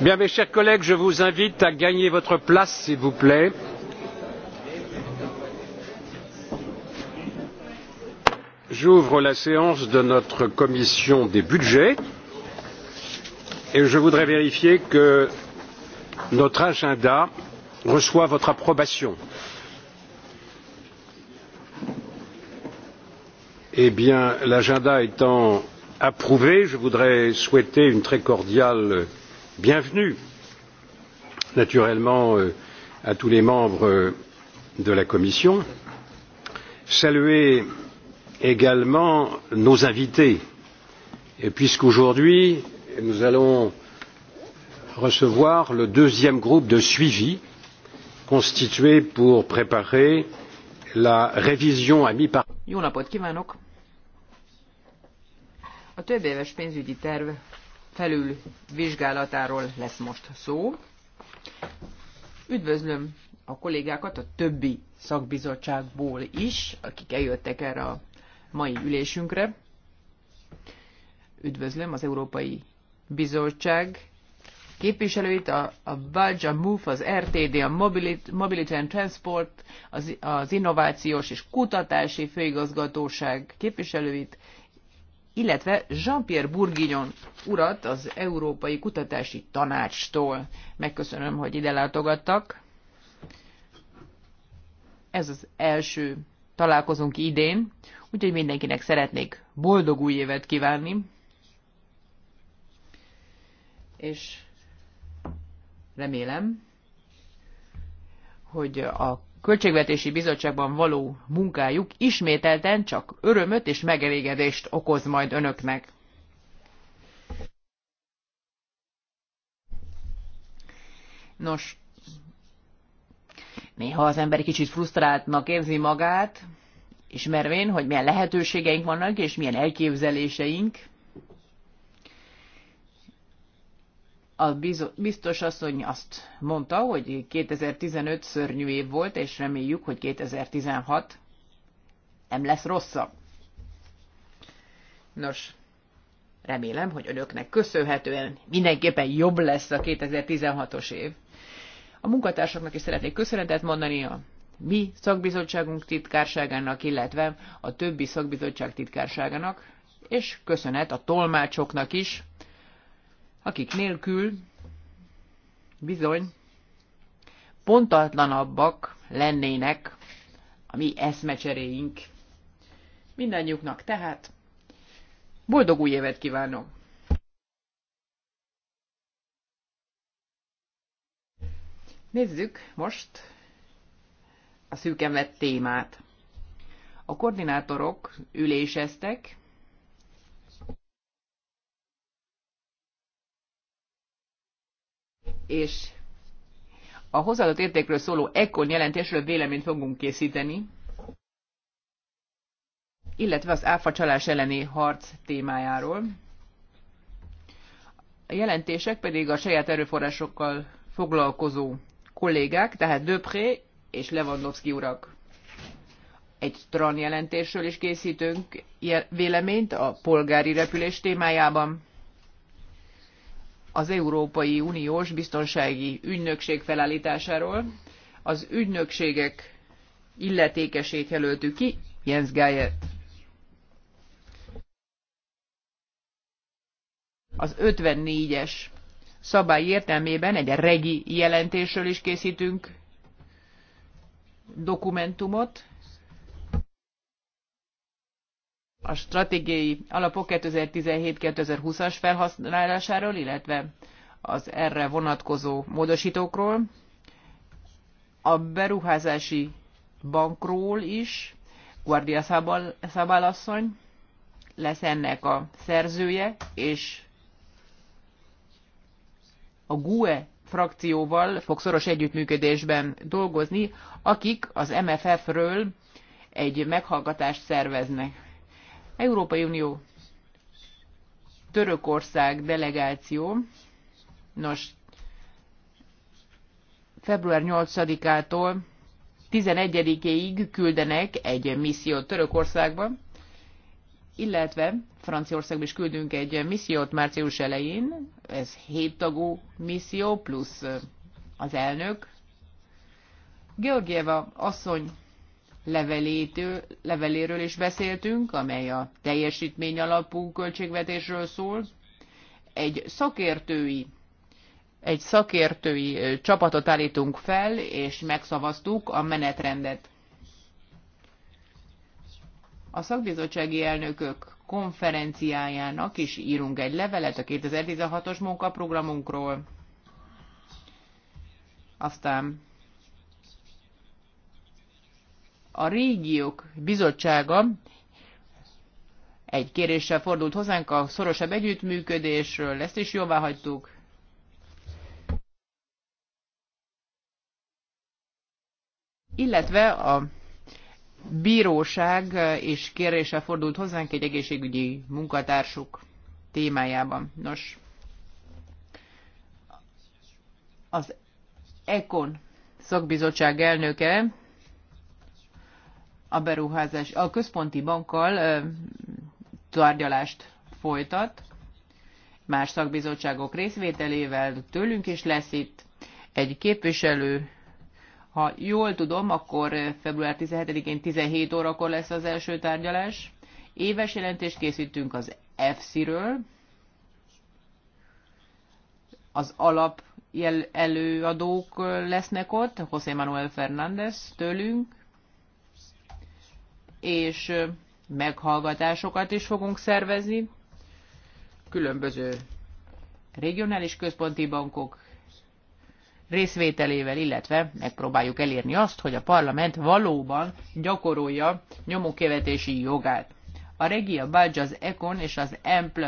Bien, mes chers collègues, je vous invite à gagner votre place, s'il vous plaît. J'ouvre la séance de notre commission des budgets et je voudrais vérifier que notre agenda reçoit votre approbation. Eh bien, l'agenda étant approuvé, je voudrais souhaiter une très cordiale bienvenue naturellement euh, à tous les membres euh, de la commission saluer également nos invités puisqu'aujourd'hui nous allons recevoir le deuxième groupe de suivi constitué pour préparer la révision à mi parcours. Jó napot kívánok! A több éves pénzügyi terv felülvizsgálatáról lesz most szó. Üdvözlöm a kollégákat a többi szakbizottságból is, akik eljöttek erre a mai ülésünkre. Üdvözlöm az Európai Bizottság képviselőit, a, a Budge, a MOVE, az RTD, a Mobility, Mobility and Transport, az, az Innovációs és Kutatási Főigazgatóság képviselőit, illetve Jean-Pierre Bourguignon urat az Európai Kutatási Tanácstól. Megköszönöm, hogy ide látogattak. Ez az első találkozunk idén, úgyhogy mindenkinek szeretnék boldog új évet kívánni. És remélem, hogy a Költségvetési Bizottságban való munkájuk ismételten csak örömöt és megelégedést okoz majd önöknek. Nos, néha az ember kicsit frusztráltnak érzi magát, ismervén, hogy milyen lehetőségeink vannak, és milyen elképzeléseink, a biztos asszony azt mondta, hogy 2015 szörnyű év volt, és reméljük, hogy 2016 nem lesz rosszabb. Nos, remélem, hogy önöknek köszönhetően mindenképpen jobb lesz a 2016-os év. A munkatársaknak is szeretnék köszönetet mondani a mi szakbizottságunk titkárságának, illetve a többi szakbizottság titkárságának, és köszönet a tolmácsoknak is, akik nélkül bizony pontatlanabbak lennének a mi eszmecseréink. Mindennyiuknak tehát boldog új évet kívánok! Nézzük most a szűkemet témát. A koordinátorok üléseztek, és a hozzáadott értékről szóló ekkor jelentésről véleményt fogunk készíteni, illetve az áfa csalás elleni harc témájáról. A jelentések pedig a saját erőforrásokkal foglalkozó kollégák, tehát Döpré és Lewandowski urak. Egy TRAN jelentésről is készítünk véleményt a polgári repülés témájában az Európai Uniós Biztonsági Ügynökség felállításáról. Az ügynökségek illetékesét jelöltük ki, Jens Geyer. Az 54-es szabály értelmében egy regi jelentésről is készítünk dokumentumot. a stratégiai alapok 2017-2020-as felhasználásáról, illetve az erre vonatkozó módosítókról, a beruházási bankról is, Guardia Szabál asszony lesz ennek a szerzője, és a GUE frakcióval fog szoros együttműködésben dolgozni, akik az MFF-ről egy meghallgatást szerveznek. Európai Unió Törökország delegáció, nos, február 8-ától 11-ig küldenek egy missziót Törökországba, illetve Franciaországba is küldünk egy missziót március elején, ez héttagú misszió, plusz az elnök. Georgieva asszony levelétől, leveléről is beszéltünk, amely a teljesítmény alapú költségvetésről szól. Egy szakértői egy szakértői csapatot állítunk fel, és megszavaztuk a menetrendet. A szakbizottsági elnökök konferenciájának is írunk egy levelet a 2016-os munkaprogramunkról. Aztán a régiók bizottsága egy kéréssel fordult hozzánk a szorosabb együttműködésről, ezt is jóvá hagytuk. Illetve a bíróság és kéréssel fordult hozzánk egy egészségügyi munkatársuk témájában. Nos, az ECON szakbizottság elnöke a beruházás, a központi bankkal tárgyalást folytat, más szakbizottságok részvételével tőlünk is lesz itt egy képviselő. Ha jól tudom, akkor február 17-én 17 órakor lesz az első tárgyalás. Éves jelentést készítünk az EFSZ-ről, az alap előadók lesznek ott, José Manuel Fernández tőlünk, és meghallgatásokat is fogunk szervezni. Különböző regionális központi bankok részvételével, illetve megpróbáljuk elérni azt, hogy a parlament valóban gyakorolja nyomókövetési jogát. A Regia Badge az Econ és az EMPL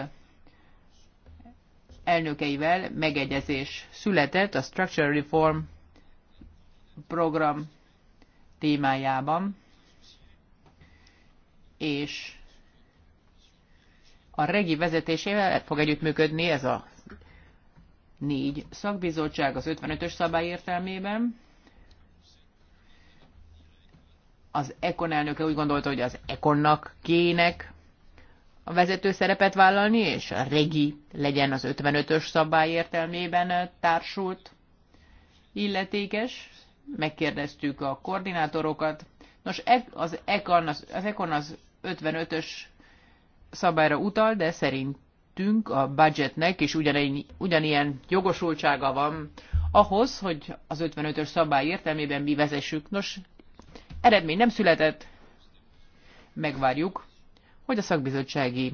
elnökeivel megegyezés született a Structural Reform program témájában és a regi vezetésével fog együttműködni ez a négy szakbizottság az 55-ös szabály értelmében. Az Ekon elnöke úgy gondolta, hogy az Ekonnak kének a vezető szerepet vállalni, és a regi legyen az 55-ös szabály értelmében társult illetékes. Megkérdeztük a koordinátorokat. Nos, e- az Ekon az, az, Econ az 55-ös szabályra utal, de szerintünk a budgetnek is ugyanilyen, jogosultsága van ahhoz, hogy az 55-ös szabály értelmében mi vezessük. Nos, eredmény nem született, megvárjuk, hogy a szakbizottsági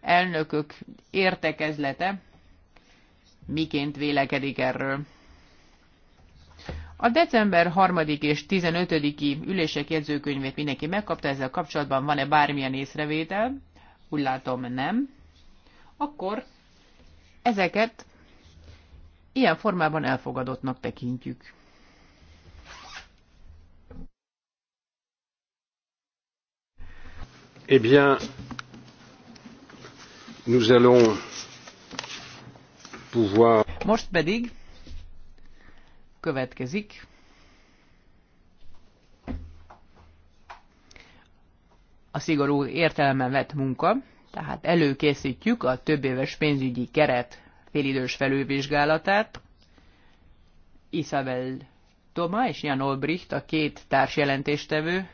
elnökök értekezlete miként vélekedik erről. A december 3 és 15 ülések jegyzőkönyvét mindenki megkapta, ezzel kapcsolatban van-e bármilyen észrevétel? Úgy látom, nem. Akkor ezeket ilyen formában elfogadottnak tekintjük. Eh bien, nous allons pouvoir... Most pedig következik. A szigorú értelemben vett munka, tehát előkészítjük a többéves pénzügyi keret félidős felülvizsgálatát. Isabel Toma és Jan Olbricht, a két társjelentéstevő,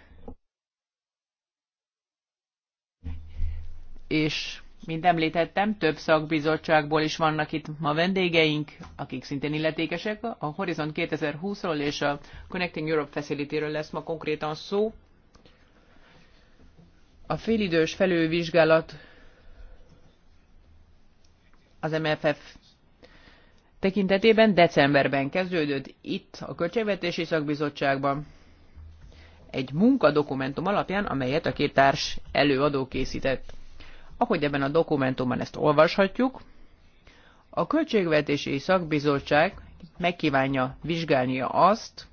és mint említettem, több szakbizottságból is vannak itt ma vendégeink, akik szintén illetékesek. A Horizon 2020-ról és a Connecting Europe Facility-ről lesz ma konkrétan szó. A félidős felülvizsgálat az MFF tekintetében decemberben kezdődött itt a Költségvetési Szakbizottságban egy munkadokumentum alapján, amelyet a két társ előadó készített. Ahogy ebben a dokumentumban ezt olvashatjuk, a Költségvetési Szakbizottság megkívánja vizsgálnia azt,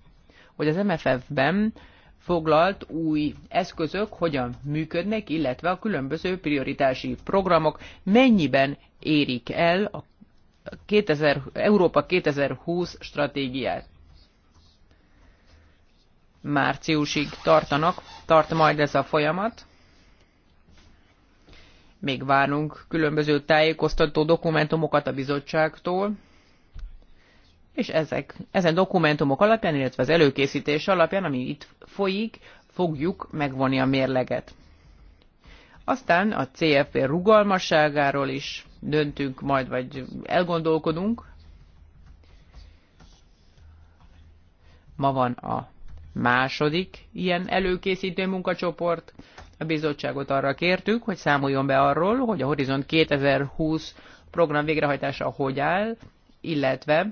hogy az MFF-ben foglalt új eszközök hogyan működnek, illetve a különböző prioritási programok mennyiben érik el a 2000, Európa 2020 stratégiát. Márciusig tartanak, tart majd ez a folyamat. Még várunk különböző tájékoztató dokumentumokat a bizottságtól, és ezek, ezen dokumentumok alapján, illetve az előkészítés alapján, ami itt folyik, fogjuk megvonni a mérleget. Aztán a CFP rugalmasságáról is döntünk majd, vagy elgondolkodunk. Ma van a második ilyen előkészítő munkacsoport, a bizottságot arra kértük, hogy számoljon be arról, hogy a Horizont 2020 program végrehajtása hogy áll, illetve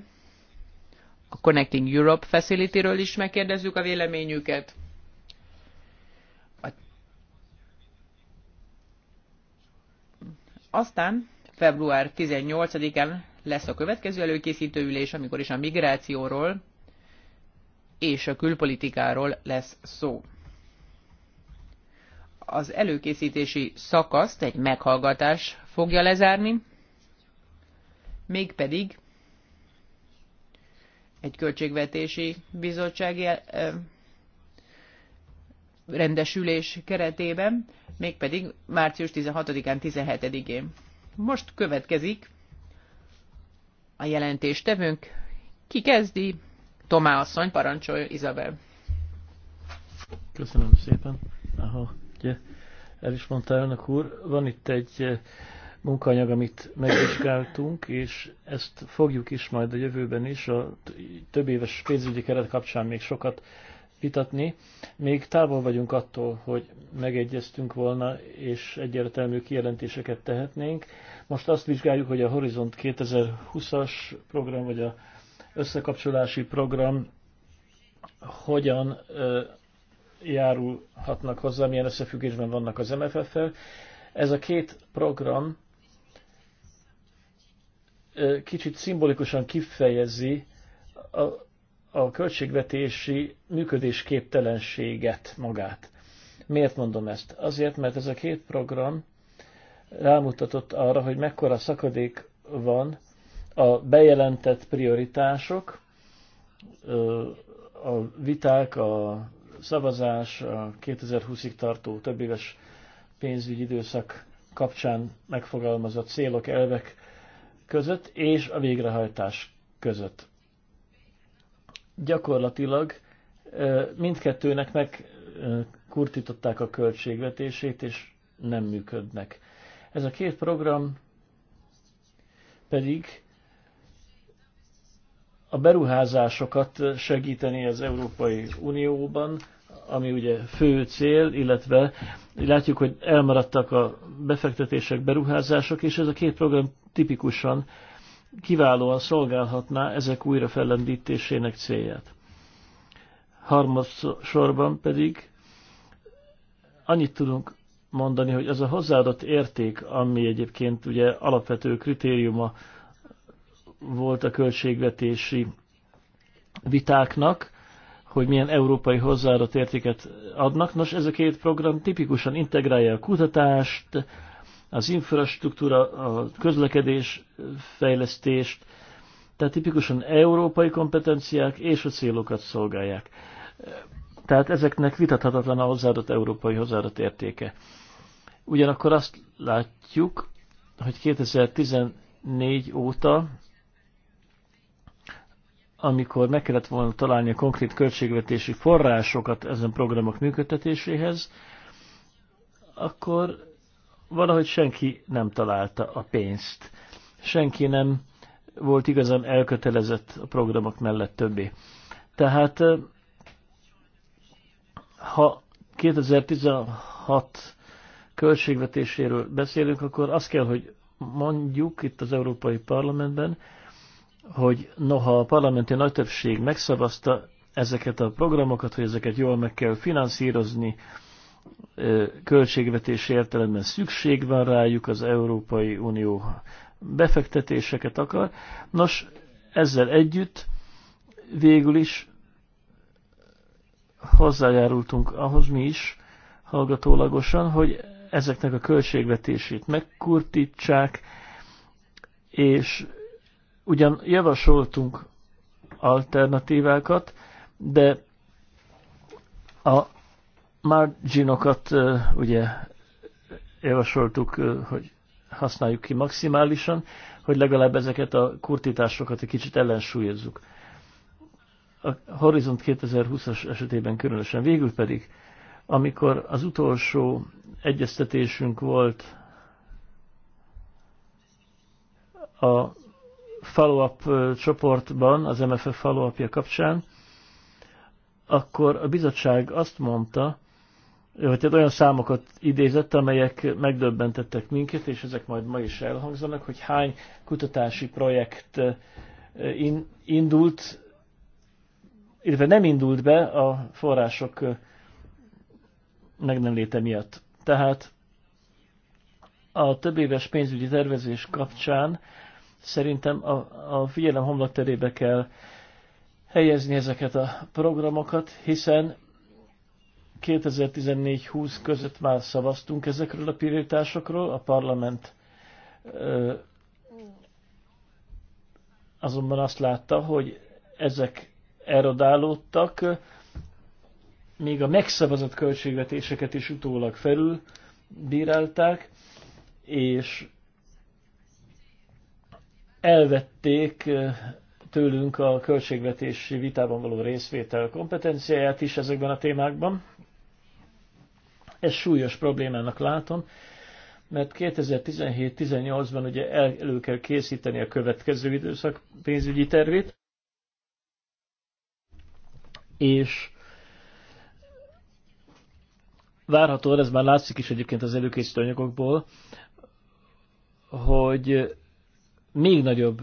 a Connecting Europe Facility-ről is megkérdezzük a véleményüket. Aztán február 18-án lesz a következő előkészítő ülés, amikor is a migrációról és a külpolitikáról lesz szó az előkészítési szakaszt egy meghallgatás fogja lezárni, mégpedig egy költségvetési bizottsági eh, rendesülés keretében, mégpedig március 16-án, 17-én. Most következik a jelentéstevőnk. Ki kezdi? Tomá asszony, parancsolja Izabel. Köszönöm szépen. Aha ugye el is mondta elnök úr, van itt egy eh, munkanyag, amit megvizsgáltunk, és ezt fogjuk is majd a jövőben is, a több éves pénzügyi keret kapcsán még sokat vitatni. Még távol vagyunk attól, hogy megegyeztünk volna, és egyértelmű kijelentéseket tehetnénk. Most azt vizsgáljuk, hogy a Horizont 2020-as program, vagy a összekapcsolási program hogyan eh, járulhatnak hozzá, milyen összefüggésben vannak az MFF-fel. Ez a két program kicsit szimbolikusan kifejezi a, a költségvetési működésképtelenséget magát. Miért mondom ezt? Azért, mert ez a két program rámutatott arra, hogy mekkora szakadék van a bejelentett prioritások, a viták, a szavazás a 2020-ig tartó éves pénzügyi időszak kapcsán megfogalmazott célok, elvek között és a végrehajtás között. Gyakorlatilag mindkettőnek megkurtították a költségvetését, és nem működnek. Ez a két program pedig a beruházásokat segíteni az Európai Unióban, ami ugye fő cél, illetve látjuk, hogy elmaradtak a befektetések, beruházások, és ez a két program tipikusan kiválóan szolgálhatná ezek újra fellendítésének célját. Harmadsorban pedig annyit tudunk mondani, hogy az a hozzáadott érték, ami egyébként ugye alapvető kritériuma volt a költségvetési vitáknak, hogy milyen európai hozzáadott értéket adnak. Nos, ez a két program tipikusan integrálja a kutatást, az infrastruktúra, a közlekedés fejlesztést, tehát tipikusan európai kompetenciák és a célokat szolgálják. Tehát ezeknek vitathatatlan a hozzáadott európai hozzáadott értéke. Ugyanakkor azt látjuk, hogy 2014 óta amikor meg kellett volna találni a konkrét költségvetési forrásokat ezen programok működtetéséhez, akkor valahogy senki nem találta a pénzt. Senki nem volt igazán elkötelezett a programok mellett többé. Tehát ha 2016 költségvetéséről beszélünk, akkor azt kell, hogy mondjuk itt az Európai Parlamentben, hogy noha a parlamenti nagy többség megszavazta ezeket a programokat, hogy ezeket jól meg kell finanszírozni, költségvetési értelemben szükség van rájuk, az Európai Unió befektetéseket akar. Nos, ezzel együtt végül is hozzájárultunk ahhoz mi is hallgatólagosan, hogy ezeknek a költségvetését megkurtítsák, és Ugyan javasoltunk alternatívákat, de a marginokat ugye javasoltuk, hogy használjuk ki maximálisan, hogy legalább ezeket a kurtításokat egy kicsit ellensúlyozzuk. A Horizont 2020-as esetében különösen. Végül pedig, amikor az utolsó egyeztetésünk volt a follow-up csoportban, az MFF follow-upja kapcsán, akkor a bizottság azt mondta, vagy olyan számokat idézett, amelyek megdöbbentettek minket, és ezek majd ma is elhangzanak, hogy hány kutatási projekt indult, illetve nem indult be a források meg nem léte miatt. Tehát a több éves pénzügyi tervezés kapcsán Szerintem a, a figyelem terébe kell helyezni ezeket a programokat, hiszen 2014-20 között már szavaztunk ezekről a prioritásokról, a parlament azonban azt látta, hogy ezek erodálódtak, még a megszavazott költségvetéseket is utólag felül bírálták, és elvették eh, tőlünk a költségvetési vitában való részvétel kompetenciáját is ezekben a témákban. Ez súlyos problémának látom, mert 2017-18-ban ugye elő kell készíteni a következő időszak pénzügyi tervét, és várható, ez már látszik is egyébként az előkészítő anyagokból, hogy még nagyobb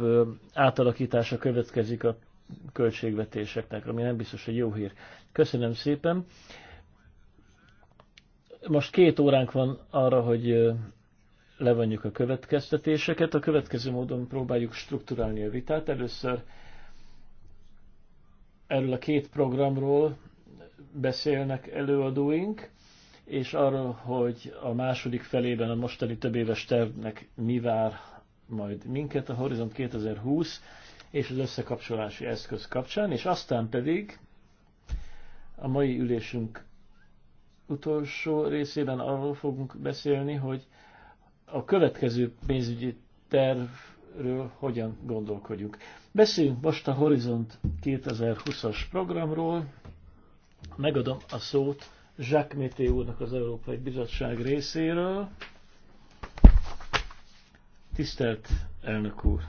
átalakítása következik a költségvetéseknek, ami nem biztos, hogy jó hír. Köszönöm szépen. Most két óránk van arra, hogy levonjuk a következtetéseket. A következő módon próbáljuk strukturálni a vitát. Először erről a két programról beszélnek előadóink, és arról, hogy a második felében a mostani több éves tervnek mi vár majd minket a Horizont 2020 és az összekapcsolási eszköz kapcsán, és aztán pedig a mai ülésünk utolsó részében arról fogunk beszélni, hogy a következő pénzügyi tervről hogyan gondolkodjuk. Beszéljünk most a Horizont 2020-as programról. Megadom a szót Jacques Mété úrnak az Európai Bizottság részéről. Tisztelt elnök úr!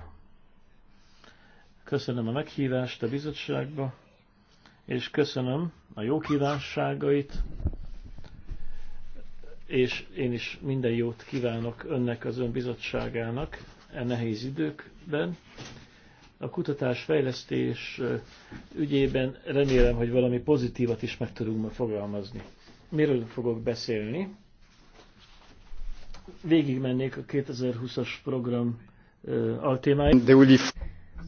Köszönöm a meghívást a bizottságba, és köszönöm a jó kívánságait, és én is minden jót kívánok önnek, az ön bizottságának e nehéz időkben. A kutatás fejlesztés ügyében remélem, hogy valami pozitívat is meg tudunk ma fogalmazni. Miről fogok beszélni? végigmennék a 2020-as program altémáin.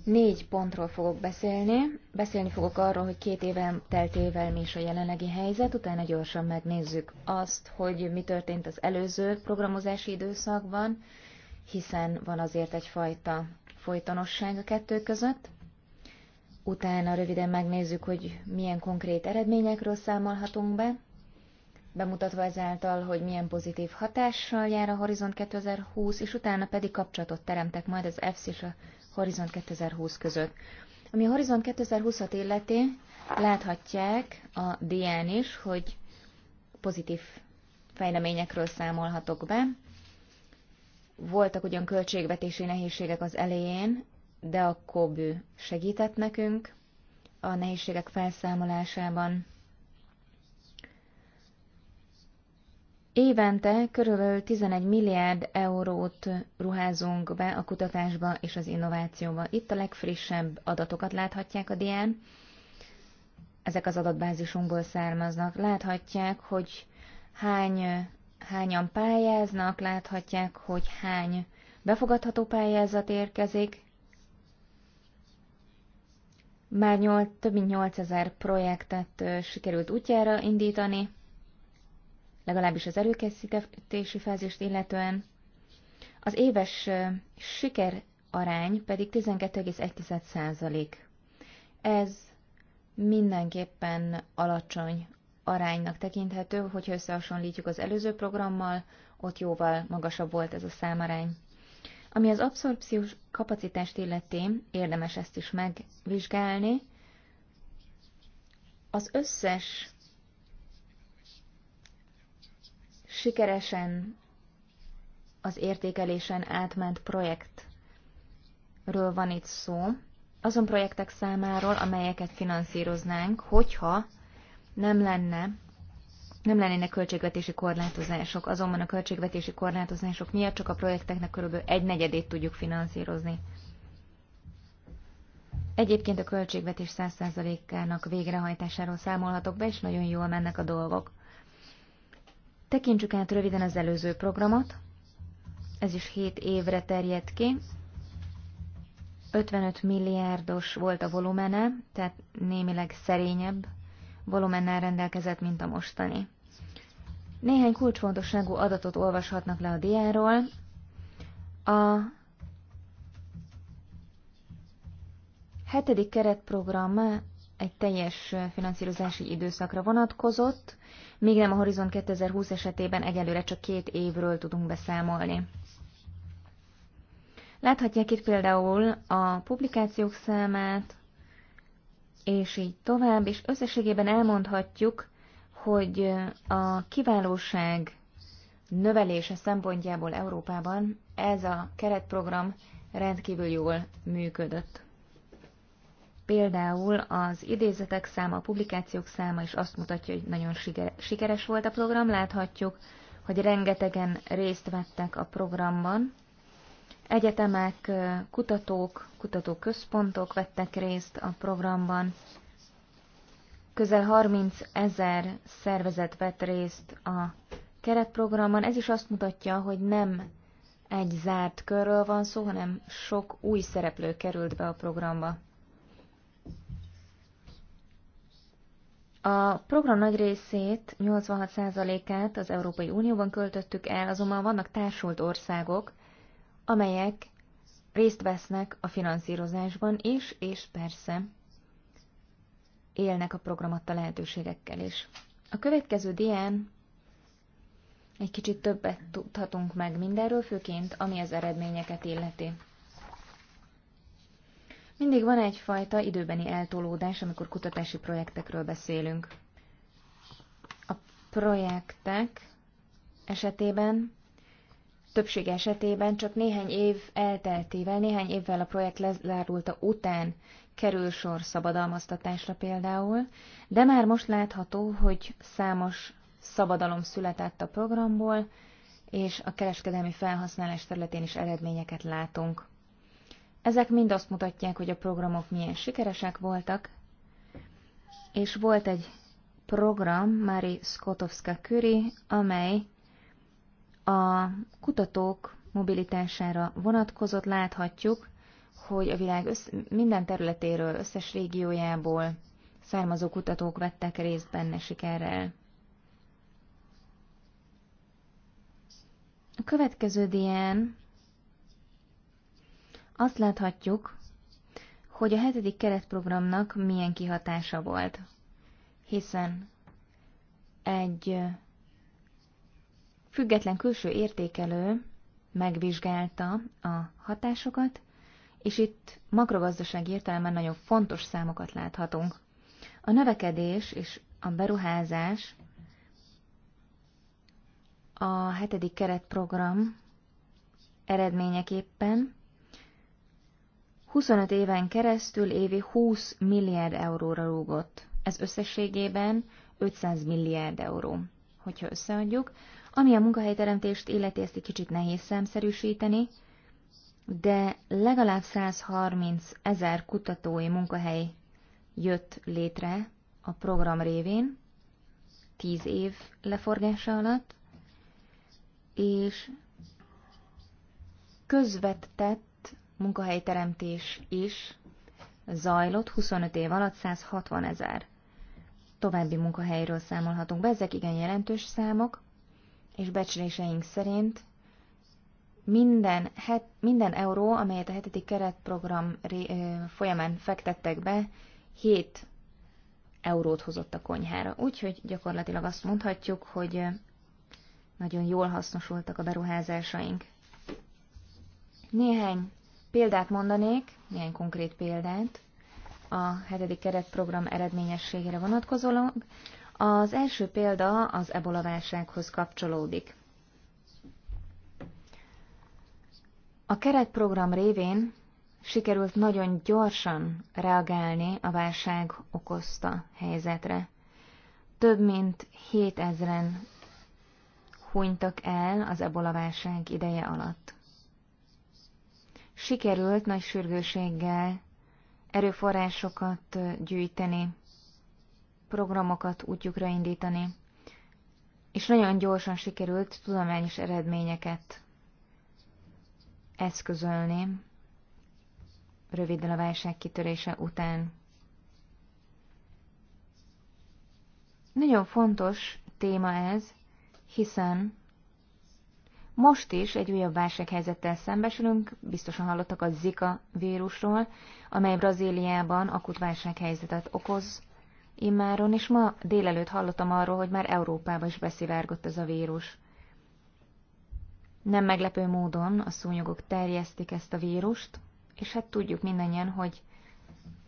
Négy pontról fogok beszélni. Beszélni fogok arról, hogy két éven teltével mi is a jelenlegi helyzet, utána gyorsan megnézzük azt, hogy mi történt az előző programozási időszakban, hiszen van azért egyfajta folytonosság a kettő között. Utána röviden megnézzük, hogy milyen konkrét eredményekről számolhatunk be, bemutatva ezáltal, hogy milyen pozitív hatással jár a Horizont 2020, és utána pedig kapcsolatot teremtek majd az EFSZ és a Horizont 2020 között. Ami a Horizont 2020-at illeti, láthatják a DN is, hogy pozitív fejleményekről számolhatok be. Voltak ugyan költségvetési nehézségek az elején, de a COBÜ segített nekünk a nehézségek felszámolásában. Évente körülbelül 11 milliárd eurót ruházunk be a kutatásba és az innovációba. Itt a legfrissebb adatokat láthatják a dián. Ezek az adatbázisunkból származnak. Láthatják, hogy hány, hányan pályáznak, láthatják, hogy hány befogadható pályázat érkezik. Már 8, több mint 8000 projektet sikerült útjára indítani legalábbis az erőkészítési fázist illetően. Az éves sikerarány pedig 12,1%. Ez mindenképpen alacsony aránynak tekinthető, hogyha összehasonlítjuk az előző programmal, ott jóval magasabb volt ez a számarány. Ami az abszorpciós kapacitást illeti, érdemes ezt is megvizsgálni. Az összes sikeresen az értékelésen átment projektről van itt szó, azon projektek számáról, amelyeket finanszíroznánk, hogyha nem lenne nem lennének költségvetési korlátozások, azonban a költségvetési korlátozások miatt csak a projekteknek kb. egy negyedét tudjuk finanszírozni. Egyébként a költségvetés 100%-ának végrehajtásáról számolhatok be, és nagyon jól mennek a dolgok. Tekintsük át röviden az előző programot. Ez is 7 évre terjedt ki. 55 milliárdos volt a volumene, tehát némileg szerényebb volumennel rendelkezett, mint a mostani. Néhány kulcsfontosságú adatot olvashatnak le a diáról. A hetedik keretprogram egy teljes finanszírozási időszakra vonatkozott, még nem a Horizon 2020 esetében egyelőre csak két évről tudunk beszámolni. Láthatják itt például a publikációk számát, és így tovább, és összességében elmondhatjuk, hogy a kiválóság növelése szempontjából Európában ez a keretprogram rendkívül jól működött. Például az idézetek száma, a publikációk száma is azt mutatja, hogy nagyon sikeres volt a program. Láthatjuk, hogy rengetegen részt vettek a programban. Egyetemek, kutatók, kutatóközpontok vettek részt a programban. Közel 30 ezer szervezet vett részt a keretprogramban. Ez is azt mutatja, hogy nem egy zárt körről van szó, hanem sok új szereplő került be a programba. A program nagy részét, 86%-át az Európai Unióban költöttük el, azonban vannak társult országok, amelyek részt vesznek a finanszírozásban is, és persze élnek a program lehetőségekkel is. A következő dián egy kicsit többet tudhatunk meg mindenről, főként ami az eredményeket illeti. Mindig van egyfajta időbeni eltolódás, amikor kutatási projektekről beszélünk. A projektek esetében, többség esetében csak néhány év elteltével, néhány évvel a projekt lezárulta után kerül sor szabadalmaztatásra például, de már most látható, hogy számos szabadalom született a programból, és a kereskedelmi felhasználás területén is eredményeket látunk. Ezek mind azt mutatják, hogy a programok milyen sikeresek voltak, és volt egy program, Mari Skotowska Curie, amely a kutatók mobilitására vonatkozott, láthatjuk, hogy a világ össz, minden területéről, összes régiójából származó kutatók vettek részt benne sikerrel. A következő dián azt láthatjuk, hogy a hetedik keretprogramnak milyen kihatása volt, hiszen egy független külső értékelő megvizsgálta a hatásokat, és itt makrogazdaság értelemben nagyon fontos számokat láthatunk. A növekedés és a beruházás a hetedik keretprogram eredményeképpen 25 éven keresztül évi 20 milliárd euróra rúgott. Ez összességében 500 milliárd euró, hogyha összeadjuk, ami a munkahelyteremtést illeti, ezt egy kicsit nehéz számszerűsíteni, de legalább 130 ezer kutatói munkahely jött létre a program révén, 10 év leforgása alatt, és közvetett munkahelyteremtés is zajlott, 25 év alatt 160 ezer további munkahelyről számolhatunk be. Ezek igen jelentős számok, és becsléseink szerint minden, het, minden euró, amelyet a hetedik keretprogram ré, folyamán fektettek be, 7 eurót hozott a konyhára. Úgyhogy gyakorlatilag azt mondhatjuk, hogy nagyon jól hasznosultak a beruházásaink. Néhány Példát mondanék, néhány konkrét példát, a hetedik keretprogram eredményességére vonatkozólag. Az első példa az ebola válsághoz kapcsolódik. A keretprogram révén sikerült nagyon gyorsan reagálni a válság okozta helyzetre. Több mint 7000-en hunytak el az ebola válság ideje alatt sikerült nagy sürgőséggel erőforrásokat gyűjteni, programokat útjukra indítani, és nagyon gyorsan sikerült tudományos eredményeket eszközölni röviddel a válság kitörése után. Nagyon fontos téma ez, hiszen most is egy újabb válsághelyzettel szembesülünk, biztosan hallottak a Zika vírusról, amely Brazíliában akut válsághelyzetet okoz immáron, és ma délelőtt hallottam arról, hogy már Európába is beszivárgott ez a vírus. Nem meglepő módon a szúnyogok terjesztik ezt a vírust, és hát tudjuk mindannyian, hogy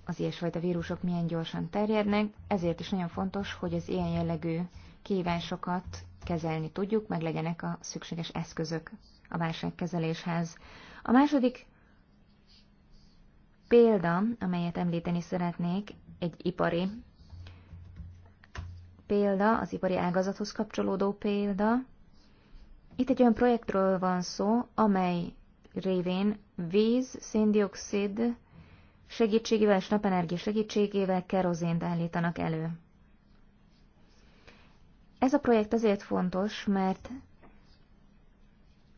az ilyesfajta vírusok milyen gyorsan terjednek, ezért is nagyon fontos, hogy az ilyen jellegű kívánsokat kezelni tudjuk, meg legyenek a szükséges eszközök a válságkezeléshez. A második példa, amelyet említeni szeretnék, egy ipari példa, az ipari ágazathoz kapcsolódó példa. Itt egy olyan projektről van szó, amely révén víz, széndiokszid segítségével és napenergia segítségével kerozént állítanak elő. Ez a projekt azért fontos, mert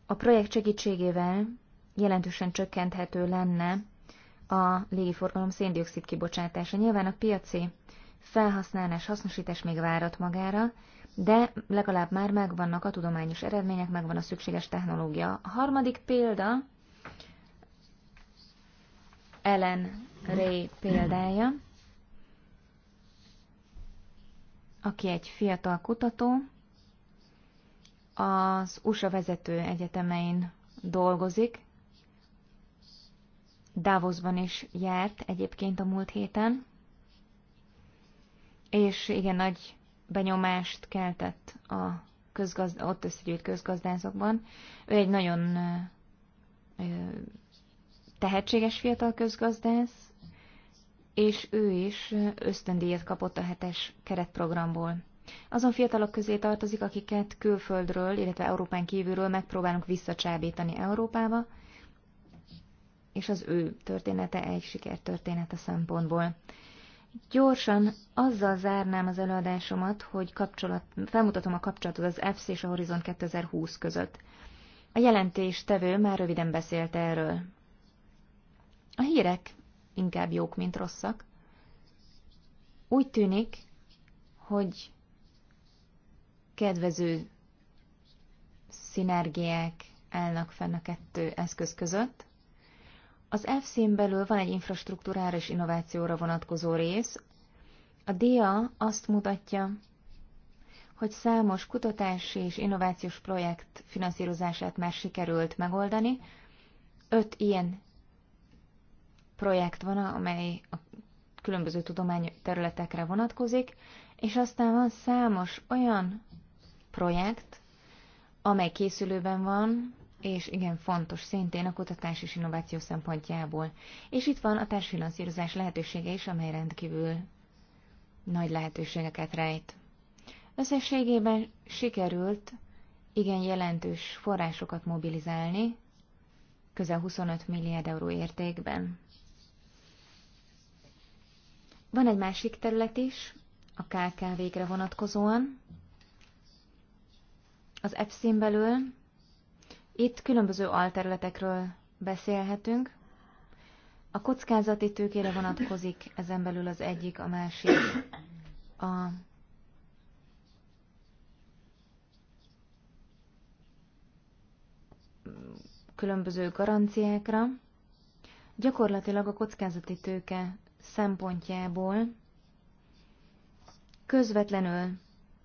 a projekt segítségével jelentősen csökkenthető lenne a légiforgalom széndiokszid kibocsátása. Nyilván a piaci felhasználás, hasznosítás még várat magára, de legalább már megvannak a tudományos eredmények, megvan a szükséges technológia. A harmadik példa Ellen Ray példája. aki egy fiatal kutató, az USA vezető egyetemein dolgozik, Davosban is járt egyébként a múlt héten, és igen nagy benyomást keltett a közgazd- ott összegyűjt közgazdászokban. Ő egy nagyon tehetséges fiatal közgazdász, és ő is ösztöndíjat kapott a hetes keretprogramból. Azon fiatalok közé tartozik, akiket külföldről, illetve Európán kívülről megpróbálunk visszacsábítani Európába, és az ő története egy sikertörténete szempontból. Gyorsan azzal zárnám az előadásomat, hogy kapcsolat, felmutatom a kapcsolatot az EFSZ és a Horizont 2020 között. A jelentés tevő már röviden beszélt erről. A hírek inkább jók, mint rosszak. Úgy tűnik, hogy kedvező szinergiák állnak fenn a kettő eszköz között. Az f belül van egy infrastruktúrára és innovációra vonatkozó rész. A DIA azt mutatja, hogy számos kutatási és innovációs projekt finanszírozását már sikerült megoldani. Öt ilyen projekt van, amely a különböző tudományterületekre vonatkozik, és aztán van számos olyan projekt, amely készülőben van, és igen fontos szintén a kutatás és innováció szempontjából. És itt van a társfinanszírozás lehetősége is, amely rendkívül nagy lehetőségeket rejt. Összességében sikerült igen jelentős forrásokat mobilizálni, közel 25 milliárd euró értékben. Van egy másik terület is, a kkv végre vonatkozóan, az EPSZ-n belül. Itt különböző alterületekről beszélhetünk. A kockázati tőkére vonatkozik ezen belül az egyik, a másik a különböző garanciákra. Gyakorlatilag a kockázati tőke szempontjából közvetlenül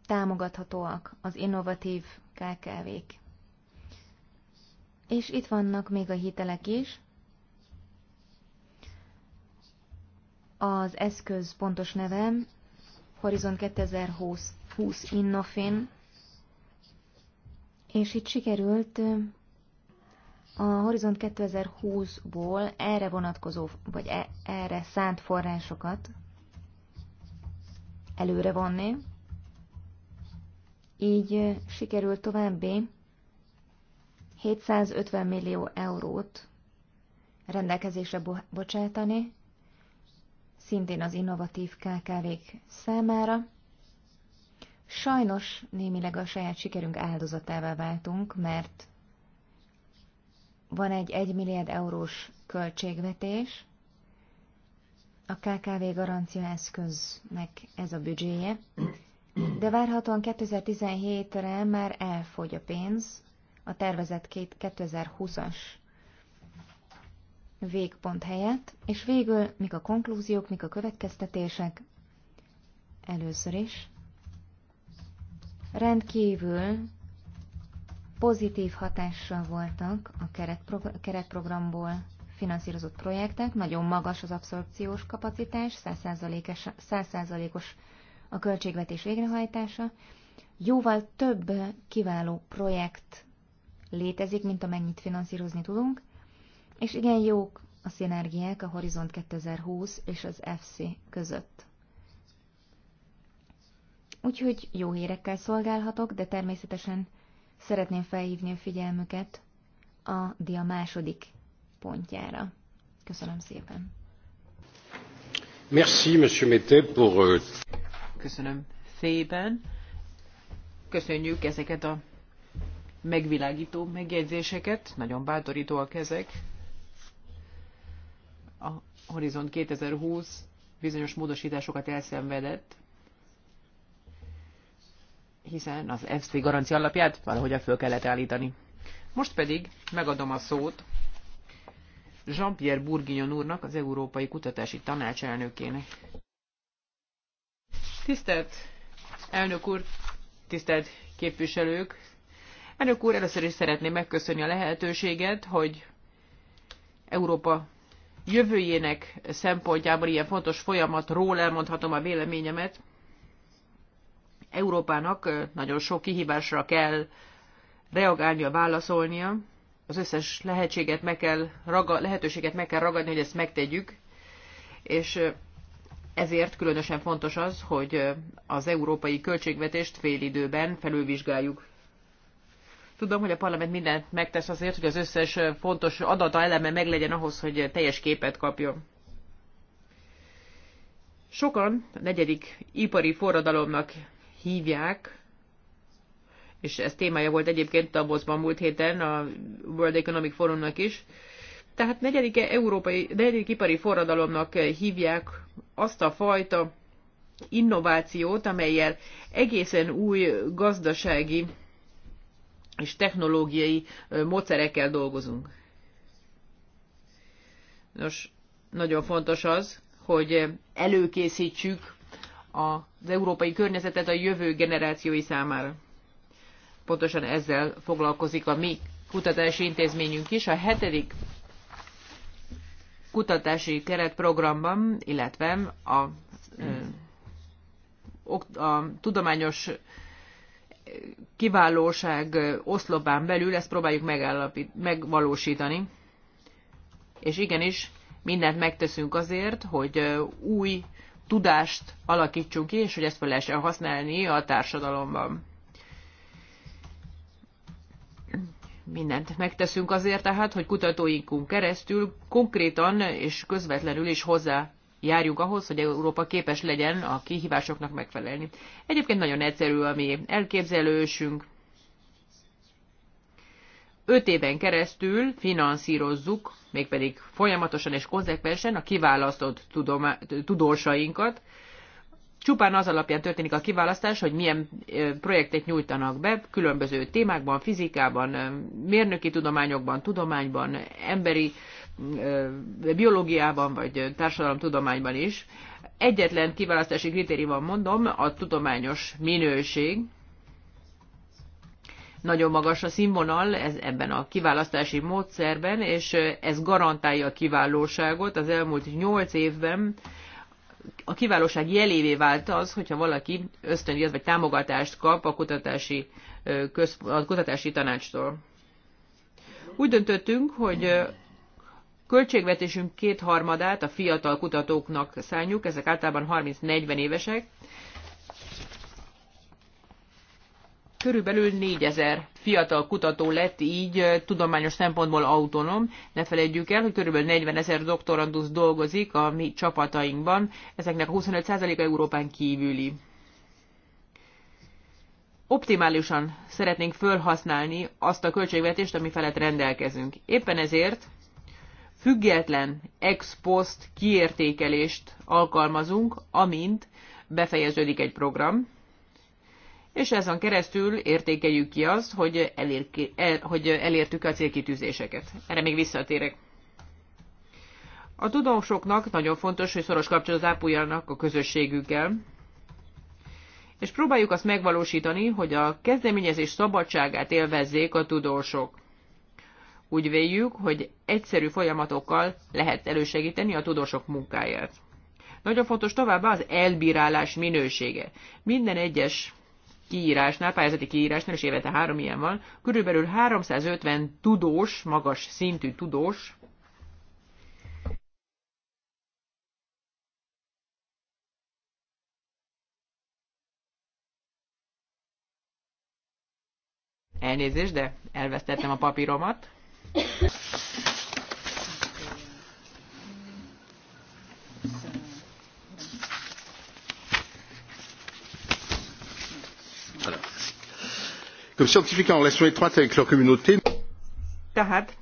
támogathatóak az innovatív KKV-k. És itt vannak még a hitelek is. Az eszköz pontos neve Horizon 2020 20 Innofin, és itt sikerült a Horizont 2020-ból erre vonatkozó, vagy e, erre szánt forrásokat előre vonni. Így sikerült további 750 millió eurót rendelkezésre bocsátani, szintén az innovatív KKV-k számára. Sajnos némileg a saját sikerünk áldozatává váltunk, mert van egy 1 milliárd eurós költségvetés, a KKV garancia eszköznek ez a büdzséje, de várhatóan 2017-re már elfogy a pénz, a tervezett 2020-as végpont helyett, és végül mik a konklúziók, mik a következtetések? Először is rendkívül pozitív hatással voltak a keretprogramból finanszírozott projektek, nagyon magas az abszorpciós kapacitás, 100%-os a költségvetés végrehajtása, jóval több kiváló projekt létezik, mint amennyit finanszírozni tudunk, és igen jók a szinergiák a Horizont 2020 és az FC között. Úgyhogy jó hírekkel szolgálhatok, de természetesen Szeretném felhívni a figyelmüket a dia második pontjára. Köszönöm szépen. Merci, Monsieur Mété, pour... Euh, Köszönöm szépen. Köszönjük ezeket a megvilágító megjegyzéseket, nagyon bátorítóak ezek. A Horizont 2020 bizonyos módosításokat elszenvedett, hiszen az FC garancia alapját valahogy föl kellett állítani. Most pedig megadom a szót Jean-Pierre Bourguignon úrnak, az Európai Kutatási Tanács elnökének. Tisztelt elnök úr, tisztelt képviselők! Elnök úr, először is szeretném megköszönni a lehetőséget, hogy Európa jövőjének szempontjából ilyen fontos folyamatról elmondhatom a véleményemet. Európának nagyon sok kihívásra kell reagálnia, válaszolnia. Az összes lehetséget meg kell raga, lehetőséget meg kell ragadni, hogy ezt megtegyük, és ezért különösen fontos az, hogy az európai költségvetést fél időben felülvizsgáljuk. Tudom, hogy a parlament mindent megtesz azért, hogy az összes fontos adata eleme meglegyen ahhoz, hogy teljes képet kapjon. Sokan a negyedik ipari forradalomnak hívják, és ez témája volt egyébként Davosban múlt héten a World Economic Forumnak is. Tehát negyedik, európai, negyedik ipari forradalomnak hívják azt a fajta innovációt, amelyel egészen új gazdasági és technológiai módszerekkel dolgozunk. Nos, nagyon fontos az, hogy előkészítsük a az európai környezetet a jövő generációi számára. Pontosan ezzel foglalkozik a mi kutatási intézményünk is. A hetedik kutatási keretprogramban, illetve a, a, tudományos kiválóság oszlopán belül ezt próbáljuk megvalósítani. És igenis, mindent megteszünk azért, hogy új tudást alakítsunk ki, és hogy ezt fel lehessen használni a társadalomban. Mindent megteszünk azért tehát, hogy kutatóinkunk keresztül konkrétan és közvetlenül is hozzá járjuk ahhoz, hogy Európa képes legyen a kihívásoknak megfelelni. Egyébként nagyon egyszerű a mi elképzelősünk, öt éven keresztül finanszírozzuk, mégpedig folyamatosan és konzekvensen a kiválasztott tudósainkat. Csupán az alapján történik a kiválasztás, hogy milyen projektet nyújtanak be, különböző témákban, fizikában, mérnöki tudományokban, tudományban, emberi biológiában vagy társadalomtudományban is. Egyetlen kiválasztási kritérium van, mondom, a tudományos minőség, nagyon magas a színvonal ez, ebben a kiválasztási módszerben, és ez garantálja a kiválóságot. Az elmúlt nyolc évben a kiválóság jelévé vált az, hogyha valaki ösztöndíjat vagy támogatást kap a kutatási, köz, a kutatási tanácstól. Úgy döntöttünk, hogy költségvetésünk kétharmadát a fiatal kutatóknak szánjuk, ezek általában 30-40 évesek, Körülbelül 4000 fiatal kutató lett így tudományos szempontból autonóm. Ne felejtjük el, hogy körülbelül 40 ezer doktorandusz dolgozik a mi csapatainkban, ezeknek a 25%-a Európán kívüli. Optimálisan szeretnénk fölhasználni azt a költségvetést, ami felett rendelkezünk. Éppen ezért független ex post kiértékelést alkalmazunk, amint befejeződik egy program és ezen keresztül értékeljük ki azt, hogy, elér, el, hogy elértük a célkitűzéseket. Erre még visszatérek. A tudósoknak nagyon fontos, hogy szoros kapcsolatot ápoljanak a közösségükkel, és próbáljuk azt megvalósítani, hogy a kezdeményezés szabadságát élvezzék a tudósok. Úgy véljük, hogy egyszerű folyamatokkal lehet elősegíteni a tudósok munkáját. Nagyon fontos továbbá az elbírálás minősége. Minden egyes kiírásnál, pályázati kiírásnál, és évente három ilyen van, körülbelül 350 tudós, magas szintű tudós, Elnézést, de elvesztettem a papíromat. Comme en relation étroite avec leur communauté. Tehát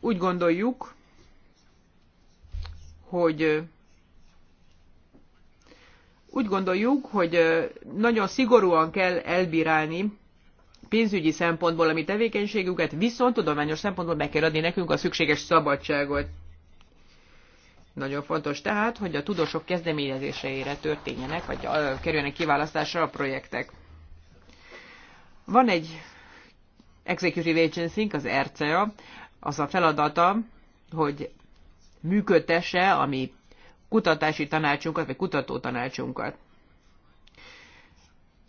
úgy gondoljuk, hogy úgy gondoljuk, hogy nagyon szigorúan kell elbírálni pénzügyi szempontból a mi tevékenységünket, viszont tudományos szempontból meg kell adni nekünk a szükséges szabadságot. Nagyon fontos tehát, hogy a tudósok kezdeményezéseire történjenek, vagy kerüljenek kiválasztásra a projektek. Van egy Executive agency az RCA, az a feladata, hogy működtesse a mi kutatási tanácsunkat, vagy kutató tanácsunkat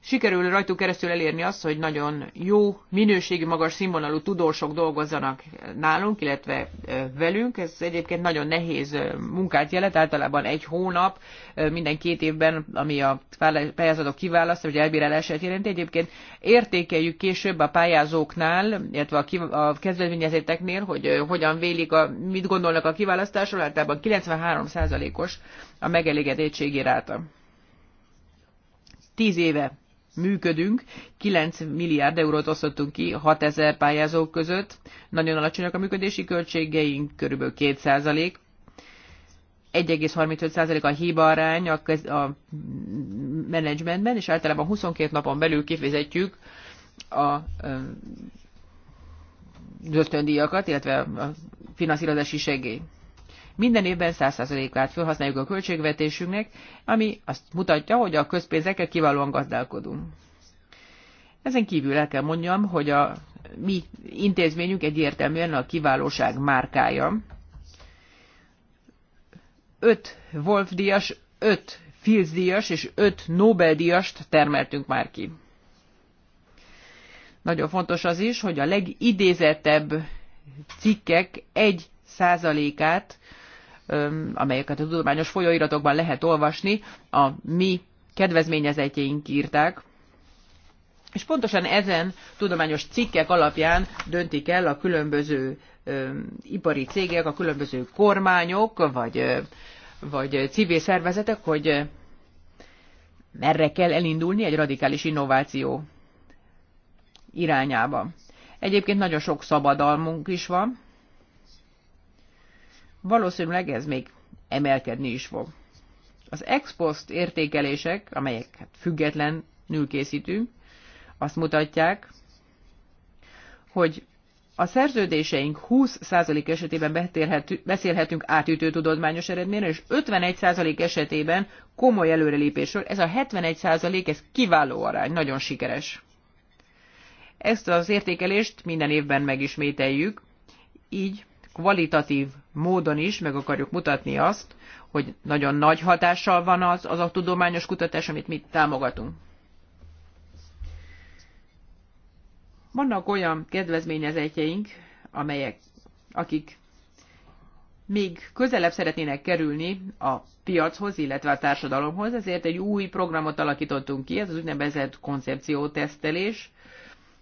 sikerül rajtuk keresztül elérni azt, hogy nagyon jó, minőségi, magas színvonalú tudósok dolgozzanak nálunk, illetve velünk. Ez egyébként nagyon nehéz munkát jelent, általában egy hónap minden két évben, ami a pályázatok kiválasztása vagy elbírálását jelenti. Egyébként értékeljük később a pályázóknál, illetve a, kezdeményezéteknél, hogy hogyan vélik, a, mit gondolnak a kiválasztásról, általában 93%-os a megelégedettségi ráta. Tíz éve működünk. 9 milliárd eurót osztottunk ki 6 ezer pályázók között. Nagyon alacsonyak a működési költségeink, körülbelül 2 százalék. 1,35% a hiba arány a, köz, a menedzsmentben, és általában 22 napon belül kifizetjük a ösztöndíjakat, illetve a finanszírozási segély. Minden évben 100%-át felhasználjuk a költségvetésünknek, ami azt mutatja, hogy a közpénzekkel kiválóan gazdálkodunk. Ezen kívül el kell mondjam, hogy a mi intézményünk egyértelműen a kiválóság márkája. Öt Wolf díjas, öt Fields díjas és öt Nobel díjast termeltünk már ki. Nagyon fontos az is, hogy a legidézettebb cikkek egy százalékát amelyeket a tudományos folyóiratokban lehet olvasni, a mi kedvezményezetjeink írták, és pontosan ezen tudományos cikkek alapján döntik el a különböző ö, ipari cégek, a különböző kormányok, vagy, ö, vagy civil szervezetek, hogy merre kell elindulni egy radikális innováció irányába. Egyébként nagyon sok szabadalmunk is van, Valószínűleg ez még emelkedni is fog. Az ex post értékelések, amelyek független hát függetlenül készítünk, azt mutatják, hogy a szerződéseink 20% esetében beszélhetünk átütő tudományos eredményről, és 51% esetében komoly előrelépésről. Ez a 71% ez kiváló arány, nagyon sikeres. Ezt az értékelést minden évben megismételjük, így kvalitatív módon is meg akarjuk mutatni azt, hogy nagyon nagy hatással van az, az a tudományos kutatás, amit mi támogatunk. Vannak olyan kedvezményezetjeink, amelyek, akik még közelebb szeretnének kerülni a piachoz, illetve a társadalomhoz, ezért egy új programot alakítottunk ki, ez az úgynevezett koncepciótesztelés,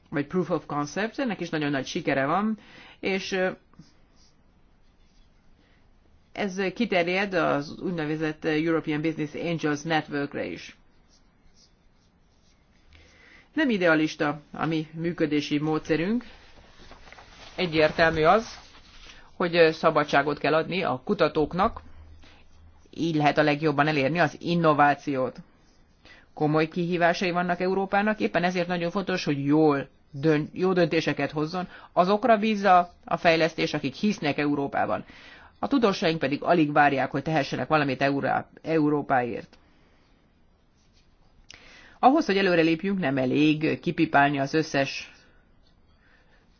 vagy proof of concept, ennek is nagyon nagy sikere van, és ez kiterjed az úgynevezett European Business Angels Networkre is. Nem idealista a mi működési módszerünk. Egyértelmű az, hogy szabadságot kell adni a kutatóknak, így lehet a legjobban elérni az innovációt. Komoly kihívásai vannak Európának, éppen ezért nagyon fontos, hogy jól dönt, jó döntéseket hozzon, azokra bízza a fejlesztés, akik hisznek Európában a tudósaink pedig alig várják, hogy tehessenek valamit Európáért. Ahhoz, hogy előrelépjünk, nem elég kipipálni az összes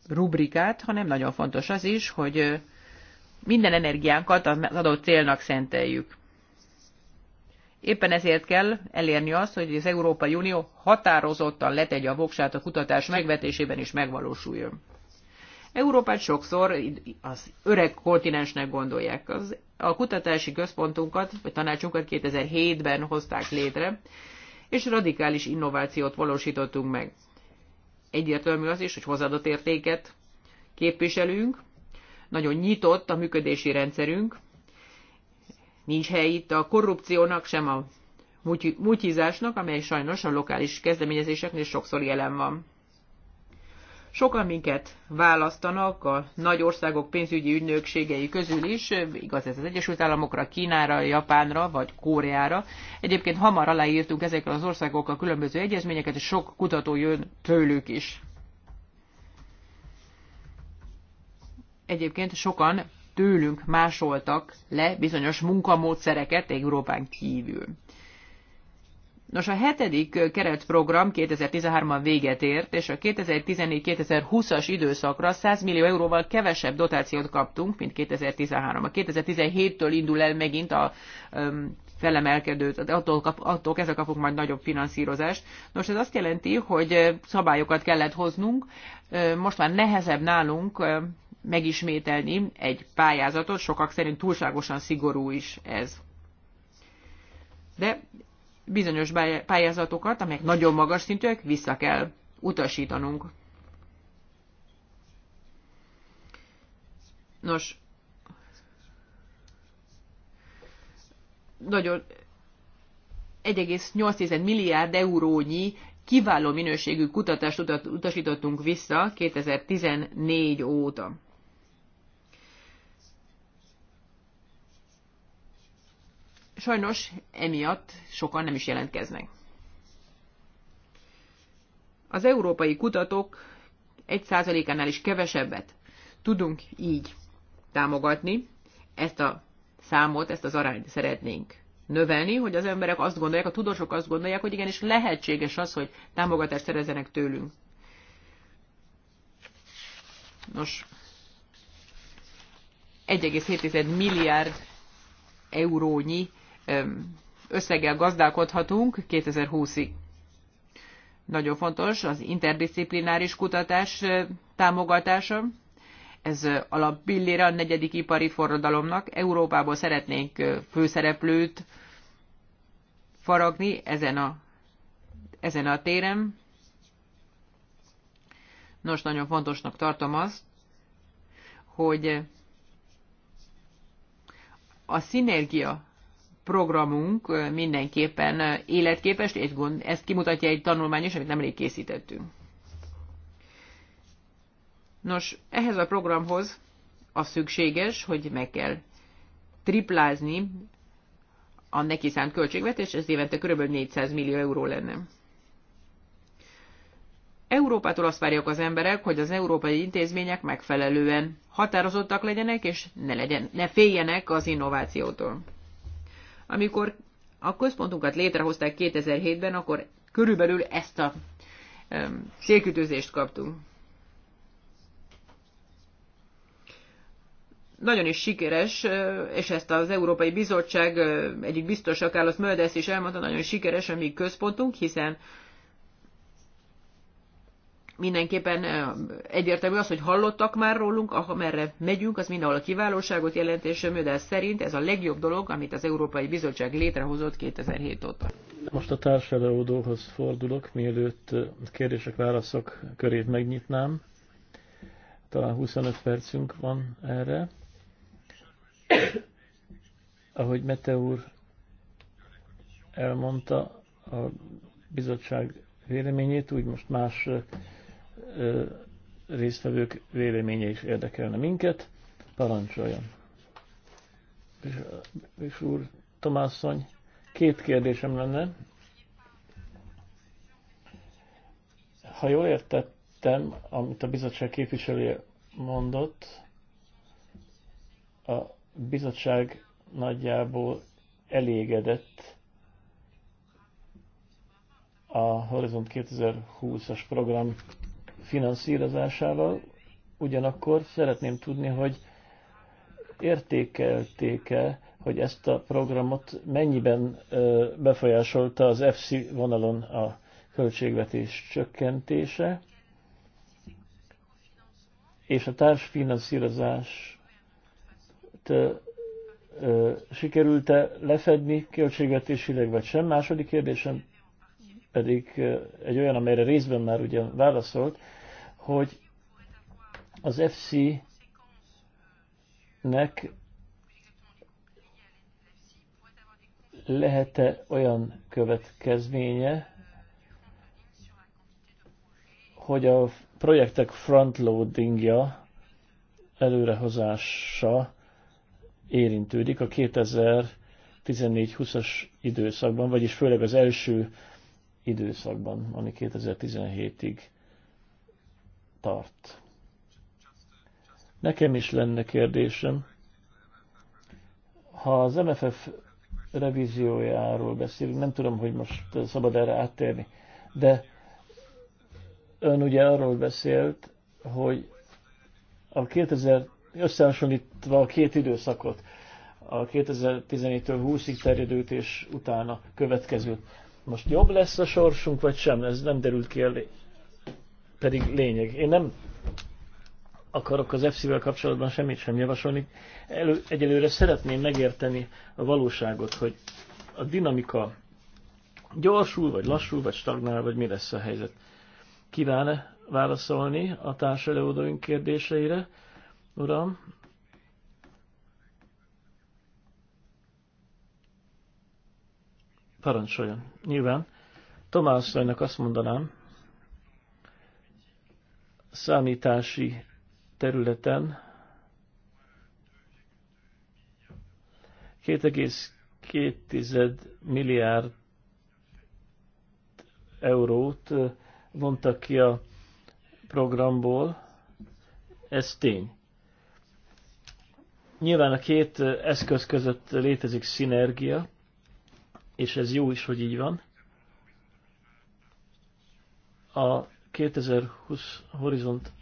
rubrikát, hanem nagyon fontos az is, hogy minden energiánkat az adott célnak szenteljük. Éppen ezért kell elérni azt, hogy az Európai Unió határozottan letegye a voksát a kutatás megvetésében is megvalósuljon. Európát sokszor az öreg kontinensnek gondolják. Az, a kutatási központunkat, vagy tanácsunkat 2007-ben hozták létre, és radikális innovációt valósítottunk meg. Egyértelmű az is, hogy hozadott értéket képviselünk, nagyon nyitott a működési rendszerünk, nincs hely itt a korrupciónak, sem a mutyizásnak, amely sajnos a lokális kezdeményezéseknél sokszor jelen van. Sokan minket választanak a nagy országok pénzügyi ügynökségei közül is, igaz ez az Egyesült Államokra, Kínára, Japánra vagy Kóreára. Egyébként hamar aláírtunk ezekkel az országokkal különböző egyezményeket, és sok kutató jön tőlük is. Egyébként sokan tőlünk másoltak le bizonyos munkamódszereket Európán kívül. Nos, a hetedik keretprogram 2013-ban véget ért, és a 2014-2020-as időszakra 100 millió euróval kevesebb dotációt kaptunk, mint 2013 A 2017-től indul el megint a um, felemelkedő, attól, kap, attól kezdve kapunk majd nagyobb finanszírozást. Nos, ez azt jelenti, hogy szabályokat kellett hoznunk, most már nehezebb nálunk megismételni egy pályázatot, sokak szerint túlságosan szigorú is ez. De bizonyos pályázatokat, amelyek nagyon magas szintűek, vissza kell utasítanunk. Nos, nagyon 1,8 milliárd eurónyi kiváló minőségű kutatást utasítottunk vissza 2014 óta. Sajnos emiatt sokan nem is jelentkeznek. Az európai kutatók egy százalékánál is kevesebbet tudunk így támogatni. Ezt a számot, ezt az arányt szeretnénk növelni, hogy az emberek azt gondolják, a tudósok azt gondolják, hogy igenis lehetséges az, hogy támogatást szerezzenek tőlünk. Nos, 1,7 milliárd eurónyi összeggel gazdálkodhatunk 2020-ig. Nagyon fontos az interdisziplináris kutatás támogatása. Ez alapillére a negyedik ipari forradalomnak. Európából szeretnénk főszereplőt faragni ezen a, ezen a téren. Nos, nagyon fontosnak tartom azt, hogy a szinergia programunk mindenképpen életképes, és gond, ezt kimutatja egy tanulmány is, amit nemrég készítettünk. Nos, ehhez a programhoz az szükséges, hogy meg kell triplázni a neki szánt költségvetés, ez évente kb. 400 millió euró lenne. Európától azt várják az emberek, hogy az európai intézmények megfelelően határozottak legyenek, és ne, legyen, ne féljenek az innovációtól. Amikor a központunkat létrehozták 2007-ben, akkor körülbelül ezt a célkütőzést kaptunk. Nagyon is sikeres, és ezt az Európai Bizottság egyik biztos, Carlos Möldes is elmondta, nagyon sikeres a mi központunk, hiszen mindenképpen egyértelmű az, hogy hallottak már rólunk, amerre megyünk, az mindenhol a kiválóságot jelentése és szerint ez a legjobb dolog, amit az Európai Bizottság létrehozott 2007 óta. Most a társadalódóhoz fordulok, mielőtt kérdések, válaszok körét megnyitnám. Talán 25 percünk van erre. Ahogy Mete úr elmondta, a bizottság véleményét, úgy most más résztvevők véleménye is érdekelne minket. Parancsoljon! És úr, Tomászony, két kérdésem lenne. Ha jól értettem, amit a bizottság képviselője mondott, a bizottság nagyjából elégedett a Horizont 2020-as program finanszírozásával, ugyanakkor szeretném tudni, hogy értékelték-e, hogy ezt a programot mennyiben befolyásolta az FC vonalon a költségvetés csökkentése, és a társfinanszírozás sikerült-e lefedni költségvetésileg, vagy sem. Második kérdésem pedig egy olyan, amelyre részben már ugyan válaszolt, hogy az FC-nek lehet-e olyan következménye, hogy a projektek frontloadingja előrehozása érintődik a 2014-20-as időszakban, vagyis főleg az első időszakban, ami 2017-ig tart. Nekem is lenne kérdésem, ha az MFF revíziójáról beszélünk, nem tudom, hogy most szabad erre áttérni, de ön ugye arról beszélt, hogy a 2000, összehasonlítva a két időszakot, a 2017-től 20-ig terjedőt és utána következőt. Most jobb lesz a sorsunk, vagy sem? Ez nem derült ki pedig lényeg. Én nem akarok az fc vel kapcsolatban semmit sem javasolni. Elő, egyelőre szeretném megérteni a valóságot, hogy a dinamika gyorsul, vagy lassul, vagy stagnál, vagy mi lesz a helyzet. Kíván-e válaszolni a társelőadóink kérdéseire, uram? Parancsoljon. Nyilván. Tomás azt mondanám, számítási területen 2,2 milliárd eurót vontak ki a programból, ez tény. Nyilván a két eszköz között létezik szinergia, és ez jó is, hogy így van. A 2020 Horizont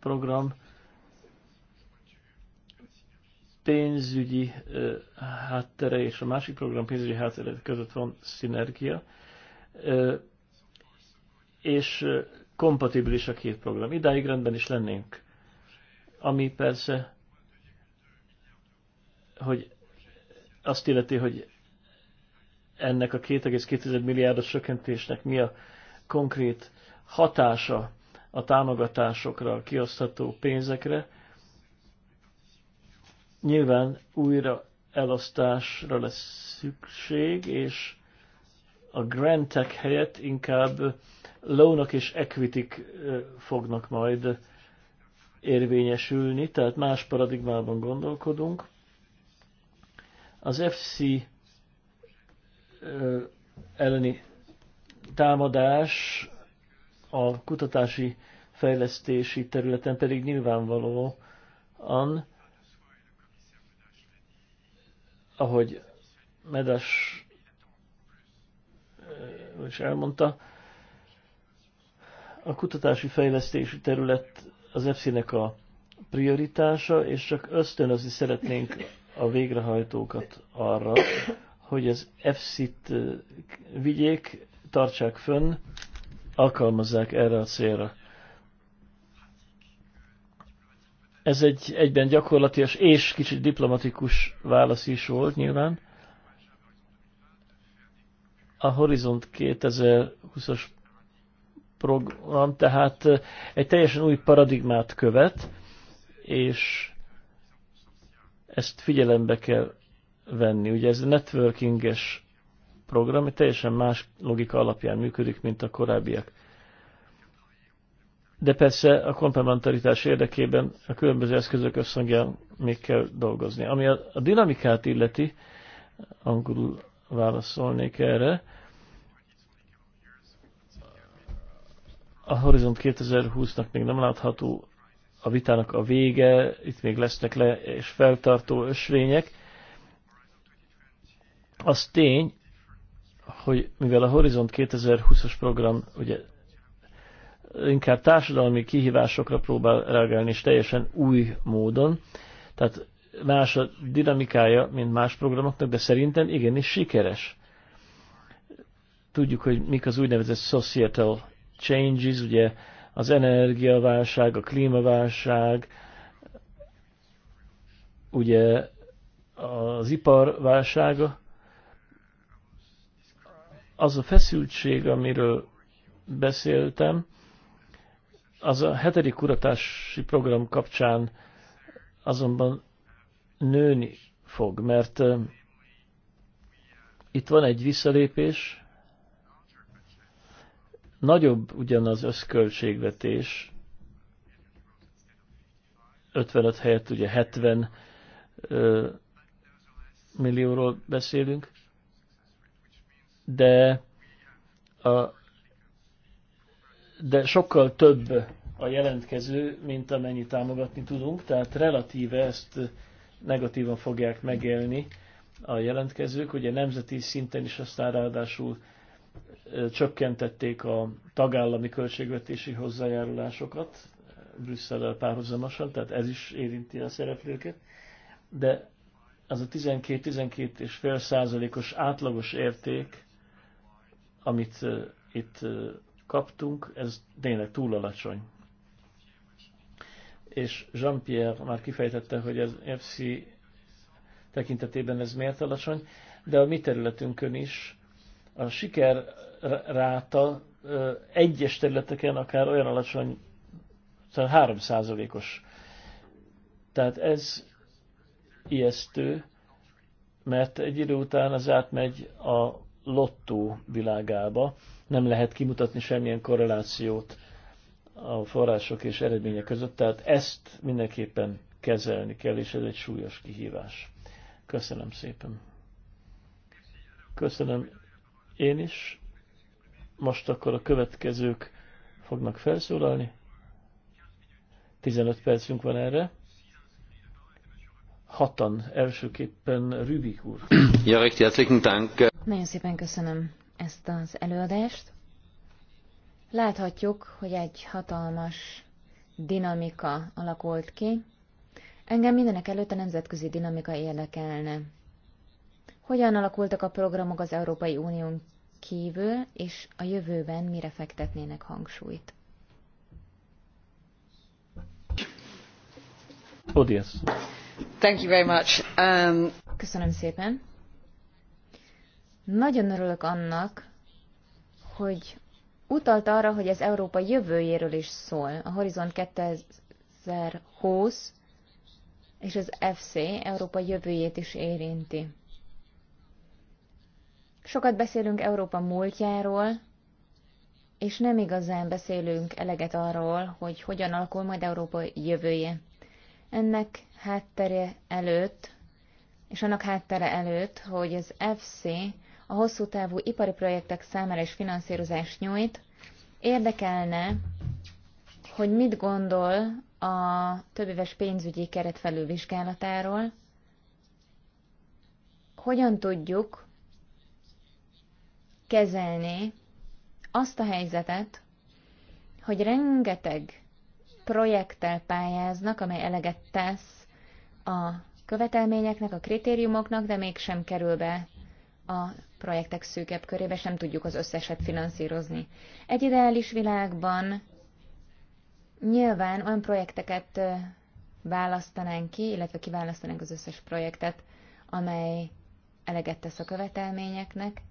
program pénzügyi háttere és a másik program pénzügyi háttere között van szinergia, és kompatibilis a két program. Idáig rendben is lennénk. Ami persze, hogy azt illeti, hogy ennek a 2,2 milliárdos csökkentésnek mi a konkrét hatása a támogatásokra, a kiosztható pénzekre. Nyilván újra elosztásra lesz szükség, és a grantek helyett inkább loanok és equity fognak majd érvényesülni, tehát más paradigmában gondolkodunk. Az FC elleni támadás a kutatási fejlesztési területen pedig nyilvánvalóan, ahogy Medas eh, is elmondta, a kutatási fejlesztési terület az EFSZ-nek a prioritása, és csak ösztönözni szeretnénk a végrehajtókat arra, hogy az EFSZ-t eh, vigyék, tartsák fönn, alkalmazzák erre a célra. Ez egy egyben gyakorlatias és kicsit diplomatikus válasz is volt nyilván. A Horizont 2020-as program tehát egy teljesen új paradigmát követ, és ezt figyelembe kell venni. Ugye ez networkinges program teljesen más logika alapján működik, mint a korábbiak. De persze a komplementaritás érdekében a különböző eszközök összhangján még kell dolgozni. Ami a, a dinamikát illeti, angolul válaszolnék erre, a Horizont 2020-nak még nem látható a vitának a vége, itt még lesznek le és feltartó ösvények. Az tény, hogy mivel a Horizont 2020-as program ugye inkább társadalmi kihívásokra próbál reagálni, és teljesen új módon, tehát más a dinamikája, mint más programoknak, de szerintem igenis sikeres. Tudjuk, hogy mik az úgynevezett societal changes, ugye az energiaválság, a klímaválság, ugye az iparválsága, az a feszültség, amiről beszéltem, az a hetedik kuratási program kapcsán azonban nőni fog, mert itt van egy visszalépés, nagyobb ugyanaz az összköltségvetés, 55 helyett ugye 70 millióról beszélünk, de, a, de sokkal több a jelentkező, mint amennyi támogatni tudunk, tehát relatíve ezt negatívan fogják megélni a jelentkezők. Ugye nemzeti szinten is aztán ráadásul csökkentették a tagállami költségvetési hozzájárulásokat Brüsszel párhuzamosan, tehát ez is érinti a szereplőket, de az a 12-12,5 százalékos átlagos érték amit uh, itt uh, kaptunk, ez tényleg túl alacsony. És Jean-Pierre már kifejtette, hogy az FC tekintetében ez miért alacsony, de a mi területünkön is a siker ráta egyes területeken akár olyan alacsony, tehát 3 os Tehát ez ijesztő, mert egy idő után az átmegy a lottó világába. Nem lehet kimutatni semmilyen korrelációt a források és eredmények között, tehát ezt mindenképpen kezelni kell, és ez egy súlyos kihívás. Köszönöm szépen. Köszönöm én is. Most akkor a következők fognak felszólalni. 15 percünk van erre. Hatan, elsőképpen Rübik úr. Ja, recht herzlichen Dank. Nagyon szépen köszönöm ezt az előadást. Láthatjuk, hogy egy hatalmas dinamika alakult ki. Engem mindenek előtt a nemzetközi dinamika érdekelne. Hogyan alakultak a programok az Európai Unión kívül, és a jövőben mire fektetnének hangsúlyt? Thank you very much. Um... Köszönöm szépen. Nagyon örülök annak, hogy utalta arra, hogy ez Európa jövőjéről is szól. A Horizont 2020 és az FC Európa jövőjét is érinti. Sokat beszélünk Európa múltjáról, és nem igazán beszélünk eleget arról, hogy hogyan alakul majd Európa jövője. Ennek háttere előtt, és annak háttere előtt, hogy az FC a hosszú távú ipari projektek számára is finanszírozást nyújt. Érdekelne, hogy mit gondol a többéves pénzügyi keret felülvizsgálatáról, hogyan tudjuk kezelni azt a helyzetet, hogy rengeteg projekttel pályáznak, amely eleget tesz a követelményeknek, a kritériumoknak, de mégsem kerül be a projektek szűkebb körébe, és nem tudjuk az összeset finanszírozni. Egy ideális világban nyilván olyan projekteket választanánk ki, illetve kiválasztanánk az összes projektet, amely eleget tesz a követelményeknek,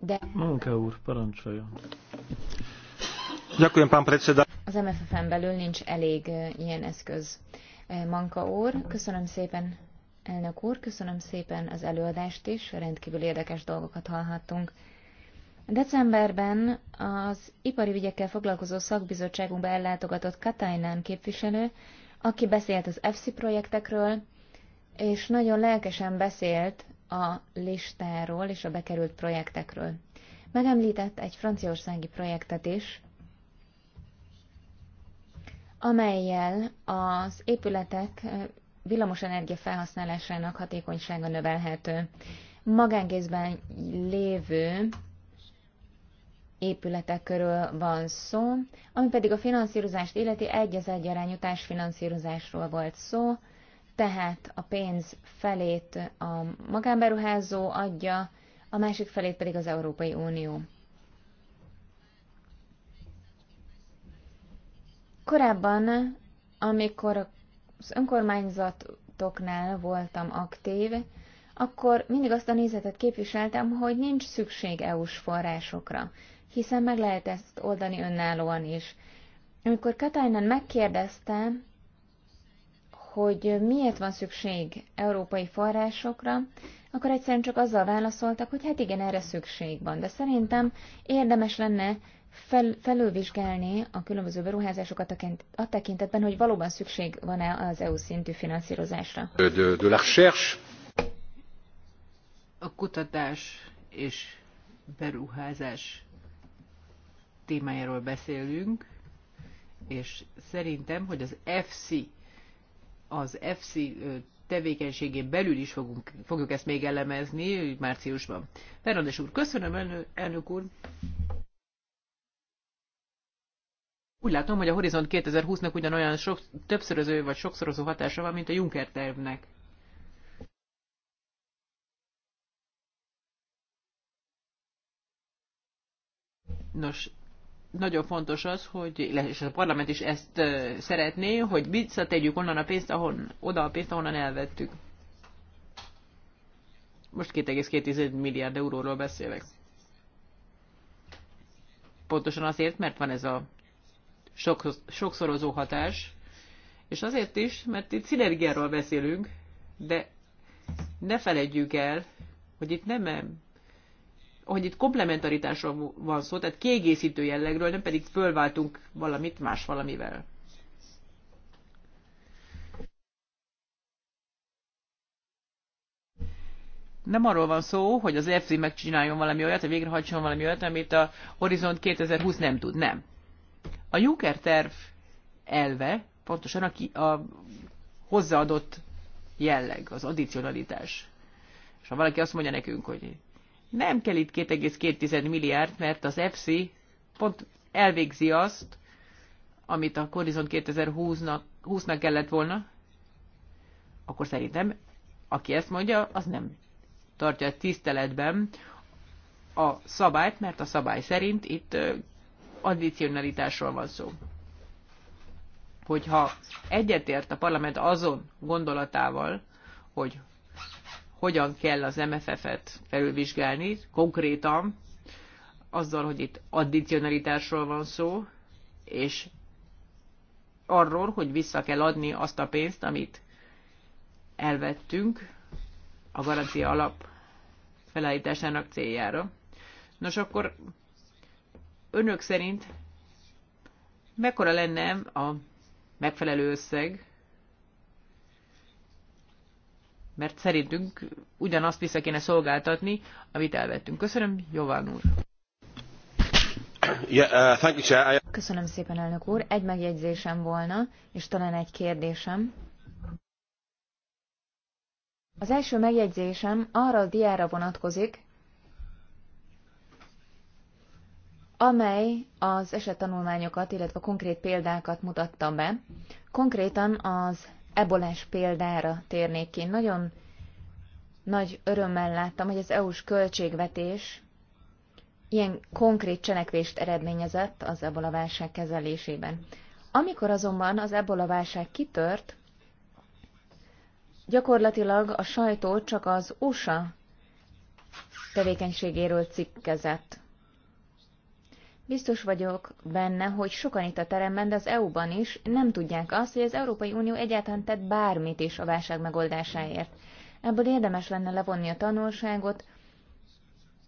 de... Manka úr, parancsoljon. Gyakorlom, pán predseda. Az MFF-en belül nincs elég ilyen eszköz. Manka úr, köszönöm szépen, elnök úr, köszönöm szépen az előadást is, rendkívül érdekes dolgokat hallhattunk. Decemberben az ipari ügyekkel foglalkozó szakbizottságunkba ellátogatott Katainen képviselő, aki beszélt az EFSI projektekről, és nagyon lelkesen beszélt a listáról és a bekerült projektekről. Megemlített egy franciaországi projektet is, amelyel az épületek villamosenergia felhasználásának hatékonysága növelhető. Magánkézben lévő épületek körül van szó, ami pedig a finanszírozást illeti egy az egy arányú társfinanszírozásról volt szó, tehát a pénz felét a magánberuházó adja, a másik felét pedig az Európai Unió. Korábban, amikor a az önkormányzatoknál voltam aktív, akkor mindig azt a nézetet képviseltem, hogy nincs szükség EU-s forrásokra, hiszen meg lehet ezt oldani önállóan is. Amikor Katajnán megkérdezte, hogy miért van szükség európai forrásokra, akkor egyszerűen csak azzal válaszoltak, hogy hát igen, erre szükség van. De szerintem érdemes lenne fel, felülvizsgálni a különböző beruházásokat a tekintetben, hogy valóban szükség van-e az EU szintű finanszírozásra? De, de la recherche. A kutatás és beruházás témájáról beszélünk, és szerintem, hogy az FC, az FC tevékenységén belül is fogunk, fogjuk ezt még elemezni márciusban. Fernandes úr, köszönöm elnök, elnök úr! Úgy látom, hogy a Horizont 2020-nak ugyanolyan sok, többszöröző vagy sokszorozó hatása van, mint a Juncker tervnek. Nos, nagyon fontos az, hogy, és a parlament is ezt szeretné, hogy visszategyük onnan a pénzt, ahon, oda a pénzt, ahonnan elvettük. Most 2,2 milliárd euróról beszélek. Pontosan azért, mert van ez a sokszorozó hatás, és azért is, mert itt szinergiáról beszélünk, de ne feledjük el, hogy itt nem hogy itt komplementaritásról van szó, tehát kiegészítő jellegről, nem pedig fölváltunk valamit más valamivel. nem arról van szó, hogy az EFSI megcsináljon valami olyat, hogy végrehajtson valami olyat, amit a Horizont 2020 nem tud. Nem. A Juncker terv elve pontosan a, a hozzáadott jelleg, az addicionalitás. És ha valaki azt mondja nekünk, hogy nem kell itt 2,2 milliárd, mert az FC pont elvégzi azt, amit a Horizon 2020-nak 20-nak kellett volna, akkor szerintem, aki ezt mondja, az nem tartja tiszteletben a szabályt, mert a szabály szerint itt addicionalitásról van szó. Hogyha egyetért a parlament azon gondolatával, hogy hogyan kell az MFF-et felülvizsgálni, konkrétan azzal, hogy itt addicionalitásról van szó, és arról, hogy vissza kell adni azt a pénzt, amit elvettünk a garancia alap felállításának céljára. Nos, akkor önök szerint mekkora lenne a megfelelő összeg, mert szerintünk ugyanazt vissza kéne szolgáltatni, amit elvettünk. Köszönöm, Jován úr. Uh, Köszönöm szépen, elnök úr. Egy megjegyzésem volna, és talán egy kérdésem. Az első megjegyzésem arra a diára vonatkozik, amely az esettanulmányokat, illetve konkrét példákat mutatta be. Konkrétan az ebolás példára térnék ki. Nagyon nagy örömmel láttam, hogy az EU-s költségvetés ilyen konkrét cselekvést eredményezett az ebola válság kezelésében. Amikor azonban az ebola válság kitört, gyakorlatilag a sajtó csak az USA tevékenységéről cikkezett. Biztos vagyok benne, hogy sokan itt a teremben, de az EU-ban is nem tudják azt, hogy az Európai Unió egyáltalán tett bármit is a válság megoldásáért. Ebből érdemes lenne levonni a tanulságot,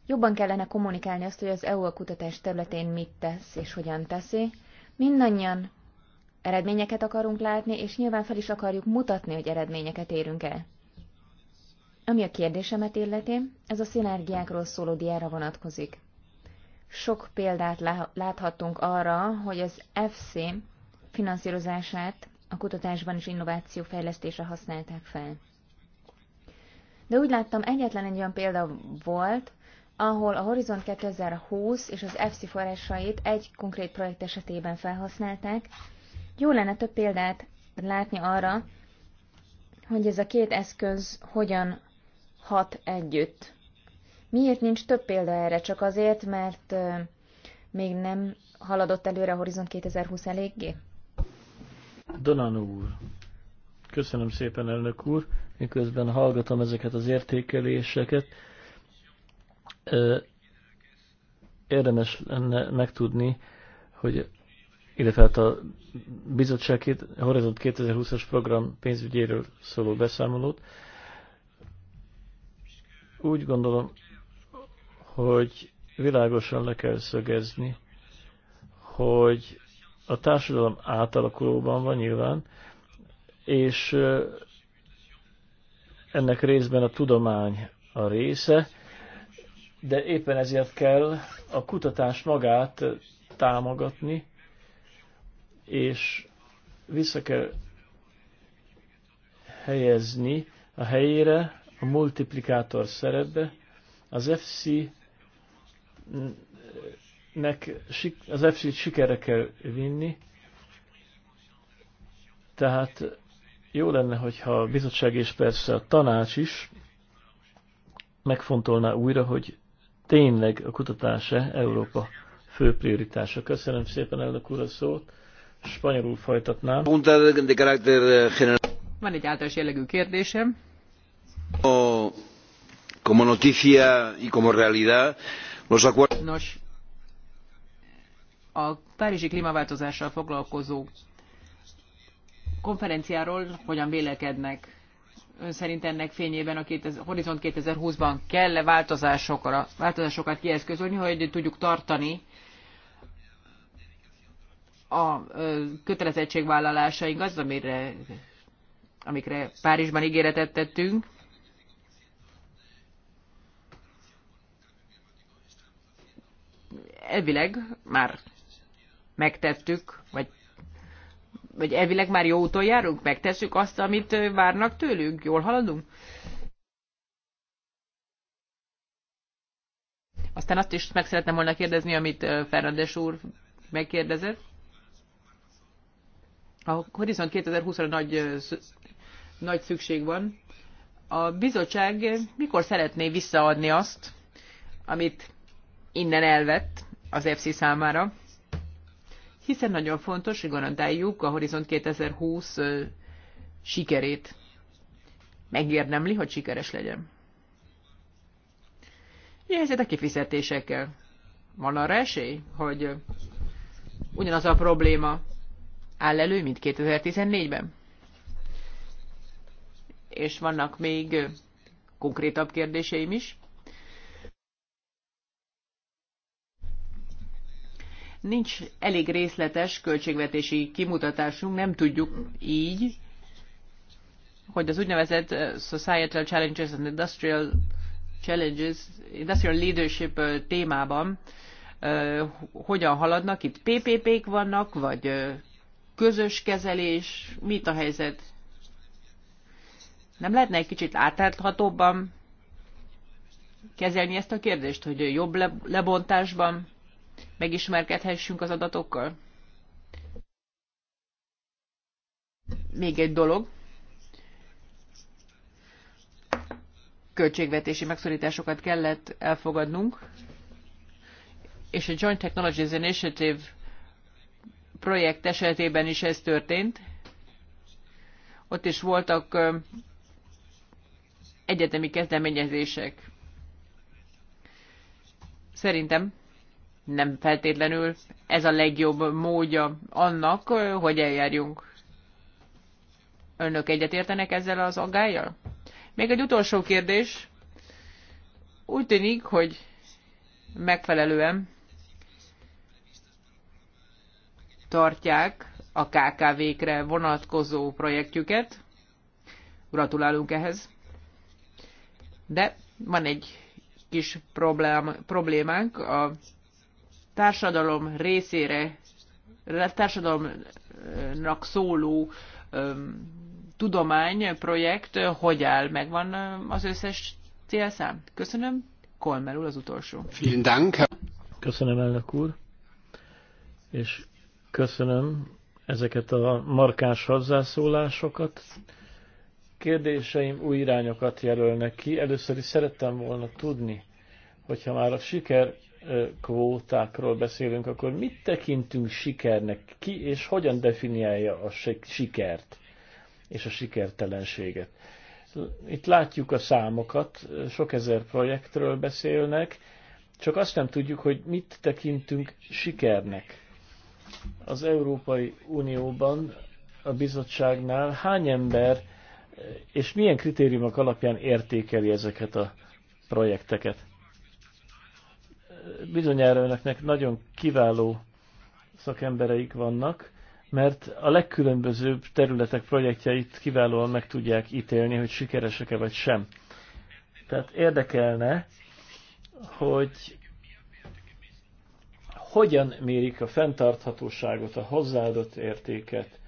jobban kellene kommunikálni azt, hogy az EU a kutatás területén mit tesz és hogyan teszi. Mindannyian eredményeket akarunk látni, és nyilván fel is akarjuk mutatni, hogy eredményeket érünk el. Ami a kérdésemet illeti, ez a szinergiákról szóló diára vonatkozik. Sok példát láthattunk arra, hogy az FC finanszírozását a kutatásban és innováció fejlesztésre használták fel. De úgy láttam, egyetlen egy olyan példa volt, ahol a Horizont 2020 és az FC forrásait egy konkrét projekt esetében felhasználták. Jó lenne több példát látni arra, hogy ez a két eszköz hogyan hat együtt. Miért nincs több példa erre? Csak azért, mert még nem haladott előre a Horizont 2020 eléggé? Donan úr, köszönöm szépen elnök úr, miközben hallgatom ezeket az értékeléseket. Érdemes lenne megtudni, hogy illetve hát a bizottság Horizont 2020-as program pénzügyéről szóló beszámolót. Úgy gondolom, hogy világosan le kell szögezni, hogy a társadalom átalakulóban van nyilván, és ennek részben a tudomány a része, de éppen ezért kell a kutatás magát támogatni, és vissza kell helyezni a helyére a multiplikátor szerepbe. Az FC nek az EFSI-t sikerre kell vinni, tehát jó lenne, hogyha a bizottság és persze a tanács is megfontolná újra, hogy tényleg a kutatása Európa fő prioritása. Köszönöm szépen, elnök úr, a szót. Spanyolul folytatnám. Van egy általános jellegű kérdésem. Como noticia y como realidad, Nos, a Párizsi klímaváltozással foglalkozó konferenciáról hogyan vélekednek? Ön szerint ennek fényében a 2000, Horizont 2020-ban kell -e változásokra, változásokat kieszközölni, hogy tudjuk tartani a kötelezettségvállalásaink az, amire, amikre Párizsban ígéretet tettünk, elvileg már megtettük, vagy, vagy elvileg már jó úton járunk, megtesszük azt, amit várnak tőlünk, jól haladunk. Aztán azt is meg szeretném volna kérdezni, amit Fernandes úr megkérdezett. A Horizon 2020-ra nagy, nagy szükség van. A bizottság mikor szeretné visszaadni azt, amit innen elvett, az EFSI számára, hiszen nagyon fontos, hogy garantáljuk a Horizont 2020 sikerét. Megérdemli, hogy sikeres legyen. Mi helyzet a kifizetésekkel? Van arra esély, hogy ugyanaz a probléma áll elő, mint 2014-ben? És vannak még konkrétabb kérdéseim is. Nincs elég részletes költségvetési kimutatásunk, nem tudjuk így, hogy az úgynevezett eh, Societal Challenges and Industrial Challenges, Industrial Leadership eh, témában eh, hogyan haladnak. Itt PPP-k vannak, vagy közös kezelés, mit a helyzet? Nem lehetne egy kicsit átláthatóbban kezelni ezt a kérdést, hogy jobb lebontásban megismerkedhessünk az adatokkal. Még egy dolog. Költségvetési megszorításokat kellett elfogadnunk, és a Joint Technologies Initiative projekt esetében is ez történt. Ott is voltak egyetemi kezdeményezések. Szerintem nem feltétlenül ez a legjobb módja annak, hogy eljárjunk. Önök egyetértenek ezzel az aggájjal? Még egy utolsó kérdés. Úgy tűnik, hogy megfelelően tartják a KKV-kre vonatkozó projektjüket. Gratulálunk ehhez. De van egy kis problém, problémánk a társadalom részére, társadalomnak szóló tudomány, projekt, hogy áll, megvan az összes célszám. Köszönöm. Kolmel az utolsó. Vielen Dank. Köszönöm, elnök úr. És köszönöm ezeket a markáns hozzászólásokat. Kérdéseim új irányokat jelölnek ki. Először is szerettem volna tudni, hogyha már a siker kvótákról beszélünk, akkor mit tekintünk sikernek? Ki és hogyan definiálja a sikert és a sikertelenséget? Itt látjuk a számokat, sok ezer projektről beszélnek, csak azt nem tudjuk, hogy mit tekintünk sikernek. Az Európai Unióban, a bizottságnál hány ember és milyen kritériumok alapján értékeli ezeket a projekteket? bizonyára önöknek nagyon kiváló szakembereik vannak, mert a legkülönbözőbb területek projektjeit kiválóan meg tudják ítélni, hogy sikeresek-e vagy sem. Tehát érdekelne, hogy hogyan mérik a fenntarthatóságot, a hozzáadott értéket,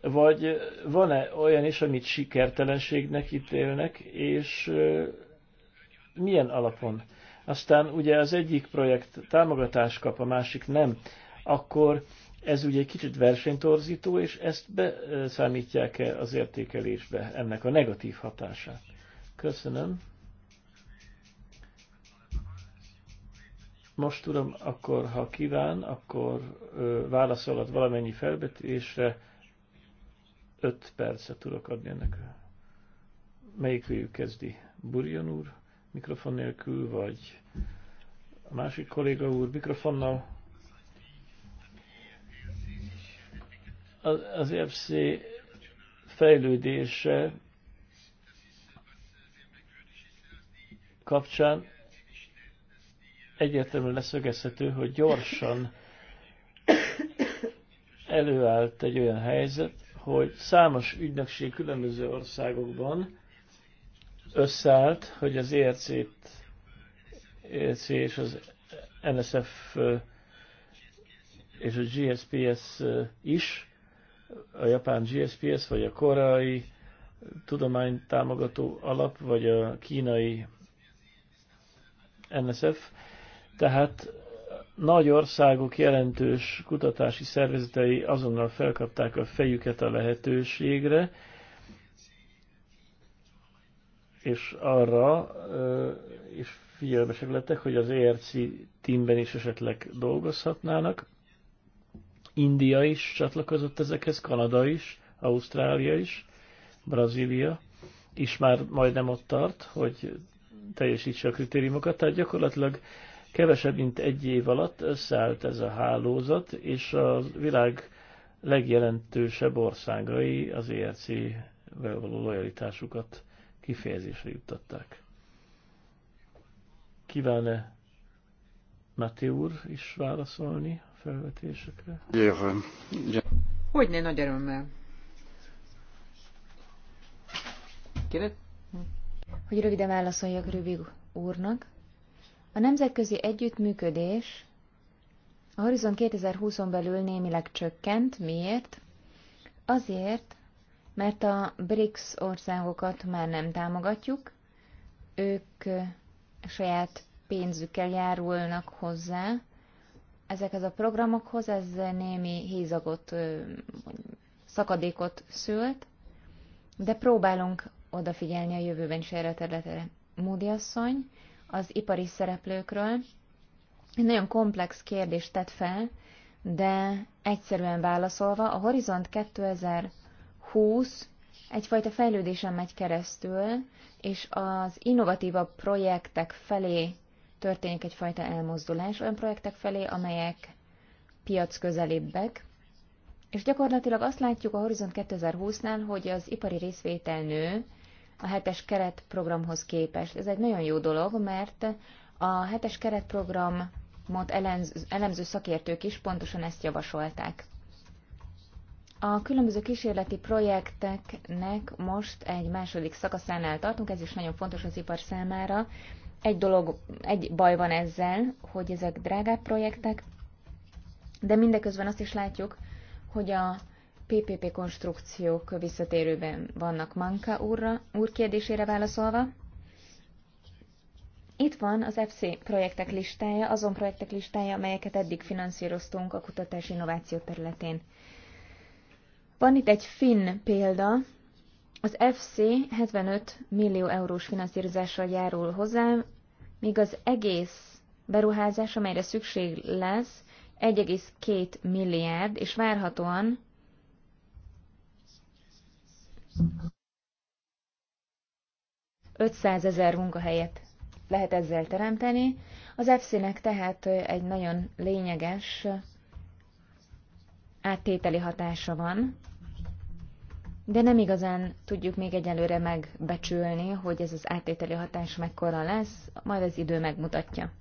vagy van-e olyan is, amit sikertelenségnek ítélnek, és milyen alapon? aztán ugye az egyik projekt támogatást kap, a másik nem, akkor ez ugye egy kicsit versenytorzító, és ezt beszámítják-e az értékelésbe, ennek a negatív hatását? Köszönöm. Most tudom, akkor ha kíván, akkor ö, válaszolat valamennyi felvetésre 5 percet tudok adni ennek. Melyik kezdi? Burjon úr? mikrofon nélkül, vagy a másik kolléga úr mikrofonnal. Az EFC fejlődése kapcsán egyértelműen leszögezhető, hogy gyorsan előállt egy olyan helyzet, hogy számos ügynökség különböző országokban összeállt, hogy az ERC, ERC és az NSF és a GSPS is, a japán GSPS, vagy a koreai tudománytámogató alap, vagy a kínai NSF. Tehát nagy országok jelentős kutatási szervezetei azonnal felkapták a fejüket a lehetőségre, és arra is figyelmesek lettek, hogy az ERC teamben is esetleg dolgozhatnának. India is csatlakozott ezekhez, Kanada is, Ausztrália is, Brazília is már majdnem ott tart, hogy teljesítse a kritériumokat, tehát gyakorlatilag kevesebb, mint egy év alatt összeállt ez a hálózat, és a világ legjelentősebb országai az ERC-vel való lojalitásukat kifejezésre juttatták. Kíván-e Máté úr is válaszolni a felvetésekre? Hogyne nagy örömmel. Kérlek? Hogy röviden válaszoljak rövid úrnak. A nemzetközi együttműködés a Horizon 2020-on belül némileg csökkent. Miért? Azért, mert a BRICS országokat már nem támogatjuk, ők saját pénzükkel járulnak hozzá ezekhez a programokhoz, ez némi hízagot, szakadékot szült, de próbálunk odafigyelni a jövőben is erre a területre. Módi asszony az ipari szereplőkről egy nagyon komplex kérdést tett fel, de egyszerűen válaszolva, a Horizont 2000 20 egyfajta fejlődésen megy keresztül, és az innovatívabb projektek felé történik egyfajta elmozdulás, olyan projektek felé, amelyek piac közelébbek. és gyakorlatilag azt látjuk a Horizont 2020-nál, hogy az ipari részvétel nő a hetes keretprogramhoz képest. Ez egy nagyon jó dolog, mert a hetes keretprogramot elemző szakértők is pontosan ezt javasolták. A különböző kísérleti projekteknek most egy második szakaszánál tartunk, ez is nagyon fontos az ipar számára. Egy dolog, egy baj van ezzel, hogy ezek drágább projektek, de mindeközben azt is látjuk, hogy a PPP konstrukciók visszatérőben vannak Manka úrra, úr kérdésére válaszolva. Itt van az FC projektek listája, azon projektek listája, amelyeket eddig finanszíroztunk a kutatás innováció területén. Van itt egy finn példa, az FC 75 millió eurós finanszírozással járul hozzá, míg az egész beruházás, amelyre szükség lesz, 1,2 milliárd, és várhatóan ezer munkahelyet lehet ezzel teremteni. Az FC-nek tehát egy nagyon lényeges áttételi hatása van, de nem igazán tudjuk még egyelőre megbecsülni, hogy ez az áttételi hatás mekkora lesz, majd az idő megmutatja.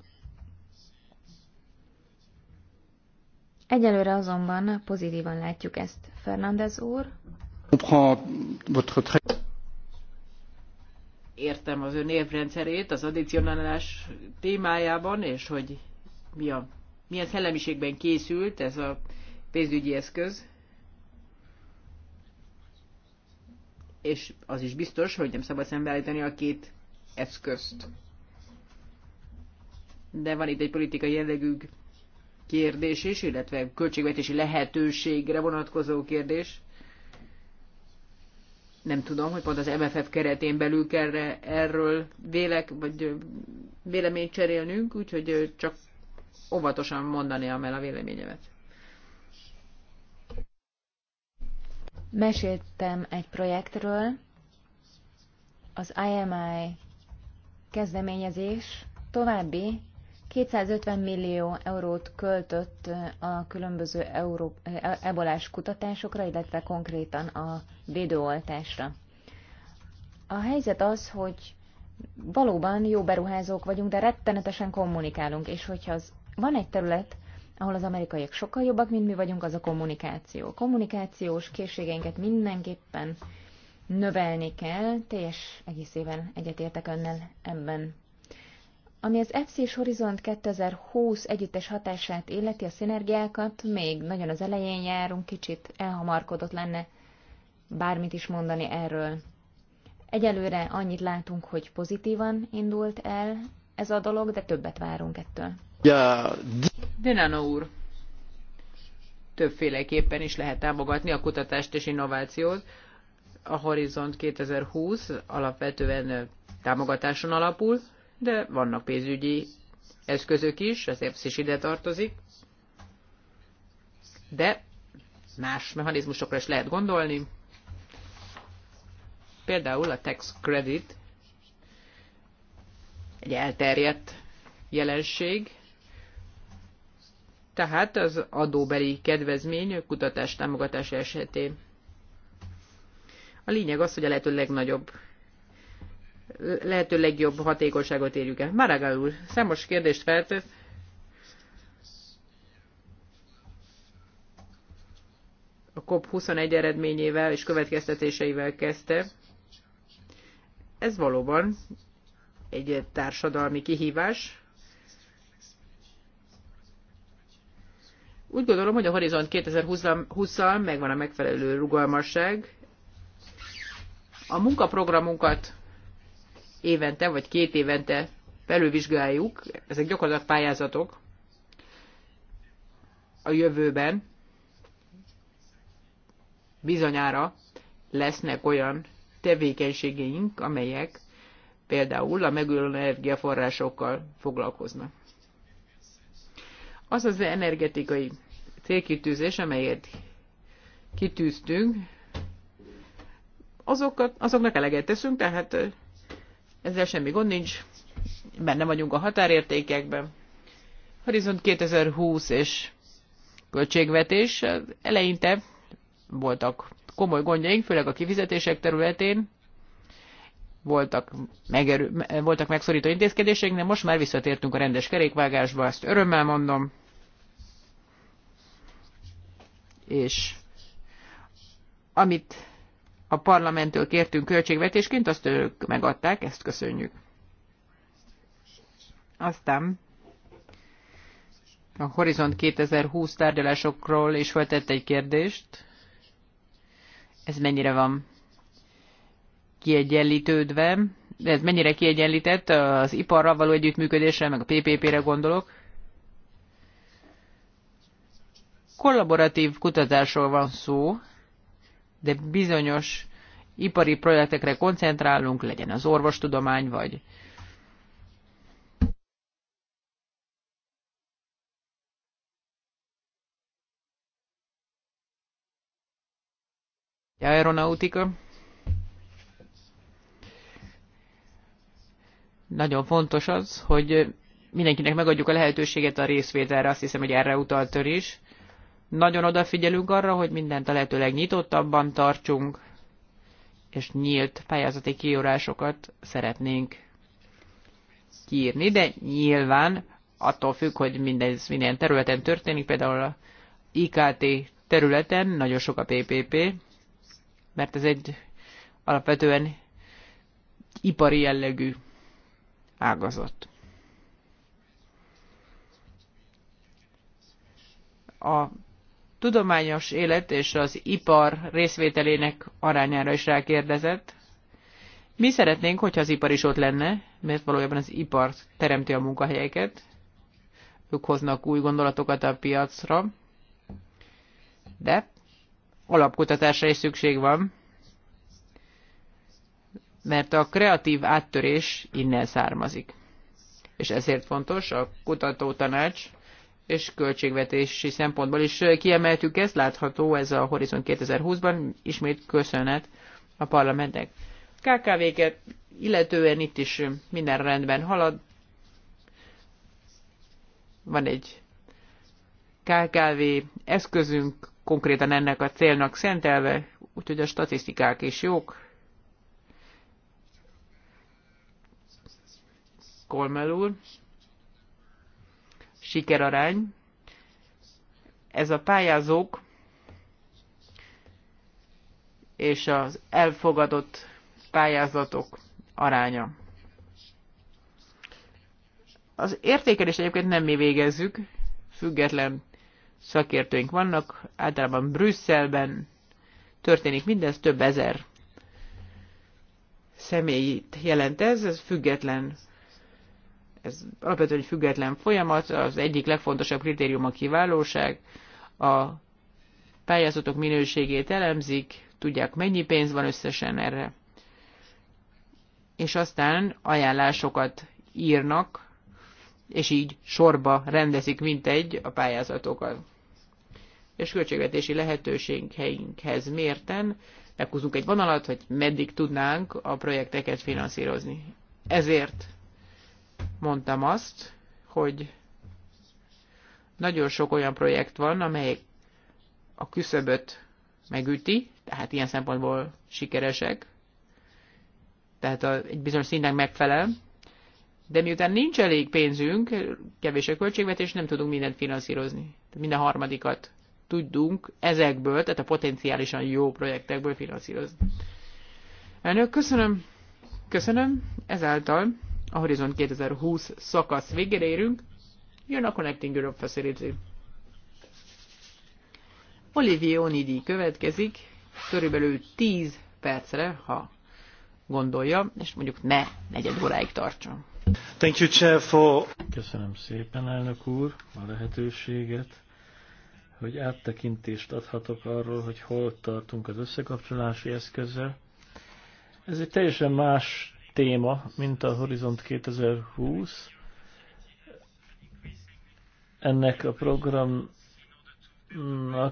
Egyelőre azonban pozitívan látjuk ezt, Fernández úr. Értem az ön évrendszerét az addicionálás témájában, és hogy mi a, milyen szellemiségben készült ez a pénzügyi eszköz, és az is biztos, hogy nem szabad szembeállítani a két eszközt. De van itt egy politikai jellegű kérdés is, illetve költségvetési lehetőségre vonatkozó kérdés. Nem tudom, hogy pont az MFF keretén belül kell erről vélek, vagy véleményt cserélnünk, úgyhogy csak óvatosan mondani el a véleményemet. Meséltem egy projektről, az IMI kezdeményezés további 250 millió eurót költött a különböző euró, e- ebolás kutatásokra, illetve konkrétan a védőoltásra. A helyzet az, hogy valóban jó beruházók vagyunk, de rettenetesen kommunikálunk, és hogyha az, van egy terület, ahol az amerikaiak sokkal jobbak, mint mi vagyunk, az a kommunikáció. A kommunikációs készségeinket mindenképpen növelni kell, teljes egészében egyetértek önnel ebben. Ami az FC és Horizont 2020 együttes hatását illeti a szinergiákat, még nagyon az elején járunk, kicsit elhamarkodott lenne bármit is mondani erről. Egyelőre annyit látunk, hogy pozitívan indult el ez a dolog, de többet várunk ettől. Ja, Denano úr, többféleképpen is lehet támogatni a kutatást és innovációt. A Horizont 2020 alapvetően támogatáson alapul, de vannak pénzügyi eszközök is, az EPSZ is ide tartozik. De más mechanizmusokra is lehet gondolni. Például a tax credit egy elterjedt jelenség, tehát az adóbeli kedvezmény kutatás támogatása esetén. A lényeg az, hogy a lehető legnagyobb, lehető legjobb hatékonyságot érjük el. Maragall úr, számos kérdést feltett. A COP21 eredményével és következtetéseivel kezdte. Ez valóban egy társadalmi kihívás, Úgy gondolom, hogy a Horizont 2020-al megvan a megfelelő rugalmasság. A munkaprogramunkat évente vagy két évente felülvizsgáljuk, ezek gyakorlatilag pályázatok a jövőben bizonyára lesznek olyan tevékenységeink, amelyek például a megújuló energiaforrásokkal foglalkoznak. Az az energetikai célkitűzés, amelyet kitűztünk, azokat, azoknak eleget teszünk, tehát ezzel semmi gond nincs, benne vagyunk a határértékekben. Horizont 2020 és költségvetés eleinte voltak komoly gondjaink, főleg a kifizetések területén, voltak, megerő, voltak megszorító intézkedéseink, de most már visszatértünk a rendes kerékvágásba, ezt örömmel mondom és amit a parlamenttől kértünk költségvetésként, azt ők megadták, ezt köszönjük. Aztán a Horizont 2020 tárgyalásokról is feltett egy kérdést. Ez mennyire van kiegyenlítődve, de ez mennyire kiegyenlített az iparral való együttműködésre, meg a PPP-re gondolok. kollaboratív kutatásról van szó, de bizonyos ipari projektekre koncentrálunk, legyen az orvostudomány, vagy aeronautika. Nagyon fontos az, hogy mindenkinek megadjuk a lehetőséget a részvételre, azt hiszem, hogy erre utalt is. Nagyon odafigyelünk arra, hogy mindent a lehető legnyitottabban tartsunk, és nyílt pályázati kiírásokat szeretnénk kiírni, de nyilván attól függ, hogy mindez minden területen történik, például a IKT területen nagyon sok a PPP, mert ez egy alapvetően ipari jellegű ágazat. A tudományos élet és az ipar részvételének arányára is rákérdezett. Mi szeretnénk, hogyha az ipar is ott lenne, mert valójában az ipar teremti a munkahelyeket, ők hoznak új gondolatokat a piacra, de alapkutatásra is szükség van, mert a kreatív áttörés innen származik. És ezért fontos a kutatótanács, és költségvetési szempontból is kiemeltük ezt, látható ez a Horizon 2020-ban, ismét köszönet a parlamentnek. KKV-ket illetően itt is minden rendben halad. Van egy KKV eszközünk, konkrétan ennek a célnak szentelve, úgyhogy a statisztikák is jók. Kolmel úr sikerarány. Ez a pályázók és az elfogadott pályázatok aránya. Az értékelés egyébként nem mi végezzük, független szakértőink vannak, általában Brüsszelben történik mindez, több ezer személyt jelent ez, ez független ez alapvetően egy független folyamat, az egyik legfontosabb kritérium a kiválóság, a pályázatok minőségét elemzik, tudják mennyi pénz van összesen erre, és aztán ajánlásokat írnak, és így sorba rendezik mintegy a pályázatokat. És költségvetési lehetőségeinkhez mérten meghúzunk egy vonalat, hogy meddig tudnánk a projekteket finanszírozni. Ezért mondtam azt, hogy nagyon sok olyan projekt van, amely a küszöböt megüti, tehát ilyen szempontból sikeresek, tehát a, egy bizonyos szintnek megfelel, de miután nincs elég pénzünk, kevés a költségvetés, nem tudunk mindent finanszírozni. Tehát minden harmadikat tudunk ezekből, tehát a potenciálisan jó projektekből finanszírozni. Elnök, köszönöm. Köszönöm. Ezáltal a Horizon 2020 szakasz végére érünk, jön a Connecting Europe Facility. Olivier Onidi következik, körülbelül 10 percre, ha gondolja, és mondjuk ne negyed óráig tartson. Thank you, Chair, for... Köszönöm szépen, elnök úr, a lehetőséget, hogy áttekintést adhatok arról, hogy hol tartunk az összekapcsolási eszközzel. Ez egy teljesen más téma, mint a Horizont 2020. Ennek a programnak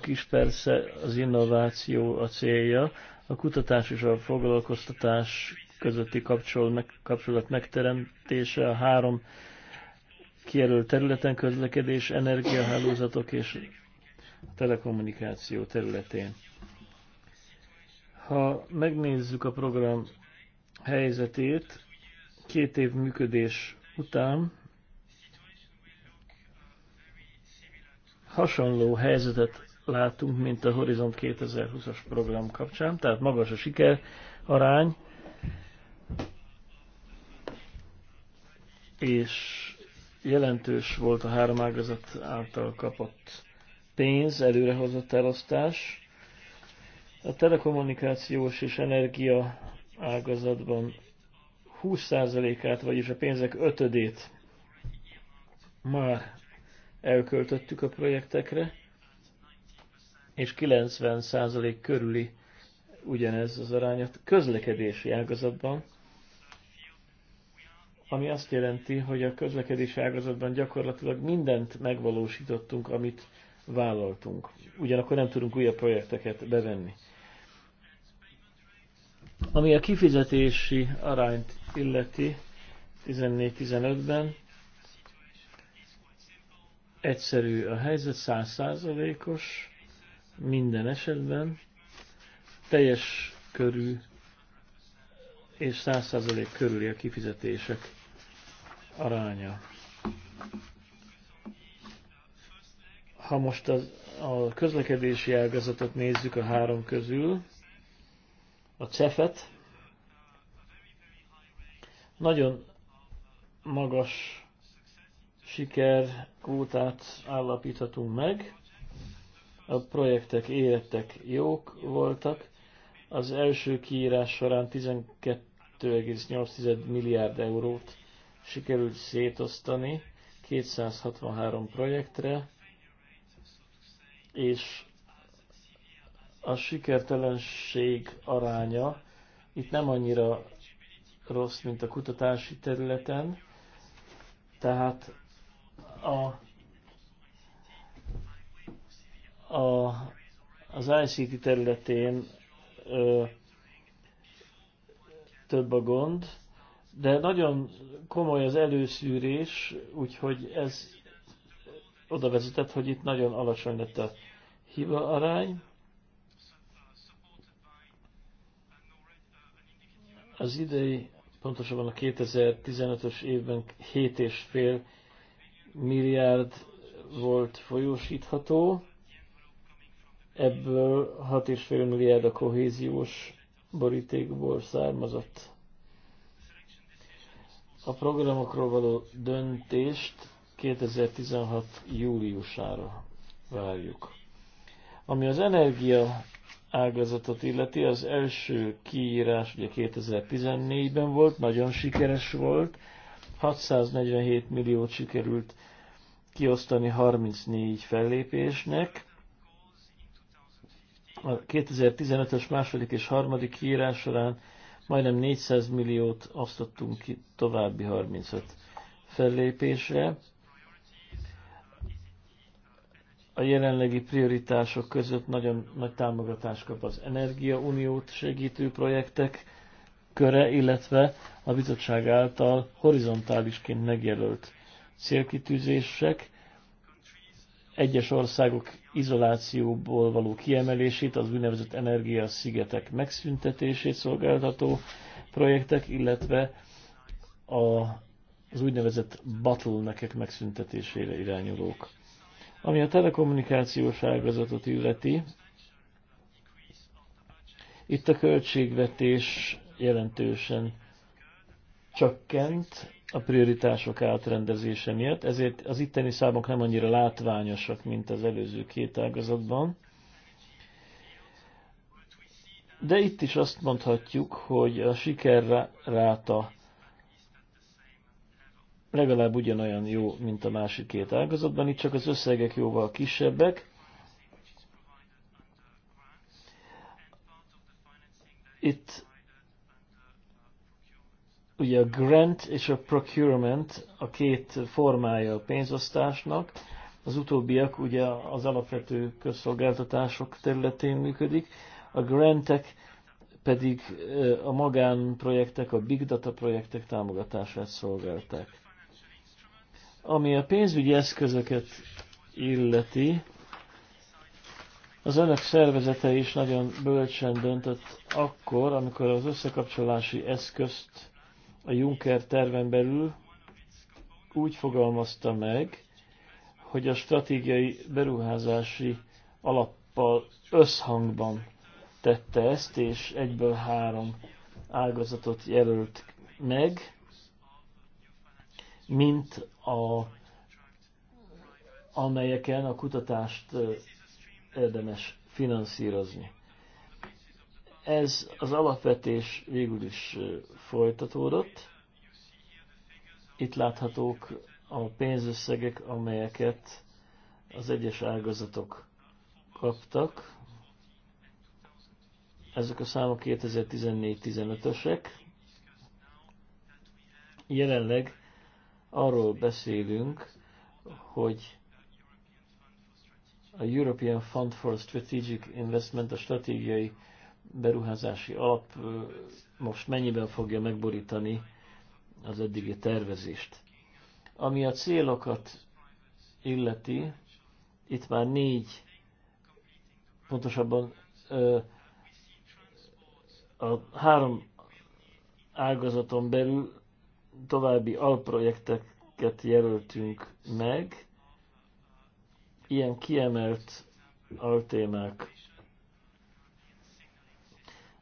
is persze az innováció a célja, a kutatás és a foglalkoztatás közötti kapcsolat megteremtése a három kijelölt területen közlekedés, energiahálózatok és telekommunikáció területén. Ha megnézzük a program helyzetét két év működés után hasonló helyzetet látunk, mint a Horizont 2020-as program kapcsán, tehát magas a siker arány, és jelentős volt a három ágazat által kapott pénz, előrehozott elosztás. A telekommunikációs és energia ágazatban 20%-át, vagyis a pénzek ötödét már elköltöttük a projektekre, és 90% körüli ugyanez az arány a közlekedési ágazatban, ami azt jelenti, hogy a közlekedési ágazatban gyakorlatilag mindent megvalósítottunk, amit vállaltunk. Ugyanakkor nem tudunk újabb projekteket bevenni. Ami a kifizetési arányt illeti 14-15-ben, egyszerű a helyzet, százszázalékos minden esetben, teljes körű és százszázalék körüli a kifizetések aránya. Ha most az, a közlekedési ágazatot nézzük a három közül, a CEFET. Nagyon magas siker kvótát állapíthatunk meg. A projektek érettek, jók voltak. Az első kiírás során 12,8 milliárd eurót sikerült szétosztani 263 projektre, és a sikertelenség aránya itt nem annyira rossz, mint a kutatási területen, tehát a, a, az ICT területén ö, több a gond, de nagyon komoly az előszűrés, úgyhogy ez oda vezetett, hogy itt nagyon alacsony lett a hiba arány. Az idei, pontosabban a 2015-ös évben 7,5 milliárd volt folyósítható, ebből 6,5 milliárd a kohéziós borítékból származott. A programokról való döntést 2016. júliusára várjuk. Ami az energia ágazatot illeti, az első kiírás ugye 2014-ben volt, nagyon sikeres volt, 647 milliót sikerült kiosztani 34 fellépésnek. A 2015-ös második és harmadik kiírás során majdnem 400 milliót osztottunk ki további 35 fellépésre a jelenlegi prioritások között nagyon nagy támogatást kap az Energiauniót segítő projektek köre, illetve a bizottság által horizontálisként megjelölt célkitűzések, egyes országok izolációból való kiemelését, az úgynevezett energiaszigetek megszüntetését szolgáltató projektek, illetve a, az úgynevezett bottleneck megszüntetésére irányulók. Ami a telekommunikációs ágazatot illeti, itt a költségvetés jelentősen csökkent a prioritások átrendezése miatt, ezért az itteni számok nem annyira látványosak, mint az előző két ágazatban. De itt is azt mondhatjuk, hogy a sikerráta legalább ugyanolyan jó, mint a másik két ágazatban, itt csak az összegek jóval kisebbek, itt ugye a grant és a procurement a két formája a pénzosztásnak. Az utóbbiak ugye az alapvető közszolgáltatások területén működik, a grantek pedig a magánprojektek, a big data projektek támogatását szolgálták. Ami a pénzügyi eszközöket illeti, az önök szervezete is nagyon bölcsen döntött akkor, amikor az összekapcsolási eszközt a Juncker terven belül úgy fogalmazta meg, hogy a stratégiai beruházási alappal összhangban tette ezt, és egyből három ágazatot jelölt meg, mint a, amelyeken a kutatást érdemes finanszírozni. Ez az alapvetés végül is folytatódott. Itt láthatók a pénzösszegek, amelyeket az egyes ágazatok kaptak. Ezek a számok 2014-15-ösek. Jelenleg arról beszélünk, hogy a European Fund for Strategic Investment, a stratégiai beruházási alap most mennyiben fogja megborítani az eddigi tervezést. Ami a célokat illeti, itt már négy, pontosabban a három ágazaton belül további alprojekteket jelöltünk meg, ilyen kiemelt altémák.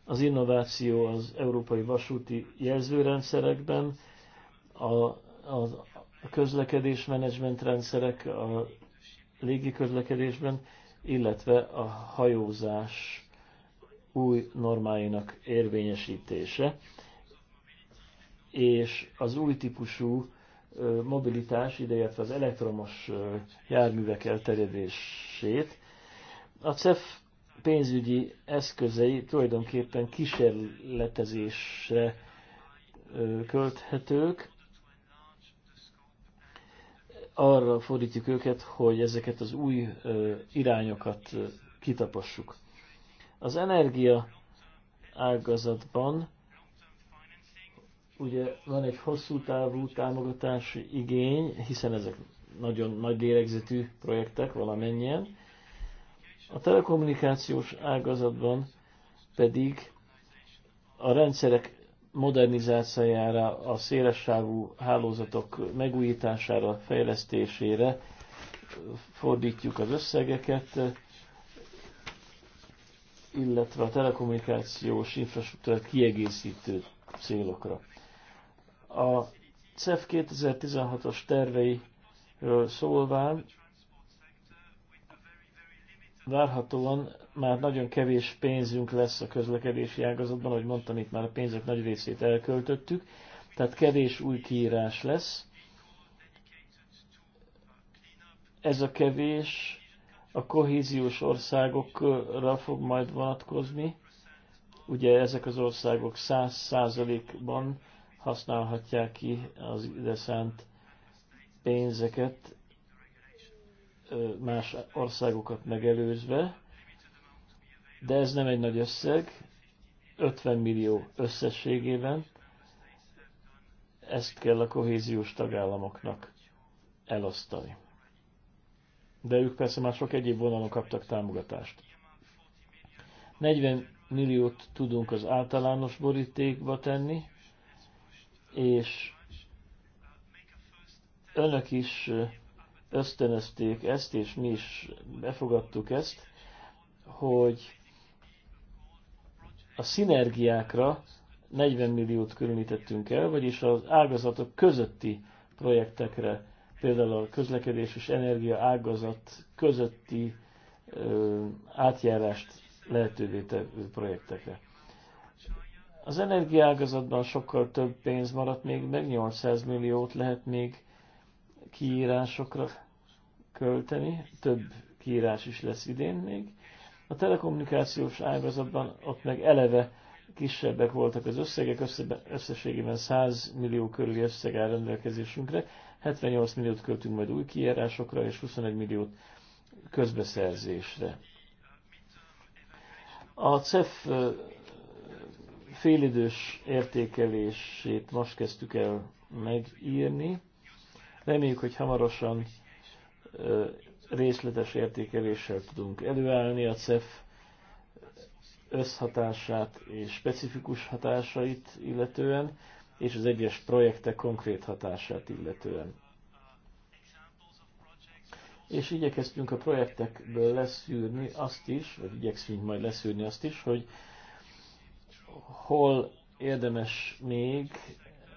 Az innováció az európai vasúti jelzőrendszerekben, a, a, a közlekedés menedzsment rendszerek a légi közlekedésben, illetve a hajózás új normáinak érvényesítése és az új típusú mobilitás, ideértve az elektromos járművek elterjedését. A CEF pénzügyi eszközei tulajdonképpen kísérletezésre költhetők. Arra fordítjuk őket, hogy ezeket az új irányokat kitapossuk. Az energia ágazatban ugye van egy hosszú távú támogatási igény, hiszen ezek nagyon nagy lélegzetű projektek valamennyien. A telekommunikációs ágazatban pedig a rendszerek modernizációjára, a szélessávú hálózatok megújítására, fejlesztésére fordítjuk az összegeket, illetve a telekommunikációs infrastruktúrát kiegészítő célokra. A CEF 2016-os terveiről szólván várhatóan már nagyon kevés pénzünk lesz a közlekedési ágazatban, ahogy mondtam, itt már a pénzek nagy részét elköltöttük, tehát kevés új kiírás lesz. Ez a kevés a kohéziós országokra fog majd vonatkozni. Ugye ezek az országok száz százalékban használhatják ki az ide szánt pénzeket más országokat megelőzve, de ez nem egy nagy összeg, 50 millió összességében, ezt kell a kohéziós tagállamoknak elosztani. De ők persze már sok egyéb vonalon kaptak támogatást. 40 milliót tudunk az általános borítékba tenni, és önök is ösztönözték ezt, és mi is befogadtuk ezt, hogy a szinergiákra 40 milliót különítettünk el, vagyis az ágazatok közötti projektekre, például a közlekedés és energia ágazat közötti ö, átjárást lehetővé tevő projektekre. Az energiágazatban sokkal több pénz maradt még, meg 800 milliót lehet még kiírásokra költeni, több kiírás is lesz idén még. A telekommunikációs ágazatban ott meg eleve kisebbek voltak az összegek, összességében 100 millió körüli összeg áll rendelkezésünkre, 78 milliót költünk majd új kiírásokra, és 21 milliót közbeszerzésre. A CEF félidős értékelését most kezdtük el megírni. Reméljük, hogy hamarosan részletes értékeléssel tudunk előállni a CEF összhatását és specifikus hatásait illetően, és az egyes projektek konkrét hatását illetően. És igyekeztünk a projektekből leszűrni azt is, vagy igyekszünk majd leszűrni azt is, hogy hol érdemes még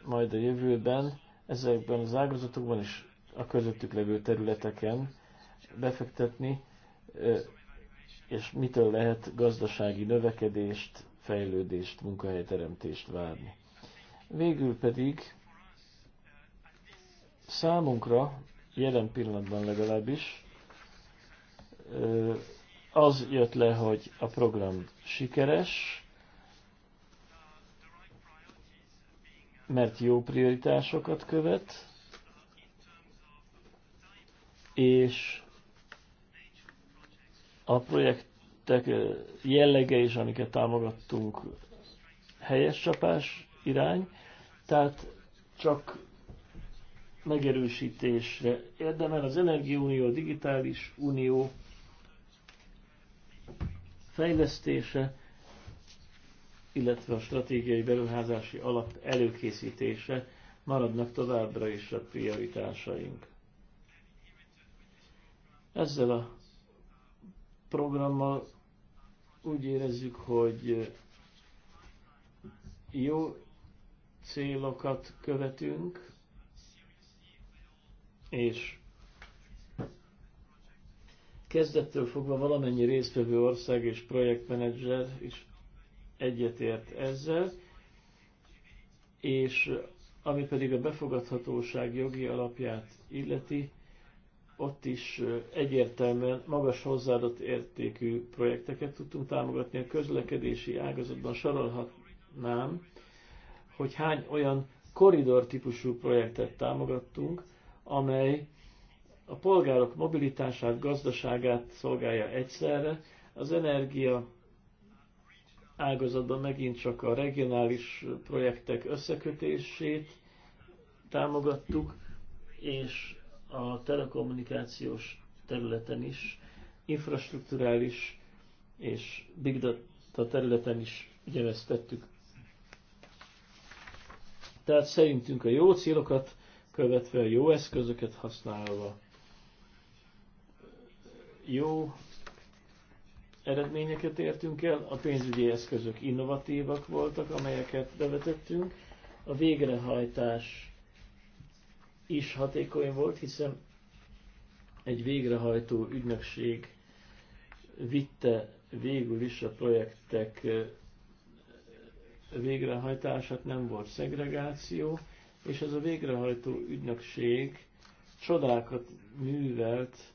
majd a jövőben ezekben az ágazatokban és a közöttük levő területeken befektetni, és mitől lehet gazdasági növekedést, fejlődést, munkahelyteremtést várni. Végül pedig számunkra, jelen pillanatban legalábbis, az jött le, hogy a program sikeres, mert jó prioritásokat követ, és a projektek jellege is, amiket támogattunk, helyes csapás irány, tehát csak megerősítésre érdemel az Energiaunió, a Digitális Unió fejlesztése, illetve a stratégiai beruházási alap előkészítése maradnak továbbra is a prioritásaink. Ezzel a programmal úgy érezzük, hogy jó célokat követünk, és kezdettől fogva valamennyi résztvevő ország és projektmenedzser is egyetért ezzel, és ami pedig a befogadhatóság jogi alapját illeti, ott is egyértelműen magas hozzáadott értékű projekteket tudtunk támogatni a közlekedési ágazatban. Sorolhatnám, hogy hány olyan koridor típusú projektet támogattunk, amely a polgárok mobilitását, gazdaságát szolgálja egyszerre, az energia ágazatban megint csak a regionális projektek összekötését támogattuk, és a telekommunikációs területen is, infrastruktúrális és big data területen is ugyanezt tettük. Tehát szerintünk a jó célokat követve, a jó eszközöket használva, jó eredményeket értünk el, a pénzügyi eszközök innovatívak voltak, amelyeket bevetettünk, a végrehajtás is hatékony volt, hiszen egy végrehajtó ügynökség vitte végül is a projektek végrehajtását, nem volt szegregáció, és ez a végrehajtó ügynökség csodákat művelt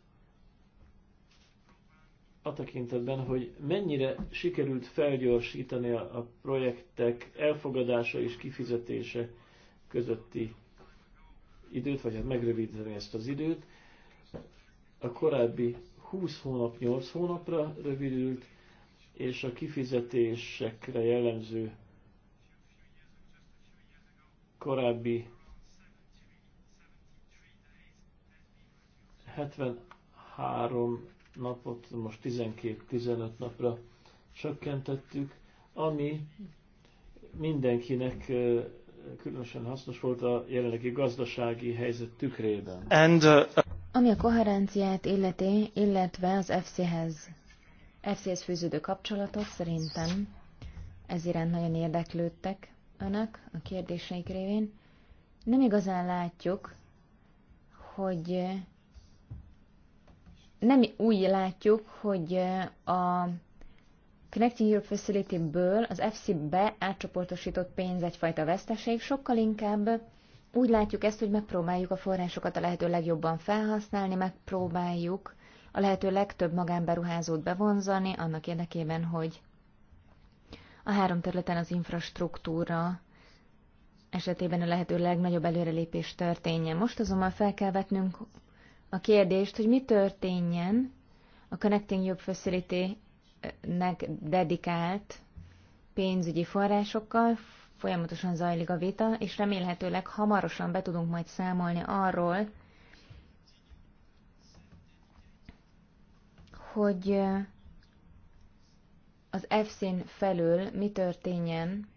a tekintetben, hogy mennyire sikerült felgyorsítani a projektek elfogadása és kifizetése közötti időt, vagy hát megrövidíteni ezt az időt. A korábbi 20 hónap 8 hónapra rövidült, és a kifizetésekre jellemző korábbi 73 napot most 12-15 napra csökkentettük, ami mindenkinek különösen hasznos volt a jelenlegi gazdasági helyzet tükrében. And, uh, ami a koherenciát illeti, illetve az FC-hez FC-hez fűződő kapcsolatot szerintem ez iránt nagyon érdeklődtek önök a kérdéseik révén. Nem igazán látjuk, hogy nem úgy látjuk, hogy a Connecting Europe Facility-ből az FC-be átcsoportosított pénz egyfajta veszteség, sokkal inkább úgy látjuk ezt, hogy megpróbáljuk a forrásokat a lehető legjobban felhasználni, megpróbáljuk a lehető legtöbb magánberuházót bevonzani, annak érdekében, hogy a három területen az infrastruktúra esetében a lehető legnagyobb előrelépés történjen. Most azonban fel kell vetnünk a kérdést, hogy mi történjen a Connecting Europe Facility-nek dedikált pénzügyi forrásokkal, folyamatosan zajlik a vita, és remélhetőleg hamarosan be tudunk majd számolni arról, hogy az f n felül mi történjen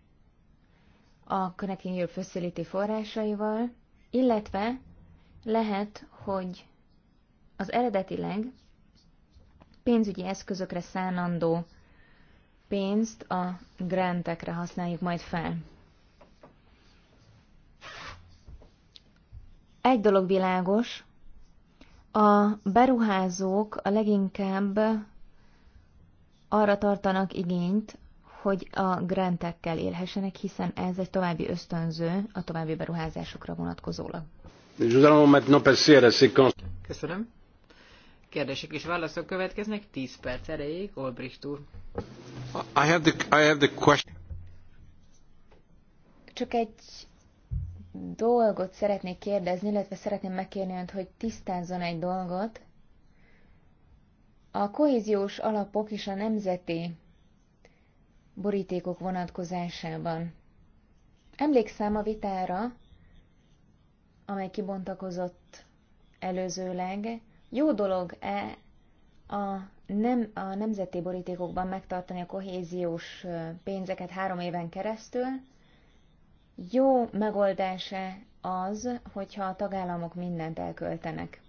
a Connecting Europe Facility forrásaival, illetve lehet, hogy az eredetileg pénzügyi eszközökre szánandó pénzt a grantekre használjuk majd fel. Egy dolog világos, a beruházók a leginkább arra tartanak igényt, hogy a grantekkel élhessenek, hiszen ez egy további ösztönző a további beruházásokra vonatkozólag. Köszönöm. Kérdések és válaszok következnek, 10 perc erejéig, Olbricht úr. I have the, I have the question. Csak egy dolgot szeretnék kérdezni, illetve szeretném megkérni önt, hogy tisztázzon egy dolgot. A kohéziós alapok és a nemzeti borítékok vonatkozásában. Emlékszem a vitára, amely kibontakozott előzőleg, jó dolog-e a, nem, a nemzeti borítékokban megtartani a kohéziós pénzeket három éven keresztül? Jó megoldása az, hogyha a tagállamok mindent elköltenek.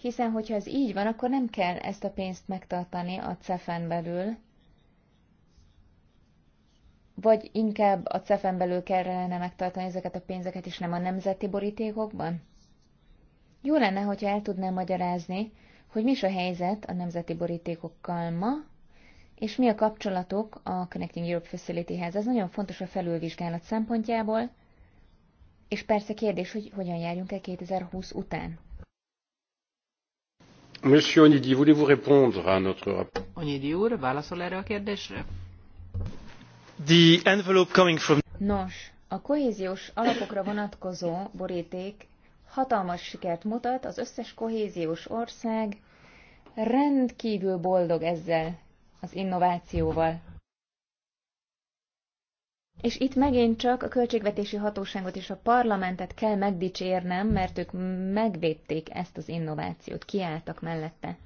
Hiszen, hogyha ez így van, akkor nem kell ezt a pénzt megtartani a CEFEN belül, vagy inkább a CEFEN belül kellene megtartani ezeket a pénzeket, és nem a nemzeti borítékokban? Jó lenne, hogyha el tudnám magyarázni, hogy mi is a helyzet a nemzeti borítékokkal ma, és mi a kapcsolatok a Connecting Europe Facility-hez. Ez nagyon fontos a felülvizsgálat szempontjából, és persze kérdés, hogy hogyan járjunk el 2020 után. Monsieur Onidi, voulez-vous répondre à notre Onidi úr, válaszol erre a kérdésre? The envelope coming from... Nos, a kohéziós alapokra vonatkozó boríték hatalmas sikert mutat, az összes kohéziós ország rendkívül boldog ezzel az innovációval. És itt megint csak a költségvetési hatóságot és a parlamentet kell megdicsérnem, mert ők megvédték ezt az innovációt, kiálltak mellette.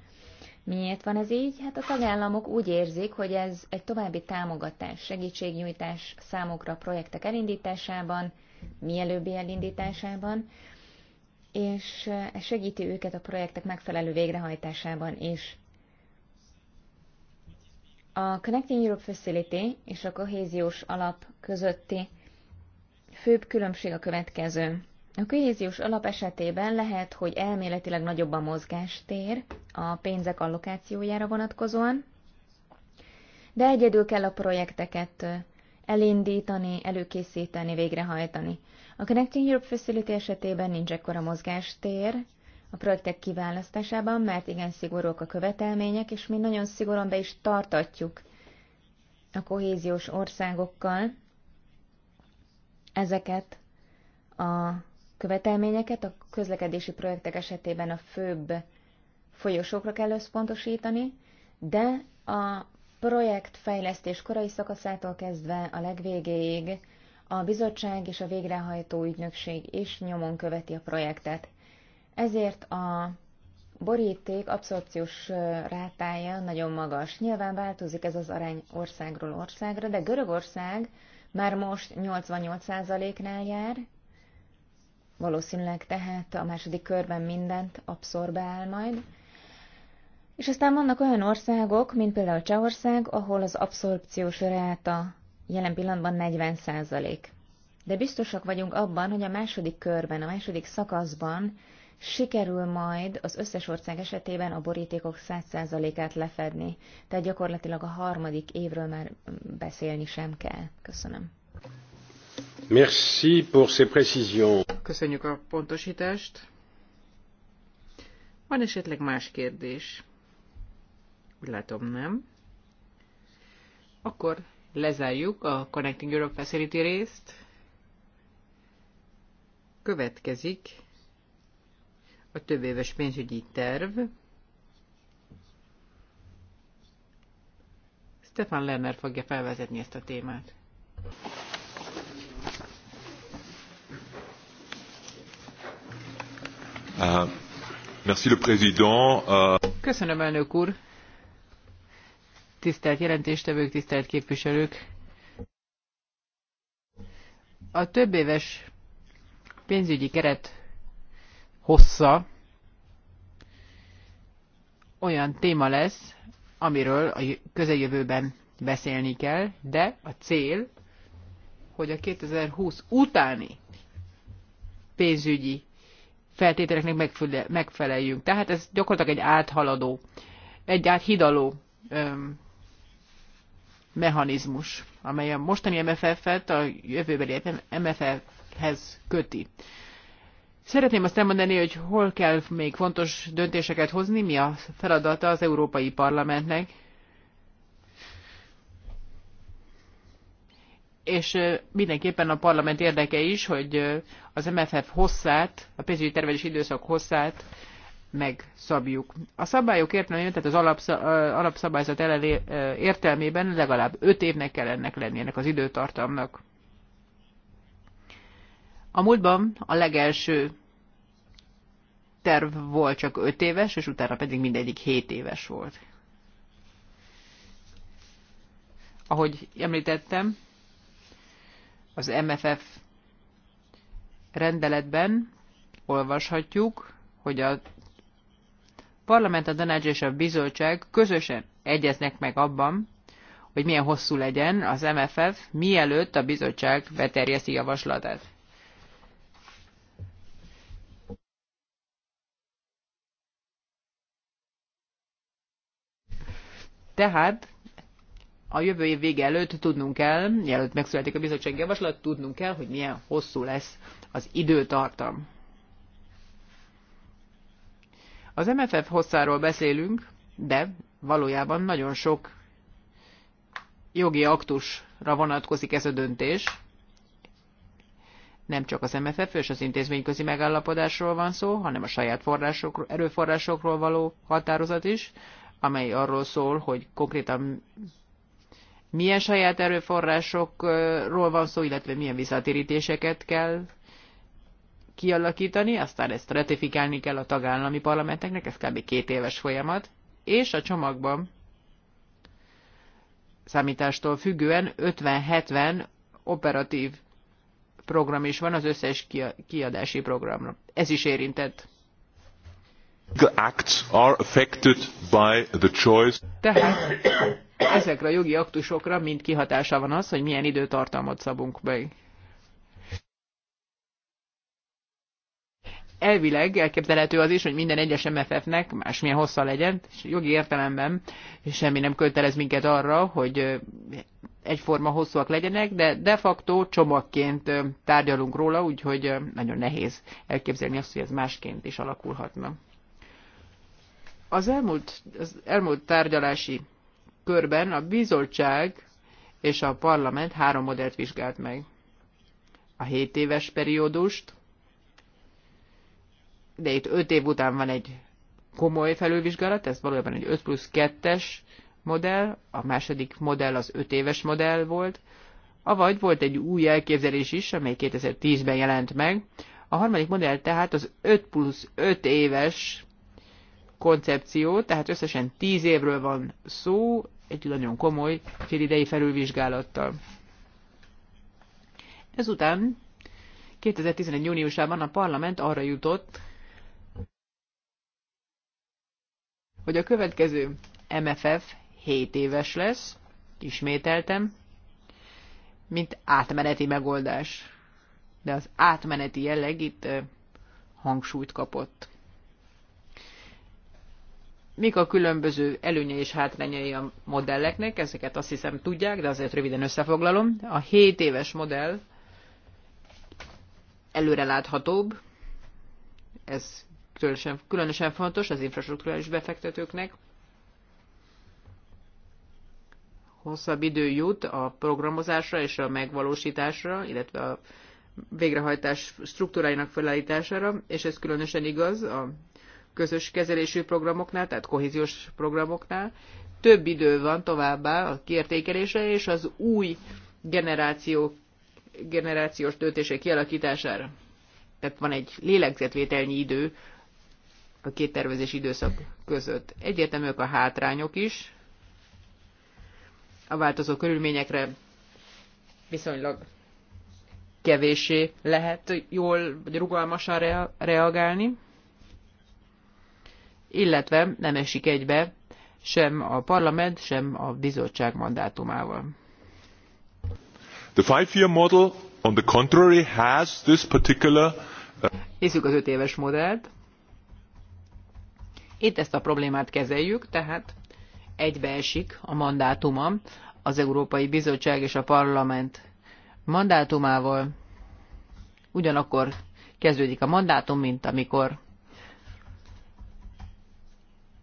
Miért van ez így? Hát a tagállamok úgy érzik, hogy ez egy további támogatás, segítségnyújtás számokra a projektek elindításában, mielőbbi elindításában, és eh, ez segíti őket a projektek megfelelő végrehajtásában is. A Connecting Europe Facility és a kohéziós alap közötti főbb különbség a következő. A kohéziós alap esetében lehet, hogy elméletileg nagyobb a mozgástér a pénzek allokációjára vonatkozóan, de egyedül kell a projekteket eh, elindítani, előkészíteni, végrehajtani. A Connecting Europe Facility esetében nincs ekkora mozgástér a projektek kiválasztásában, mert igen szigorúak a követelmények, és mi nagyon szigorúan be is tartatjuk a kohéziós országokkal ezeket a követelményeket. A közlekedési projektek esetében a főbb folyosókra kell összpontosítani, de a projektfejlesztés korai szakaszától kezdve a legvégéig a bizottság és a végrehajtó ügynökség is nyomon követi a projektet. Ezért a boríték abszorpciós rátája nagyon magas. Nyilván változik ez az arány országról országra, de Görögország már most 88%-nál jár, valószínűleg tehát a második körben mindent abszorbál majd, és aztán vannak olyan országok, mint például Csehország, ahol az abszorpciós ráta jelen pillanatban 40 százalék. De biztosak vagyunk abban, hogy a második körben, a második szakaszban sikerül majd az összes ország esetében a borítékok 100%-át lefedni. Tehát gyakorlatilag a harmadik évről már beszélni sem kell. Köszönöm. Merci pour ces précisions. Köszönjük a pontosítást. Van esetleg más kérdés? Úgy látom, nem. Akkor lezárjuk a Connecting Europe Facility részt. Következik a több éves pénzügyi terv. Stefan Lerner fogja felvezetni ezt a témát. Uh, merci le président. Uh... Köszönöm, elnök úr tisztelt jelentéstevők, tisztelt képviselők! A több éves pénzügyi keret hossza olyan téma lesz, amiről a közeljövőben beszélni kell, de a cél, hogy a 2020 utáni pénzügyi feltételeknek megfeleljünk. Tehát ez gyakorlatilag egy áthaladó, egy áthidaló mechanizmus, amely a mostani MFF-et a jövőbeli MFF-hez köti. Szeretném azt elmondani, hogy hol kell még fontos döntéseket hozni, mi a feladata az Európai Parlamentnek, és mindenképpen a parlament érdeke is, hogy az MFF hosszát, a pénzügyi tervezési időszak hosszát megszabjuk. A szabályok értelmében, tehát az alapszabályzat elelé, értelmében legalább 5 évnek kell ennek lenni, ennek az időtartamnak. A múltban a legelső terv volt csak 5 éves, és utána pedig mindegyik 7 éves volt. Ahogy említettem, az MFF rendeletben olvashatjuk, hogy a parlament, a tanács és a bizottság közösen egyeznek meg abban, hogy milyen hosszú legyen az MFF, mielőtt a bizottság beterjeszti javaslatát. Tehát a jövő év vége előtt tudnunk kell, mielőtt megszületik a bizottság javaslat, tudnunk kell, hogy milyen hosszú lesz az időtartam. Az MFF hosszáról beszélünk, de valójában nagyon sok jogi aktusra vonatkozik ez a döntés. Nem csak az MFF és az intézményközi megállapodásról van szó, hanem a saját forrásokról, erőforrásokról való határozat is, amely arról szól, hogy konkrétan milyen saját erőforrásokról van szó, illetve milyen visszatérítéseket kell kialakítani, aztán ezt ratifikálni kell a tagállami parlamenteknek, ez kb. két éves folyamat, és a csomagban számítástól függően 50-70 operatív program is van az összes kiadási programra. Ez is érintett. Acts are affected by the choice. Tehát ezekre a jogi aktusokra mind kihatása van az, hogy milyen időtartamot szabunk meg. elvileg elképzelhető az is, hogy minden egyes MFF-nek másmilyen hossza legyen, és jogi értelemben semmi nem kötelez minket arra, hogy eh, egyforma hosszúak legyenek, de de facto csomagként eh, tárgyalunk róla, úgyhogy eh, nagyon nehéz elképzelni azt, hogy ez másként is alakulhatna. Az elmúlt, az elmúlt tárgyalási körben a bizottság és a parlament három modellt vizsgált meg. A 7 éves periódust, de itt 5 év után van egy komoly felülvizsgálat, ez valójában egy 5 plusz 2-es modell, a második modell az 5 éves modell volt, avagy volt egy új elképzelés is, amely 2010-ben jelent meg. A harmadik modell tehát az 5 plusz 5 éves koncepció, tehát összesen 10 évről van szó, egy nagyon komoly félidei felülvizsgálattal. Ezután 2011. júniusában a parlament arra jutott, hogy a következő MFF 7 éves lesz, ismételtem, mint átmeneti megoldás. De az átmeneti jelleg itt hangsúlyt kapott. Mik a különböző előnye és hátrányai a modelleknek? Ezeket azt hiszem tudják, de azért röviden összefoglalom. A 7 éves modell előreláthatóbb, ez különösen, különösen fontos az infrastruktúrális befektetőknek. Hosszabb idő jut a programozásra és a megvalósításra, illetve a végrehajtás struktúráinak felállítására, és ez különösen igaz a közös kezelésű programoknál, tehát kohéziós programoknál. Több idő van továbbá a kiértékelésre és az új generáció, generációs döntések kialakítására. Tehát van egy lélegzetvételnyi idő a két tervezés időszak között. Egyértelműek a hátrányok is, a változó körülményekre viszonylag kevésé lehet jól vagy rugalmasan rea- reagálni, illetve nem esik egybe sem a parlament, sem a bizottság mandátumával. The five-year model, on the contrary, has this particular uh, Nézzük az öt éves modellt. Itt ezt a problémát kezeljük, tehát egybeesik a mandátumam az Európai Bizottság és a Parlament mandátumával. Ugyanakkor kezdődik a mandátum, mint amikor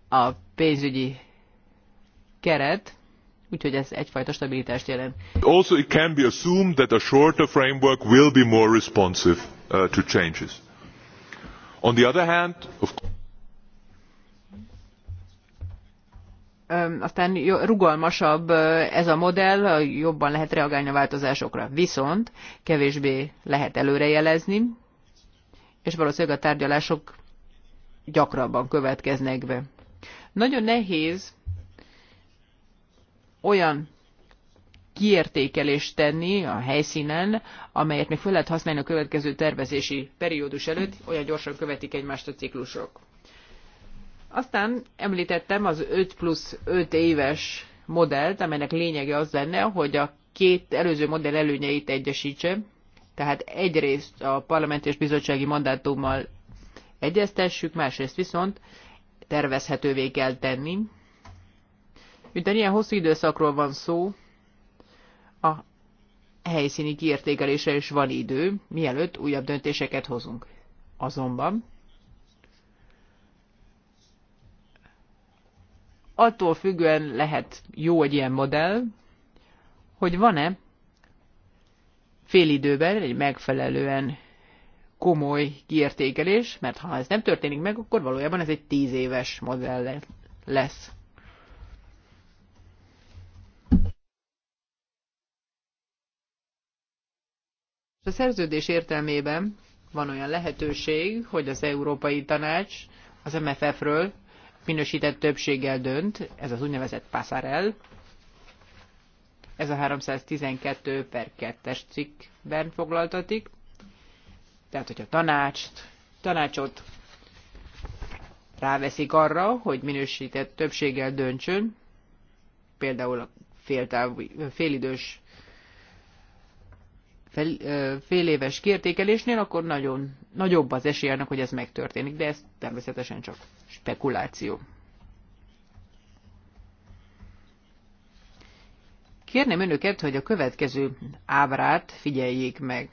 a pénzügyi keret, úgyhogy ez egyfajta stabilitást jelent. Also it can be assumed that a shorter framework will be more responsive uh, to changes. On the other hand, of course aztán rugalmasabb ez a modell, jobban lehet reagálni a változásokra. Viszont kevésbé lehet előrejelezni, és valószínűleg a tárgyalások gyakrabban következnek be. Nagyon nehéz olyan kiértékelést tenni a helyszínen, amelyet még fel lehet használni a következő tervezési periódus előtt, olyan gyorsan követik egymást a ciklusok. Aztán említettem az 5 plusz 5 éves modellt, amelynek lényege az lenne, hogy a két előző modell előnyeit egyesítse, tehát egyrészt a parlament és bizottsági mandátummal egyeztessük, másrészt viszont tervezhetővé kell tenni. Miután ilyen hosszú időszakról van szó, a helyszíni kiértékelésre is van idő, mielőtt újabb döntéseket hozunk. Azonban attól függően lehet jó egy ilyen modell, hogy van-e félidőben egy megfelelően komoly kiértékelés, mert ha ez nem történik meg, akkor valójában ez egy tíz éves modell lesz. A szerződés értelmében van olyan lehetőség, hogy az Európai Tanács az MFF-ről minősített többséggel dönt, ez az úgynevezett passarel, ez a 312 per 2-es cikkben foglaltatik, tehát hogyha tanácst, tanácsot ráveszik arra, hogy minősített többséggel döntsön, például a féltáv, félidős fél, fél éves kiértékelésnél, akkor nagyon nagyobb az esély annak, hogy ez megtörténik, de ez természetesen csak spekuláció. Kérném önöket, hogy a következő ábrát figyeljék meg.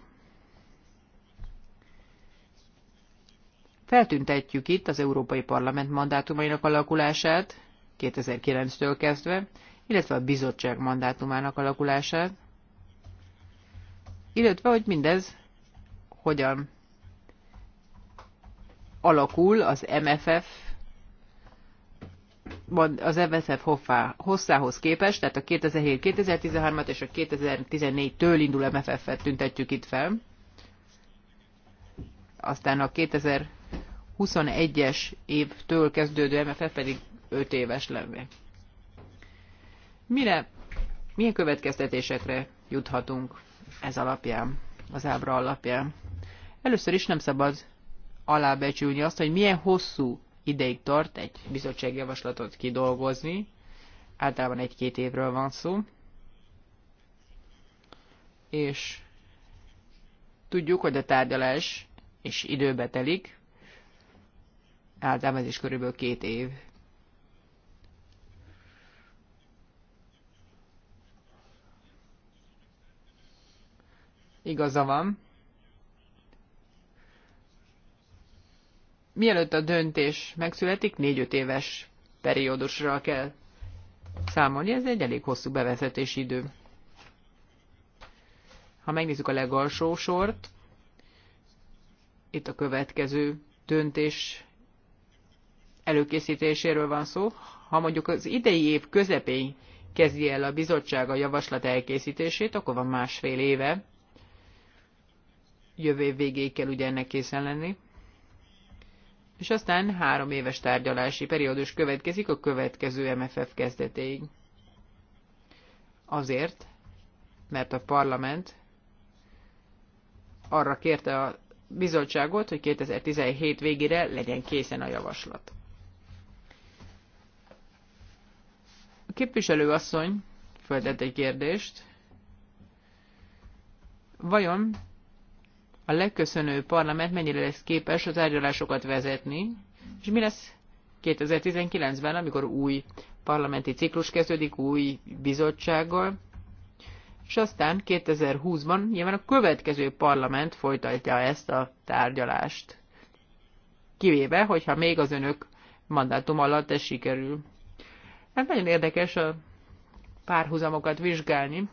Feltüntetjük itt az Európai Parlament mandátumainak alakulását 2009-től kezdve, illetve a bizottság mandátumának alakulását, illetve hogy mindez hogyan alakul az MFF az FSF hoffá, hosszához képest, tehát a 2007-2013-at és a 2014-től indul MFF-et tüntetjük itt fel. Aztán a 2021-es évtől kezdődő MFF pedig 5 éves lenne. Mire, milyen következtetésekre juthatunk ez alapján, az ábra alapján? Először is nem szabad alábecsülni azt, hogy milyen hosszú ideig tart egy bizottságjavaslatot kidolgozni, általában egy-két évről van szó, és tudjuk, hogy a tárgyalás és időbe telik, általában ez is körülbelül két év. Igaza van. mielőtt a döntés megszületik, négy-öt éves periódusra kell számolni. Ez egy elég hosszú bevezetési idő. Ha megnézzük a legalsó sort, itt a következő döntés előkészítéséről van szó. Ha mondjuk az idei év közepén kezdi el a bizottság a javaslat elkészítését, akkor van másfél éve. Jövő év végéig kell ugye ennek készen lenni és aztán három éves tárgyalási periódus következik a következő MFF kezdetéig. Azért, mert a parlament arra kérte a bizottságot, hogy 2017 végére legyen készen a javaslat. A képviselőasszony föltett egy kérdést. Vajon a legköszönő parlament mennyire lesz képes a tárgyalásokat vezetni, és mi lesz 2019-ben, amikor új parlamenti ciklus kezdődik, új bizottsággal, és aztán 2020-ban nyilván a következő parlament folytatja ezt a tárgyalást. Kivéve, hogyha még az önök mandátum alatt ez sikerül. Hát nagyon érdekes a párhuzamokat vizsgálni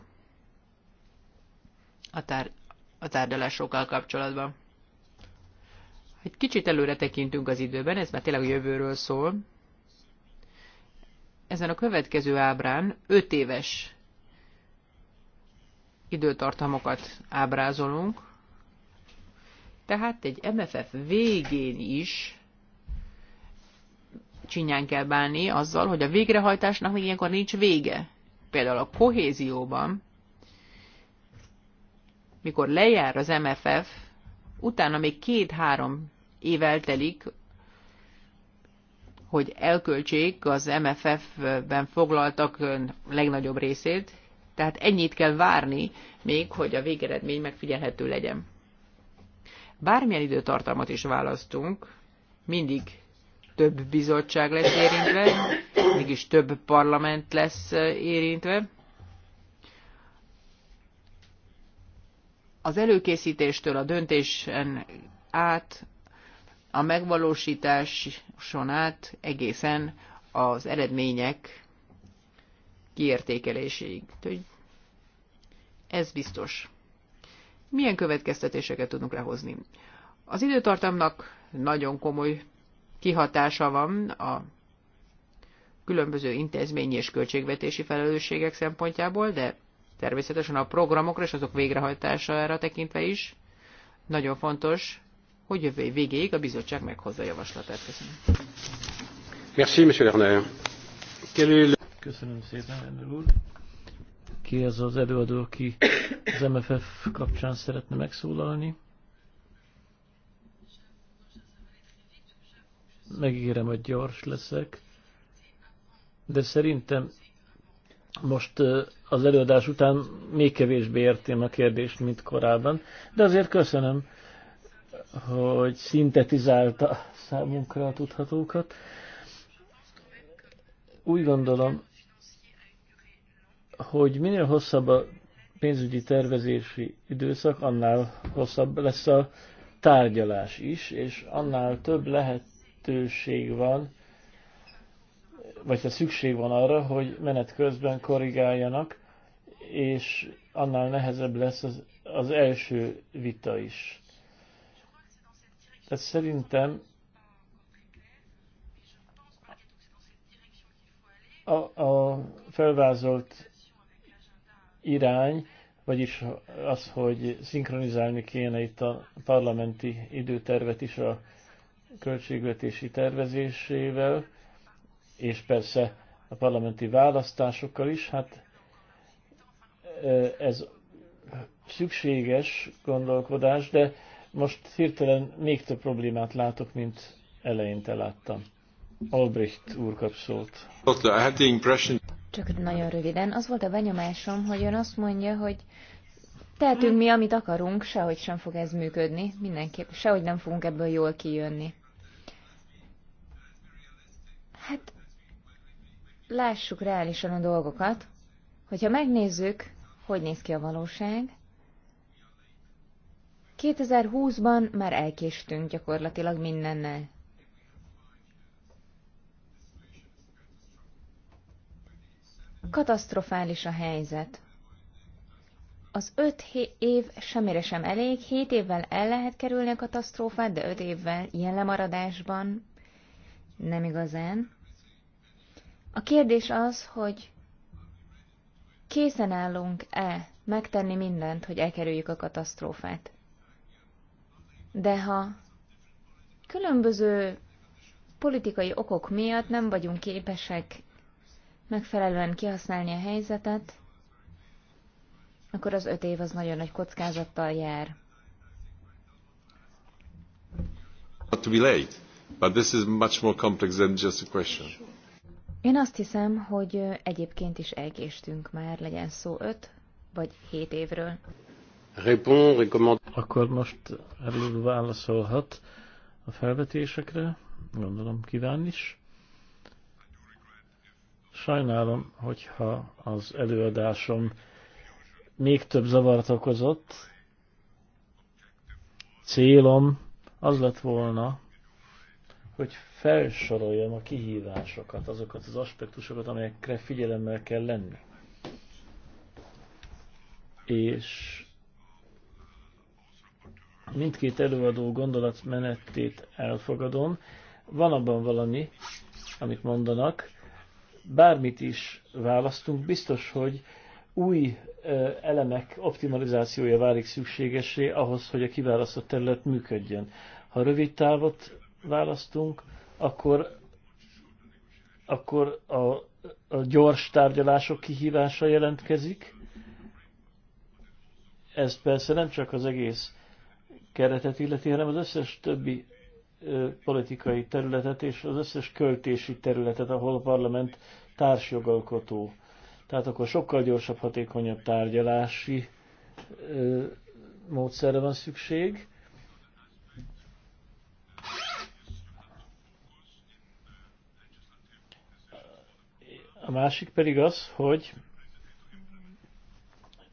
a, tár- a tárgyalásokkal kapcsolatban. Egy kicsit előre tekintünk az időben, ez már tényleg a jövőről szól. Ezen a következő ábrán 5 éves időtartamokat ábrázolunk, tehát egy MFF végén is csinyán kell bánni azzal, hogy a végrehajtásnak még ilyenkor nincs vége. Például a kohézióban mikor lejár az MFF, utána még két-három év eltelik, hogy elköltsék az MFF-ben foglaltak legnagyobb részét, tehát ennyit kell várni még, hogy a végeredmény megfigyelhető legyen. Bármilyen időtartamot is választunk, mindig több bizottság lesz érintve, mégis több parlament lesz érintve, az előkészítéstől a döntésen át, a megvalósításon át egészen az eredmények kiértékeléséig. ez biztos. Milyen következtetéseket tudunk lehozni? Az időtartamnak nagyon komoly kihatása van a különböző intézményi és költségvetési felelősségek szempontjából, de természetesen a programokra és azok végrehajtására tekintve is nagyon fontos, hogy jövő végéig a bizottság meghozza a javaslatát. Köszönöm. Merci, monsieur Lerner. Köszönöm szépen, Lerner úr. Ki az az előadó, aki az MFF kapcsán szeretne megszólalni? Megígérem, hogy gyors leszek, de szerintem most az előadás után még kevésbé értém a kérdést, mint korábban, de azért köszönöm, hogy szintetizálta számunkra a tudhatókat. Úgy gondolom, hogy minél hosszabb a pénzügyi tervezési időszak, annál hosszabb lesz a tárgyalás is, és annál több lehetőség van vagy ha szükség van arra, hogy menet közben korrigáljanak, és annál nehezebb lesz az, az első vita is. Tehát szerintem a, a felvázolt irány, vagyis az, hogy szinkronizálni kéne itt a parlamenti időtervet is a költségvetési tervezésével, és persze a parlamenti választásokkal is, hát ez szükséges gondolkodás, de most hirtelen még több problémát látok, mint eleinte láttam. Albrecht úr kap szót. Csak nagyon röviden. Az volt a benyomásom, hogy ön azt mondja, hogy tehetünk mi, amit akarunk, sehogy sem fog ez működni, mindenképp, sehogy nem fogunk ebből jól kijönni. lássuk reálisan a dolgokat. Hogyha megnézzük, hogy néz ki a valóság, 2020-ban már elkéstünk gyakorlatilag mindennel. Katasztrofális a helyzet. Az öt év semmire sem elég, hét évvel el lehet kerülni a katasztrófát, de öt évvel ilyen lemaradásban nem igazán. A kérdés az, hogy készen állunk-e megtenni mindent, hogy elkerüljük a katasztrófát. De ha különböző politikai okok miatt nem vagyunk képesek megfelelően kihasználni a helyzetet, akkor az öt év az nagyon nagy kockázattal jár. But to be late, but this is much more complex than just a question. Én azt hiszem, hogy egyébként is elkéstünk már, legyen szó 5 vagy 7 évről. Akkor most előbb válaszolhat a felvetésekre, gondolom kíván is. Sajnálom, hogyha az előadásom még több zavart okozott. Célom az lett volna, hogy felsoroljam a kihívásokat, azokat az aspektusokat, amelyekre figyelemmel kell lenni. És mindkét előadó gondolatmenetét elfogadom. Van abban valami, amit mondanak. Bármit is választunk, biztos, hogy új elemek optimalizációja válik szükségesé ahhoz, hogy a kiválasztott terület működjön. Ha rövid távot választunk, akkor, akkor a, a gyors tárgyalások kihívása jelentkezik. Ez persze nem csak az egész keretet illeti, hanem az összes többi politikai területet és az összes költési területet, ahol a parlament társjogalkotó. Tehát akkor sokkal gyorsabb, hatékonyabb tárgyalási ö, módszerre van szükség. A másik pedig az, hogy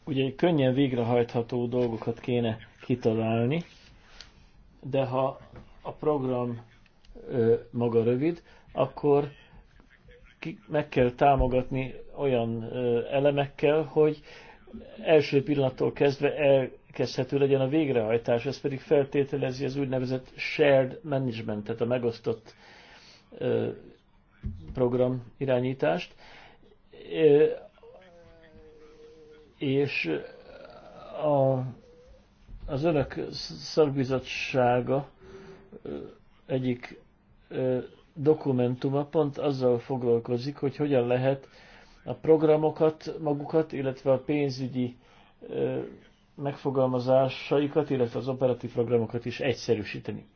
ugye könnyen végrehajtható dolgokat kéne kitalálni, de ha a program ö, maga rövid, akkor ki, meg kell támogatni olyan ö, elemekkel, hogy első pillanattól kezdve elkezdhető legyen a végrehajtás, ez pedig feltételezi az úgynevezett shared managementet, a megosztott ö, program irányítást, és a, az önök szakbizottsága egyik dokumentuma pont azzal foglalkozik, hogy hogyan lehet a programokat magukat, illetve a pénzügyi megfogalmazásaikat, illetve az operatív programokat is egyszerűsíteni.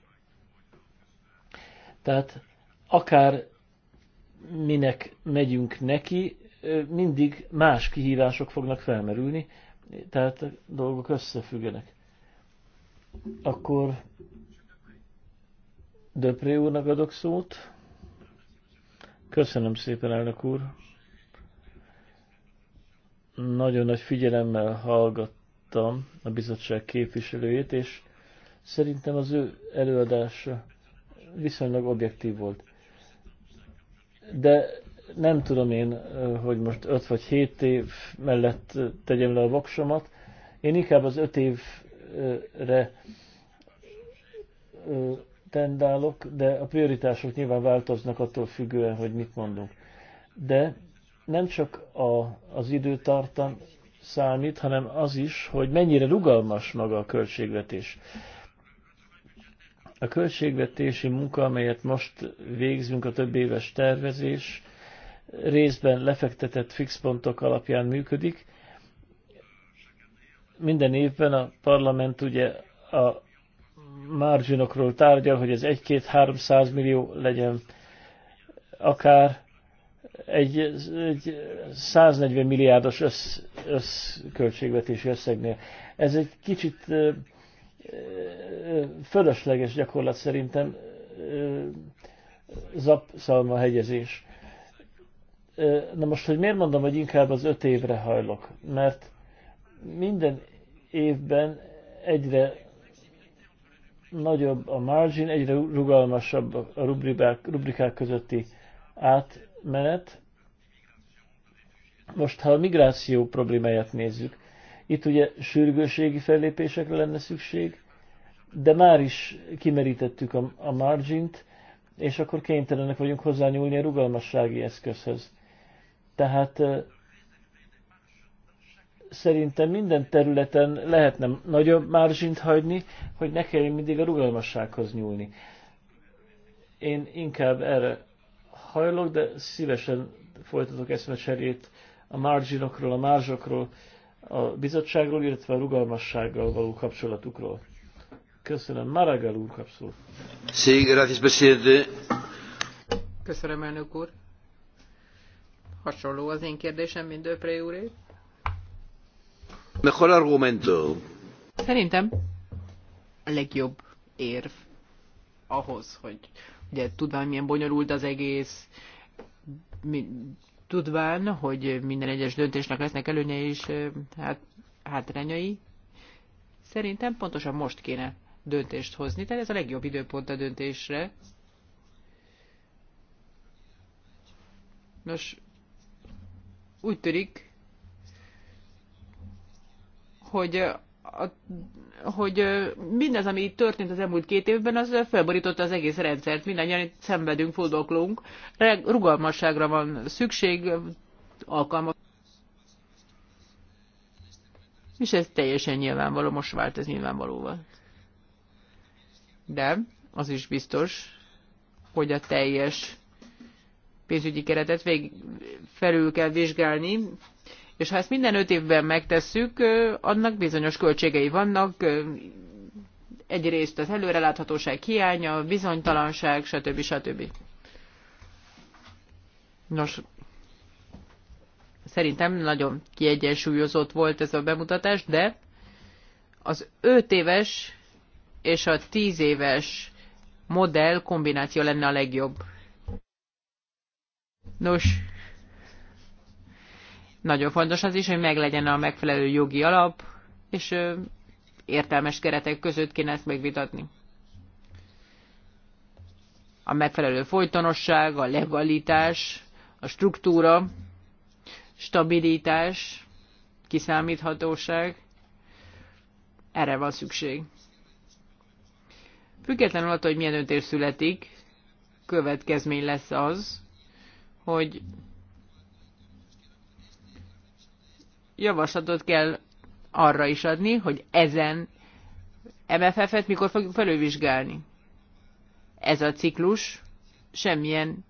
Tehát akár minek megyünk neki, mindig más kihívások fognak felmerülni, tehát a dolgok összefüggenek. Akkor Döpré úrnak adok szót. Köszönöm szépen, elnök úr. Nagyon nagy figyelemmel hallgattam a bizottság képviselőjét, és szerintem az ő előadása viszonylag objektív volt de nem tudom én, hogy most 5 vagy 7 év mellett tegyem le a voksomat. Én inkább az 5 évre tendálok, de a prioritások nyilván változnak attól függően, hogy mit mondunk. De nem csak a, az időtartam számít, hanem az is, hogy mennyire rugalmas maga a költségvetés. A költségvetési munka, amelyet most végzünk, a több éves tervezés részben lefektetett fixpontok alapján működik. Minden évben a parlament ugye a marginokról tárgyal, hogy ez 1-2-300 millió legyen akár egy, egy 140 milliárdos össz, összköltségvetési összegnél. Ez egy kicsit fölösleges gyakorlat szerintem zapszalma hegyezés. Na most, hogy miért mondom, hogy inkább az öt évre hajlok? Mert minden évben egyre nagyobb a margin, egyre rugalmasabb a rubrikák, rubrikák közötti átmenet. Most, ha a migráció problémáját nézzük, itt ugye sürgőségi fellépésekre lenne szükség, de már is kimerítettük a, a margint, és akkor kénytelenek vagyunk hozzányúlni a rugalmassági eszközhöz. Tehát szerintem minden területen lehetne nagyobb margint hagyni, hogy ne kelljen mindig a rugalmassághoz nyúlni. Én inkább erre hajlok, de szívesen folytatok eszmecserét a marginokról, a marzsokról, a bizottságról, illetve a rugalmassággal való kapcsolatukról. Köszönöm. Maragall úr kapszul. Köszönöm, elnök úr. Hasonló az én kérdésem, mint Döpré úré. Mejor argumento. Szerintem a legjobb érv ahhoz, hogy ugye tudnám, milyen bonyolult az egész, tudván, hogy minden egyes döntésnek lesznek előnyei és hát, hátrányai, szerintem pontosan most kéne döntést hozni, tehát ez a legjobb időpont a döntésre. Nos, úgy tűnik, hogy a, hogy mindez, ami itt történt az elmúlt két évben, az felborította az egész rendszert. Mindannyian itt szenvedünk, fordoklunk. Rugalmasságra van szükség, alkalmat. És ez teljesen nyilvánvaló, most vált ez nyilvánvalóval. De az is biztos, hogy a teljes pénzügyi keretet vég, felül kell vizsgálni, és ha ezt minden öt évben megtesszük, annak bizonyos költségei vannak, egyrészt az előreláthatóság hiánya, bizonytalanság, stb. stb. Nos, szerintem nagyon kiegyensúlyozott volt ez a bemutatás, de az 5 éves és a 10 éves modell kombináció lenne a legjobb. Nos, nagyon fontos az is, hogy meglegyen a megfelelő jogi alap, és értelmes keretek között kéne ezt megvitatni. A megfelelő folytonosság, a legalitás, a struktúra, stabilitás, kiszámíthatóság, erre van szükség. Függetlenül attól, hogy milyen döntés születik, következmény lesz az, hogy javaslatot kell arra is adni, hogy ezen MFF-et mikor fogjuk felővizsgálni. Ez a ciklus semmilyen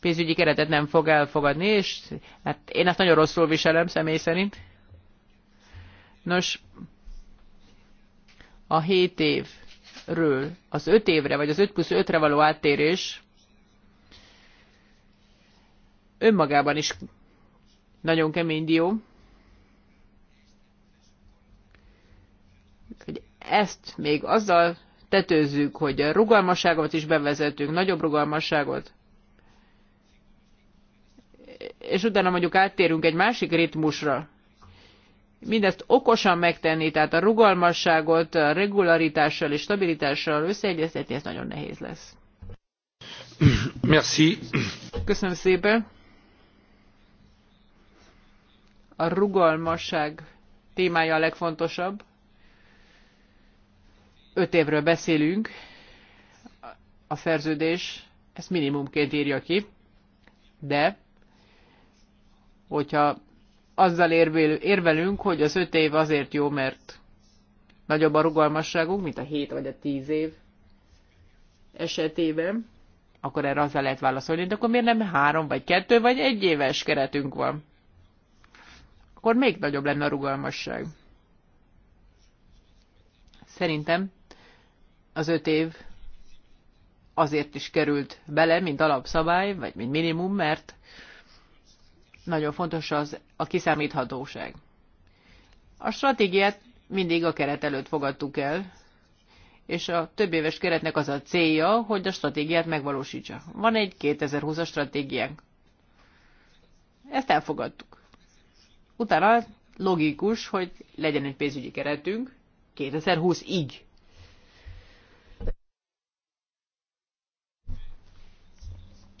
pénzügyi keretet nem fog elfogadni, és hát én ezt nagyon rosszul viselem személy szerint. Nos, a 7 évről az 5 évre, vagy az 5 plusz 5-re való áttérés önmagában is nagyon kemény dió. hogy ezt még azzal tetőzzük, hogy a rugalmasságot is bevezetünk, nagyobb rugalmasságot, és utána mondjuk áttérünk egy másik ritmusra, mindezt okosan megtenni, tehát a rugalmasságot a regularitással és stabilitással összeegyeztetni, ez nagyon nehéz lesz. Merci. Köszönöm szépen. A rugalmasság témája a legfontosabb öt évről beszélünk, a szerződés ezt minimumként írja ki, de hogyha azzal érvelünk, hogy az öt év azért jó, mert nagyobb a rugalmasságunk, mint a hét vagy a tíz év esetében, akkor erre azzal lehet válaszolni, de akkor miért nem három, vagy kettő, vagy egy éves keretünk van? Akkor még nagyobb lenne a rugalmasság. Szerintem az öt év azért is került bele, mint alapszabály, vagy mint minimum, mert nagyon fontos az a kiszámíthatóság. A stratégiát mindig a keret előtt fogadtuk el, és a több éves keretnek az a célja, hogy a stratégiát megvalósítsa. Van egy 2020-as stratégiánk. Ezt elfogadtuk. Utána logikus, hogy legyen egy pénzügyi keretünk 2020-ig.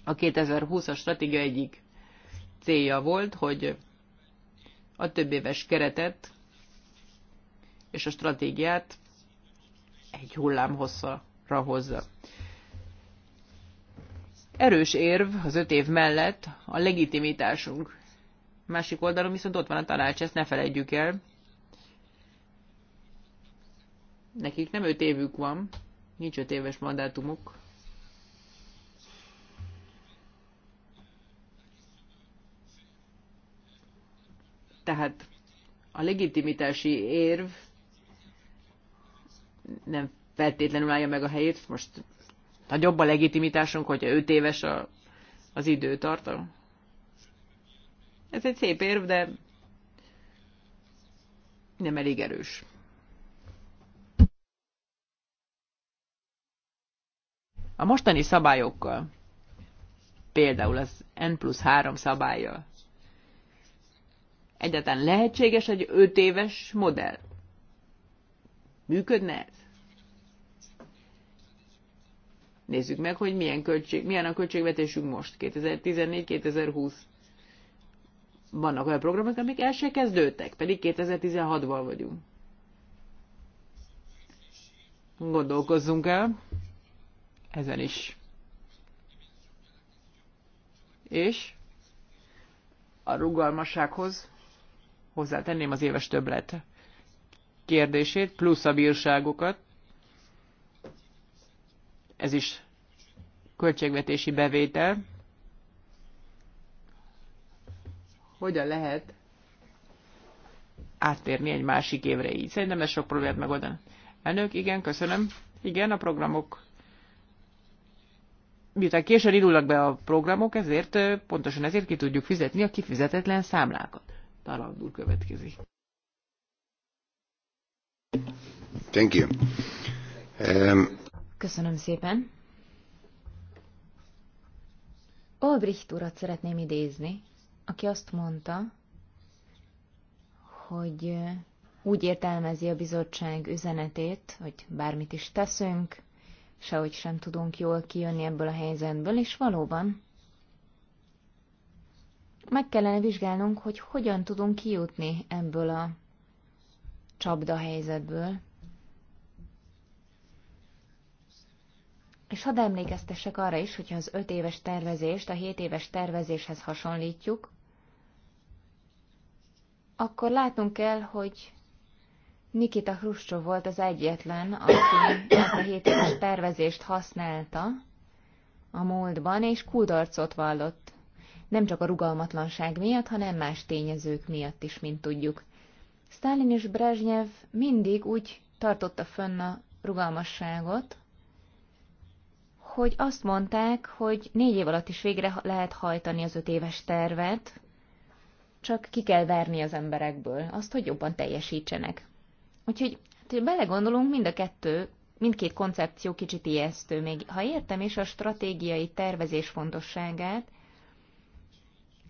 A 2020-as stratégia egyik célja volt, hogy a több éves keretet és a stratégiát egy hullám hosszra hozza. Erős érv az öt év mellett a legitimitásunk. Másik oldalon viszont ott van a tanács, ezt ne felejtjük el. Nekik nem öt évük van, nincs öt éves mandátumuk. Tehát a legitimitási érv nem feltétlenül állja meg a helyét. Most nagyobb a legitimitásunk, hogyha 5 éves a, az időtartam. Ez egy szép érv, de nem elég erős. A mostani szabályokkal, például az N plusz 3 szabályjal, Egyáltalán lehetséges egy 5 éves modell? Működne ez? Nézzük meg, hogy milyen, költség, milyen a költségvetésünk most, 2014-2020. Vannak olyan programok, amik el se kezdődtek, pedig 2016-ban vagyunk. Gondolkozzunk el ezen is. És a rugalmassághoz hozzátenném az éves többlet kérdését, plusz a bírságokat. Ez is költségvetési bevétel. Hogyan lehet áttérni egy másik évre így? Szerintem ez sok problémát megoldani. Elnök, igen, köszönöm. Igen, a programok miután későn indulnak be a programok, ezért pontosan ezért ki tudjuk fizetni a kifizetetlen számlákat. Talandúr következik. Thank you. Um... Köszönöm szépen. Albrecht urat szeretném idézni, aki azt mondta, hogy úgy értelmezi a bizottság üzenetét, hogy bármit is teszünk, sehogy sem tudunk jól kijönni ebből a helyzetből, és valóban meg kellene vizsgálnunk, hogy hogyan tudunk kijutni ebből a csapda helyzetből. És hadd emlékeztessek arra is, hogyha az öt éves tervezést a hét éves tervezéshez hasonlítjuk, akkor látnunk kell, hogy Nikita Hruscsov volt az egyetlen, aki ezt a hét éves tervezést használta a múltban, és kudarcot vallott nem csak a rugalmatlanság miatt, hanem más tényezők miatt is, mint tudjuk. Stalin és Brezhnev mindig úgy tartotta fönn a rugalmasságot, hogy azt mondták, hogy négy év alatt is végre lehet hajtani az öt éves tervet, csak ki kell verni az emberekből azt, hogy jobban teljesítsenek. Úgyhogy, hát, hogy belegondolunk, mind a kettő, mindkét koncepció kicsit ijesztő, még ha értem is a stratégiai tervezés fontosságát,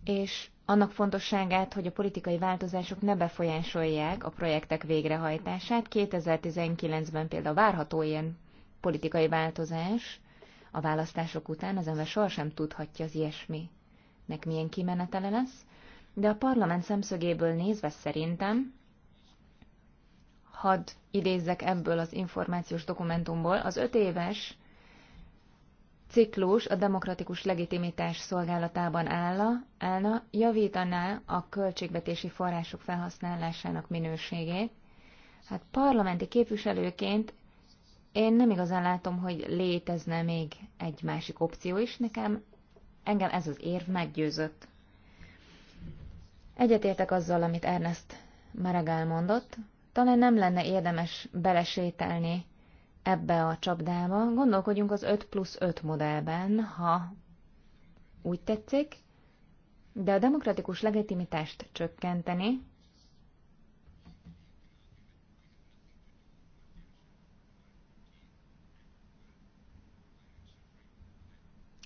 és annak fontosságát, hogy a politikai változások ne befolyásolják a projektek végrehajtását. 2019-ben például várható ilyen politikai változás a választások után, az ember sohasem tudhatja az ilyesminek milyen kimenetele lesz, de a parlament szemszögéből nézve szerintem, hadd idézzek ebből az információs dokumentumból, az öt éves ciklus a demokratikus legitimitás szolgálatában állna, állna javítaná a költségvetési források felhasználásának minőségét. Hát parlamenti képviselőként én nem igazán látom, hogy létezne még egy másik opció is, nekem engem ez az érv meggyőzött. Egyetértek azzal, amit Ernest Maragall mondott, talán nem lenne érdemes belesételni? ebbe a csapdába. Gondolkodjunk az 5 plusz 5 modellben, ha úgy tetszik, de a demokratikus legitimitást csökkenteni,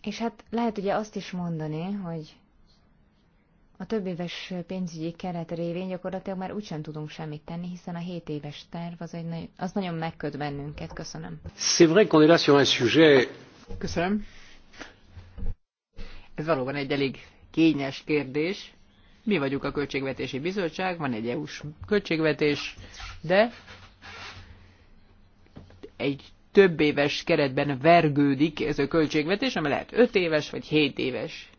És hát lehet ugye azt is mondani, hogy a több éves pénzügyi keret révén gyakorlatilag már úgysem tudunk semmit tenni, hiszen a 7 éves terv az, egy, az nagyon megköt bennünket. Köszönöm. C'est vrai qu'on est là sur un sujet... Köszönöm. Ez valóban egy elég kényes kérdés. Mi vagyunk a Költségvetési Bizottság, van egy EU-s költségvetés, de egy több éves keretben vergődik ez a költségvetés, ami lehet 5 éves vagy 7 éves.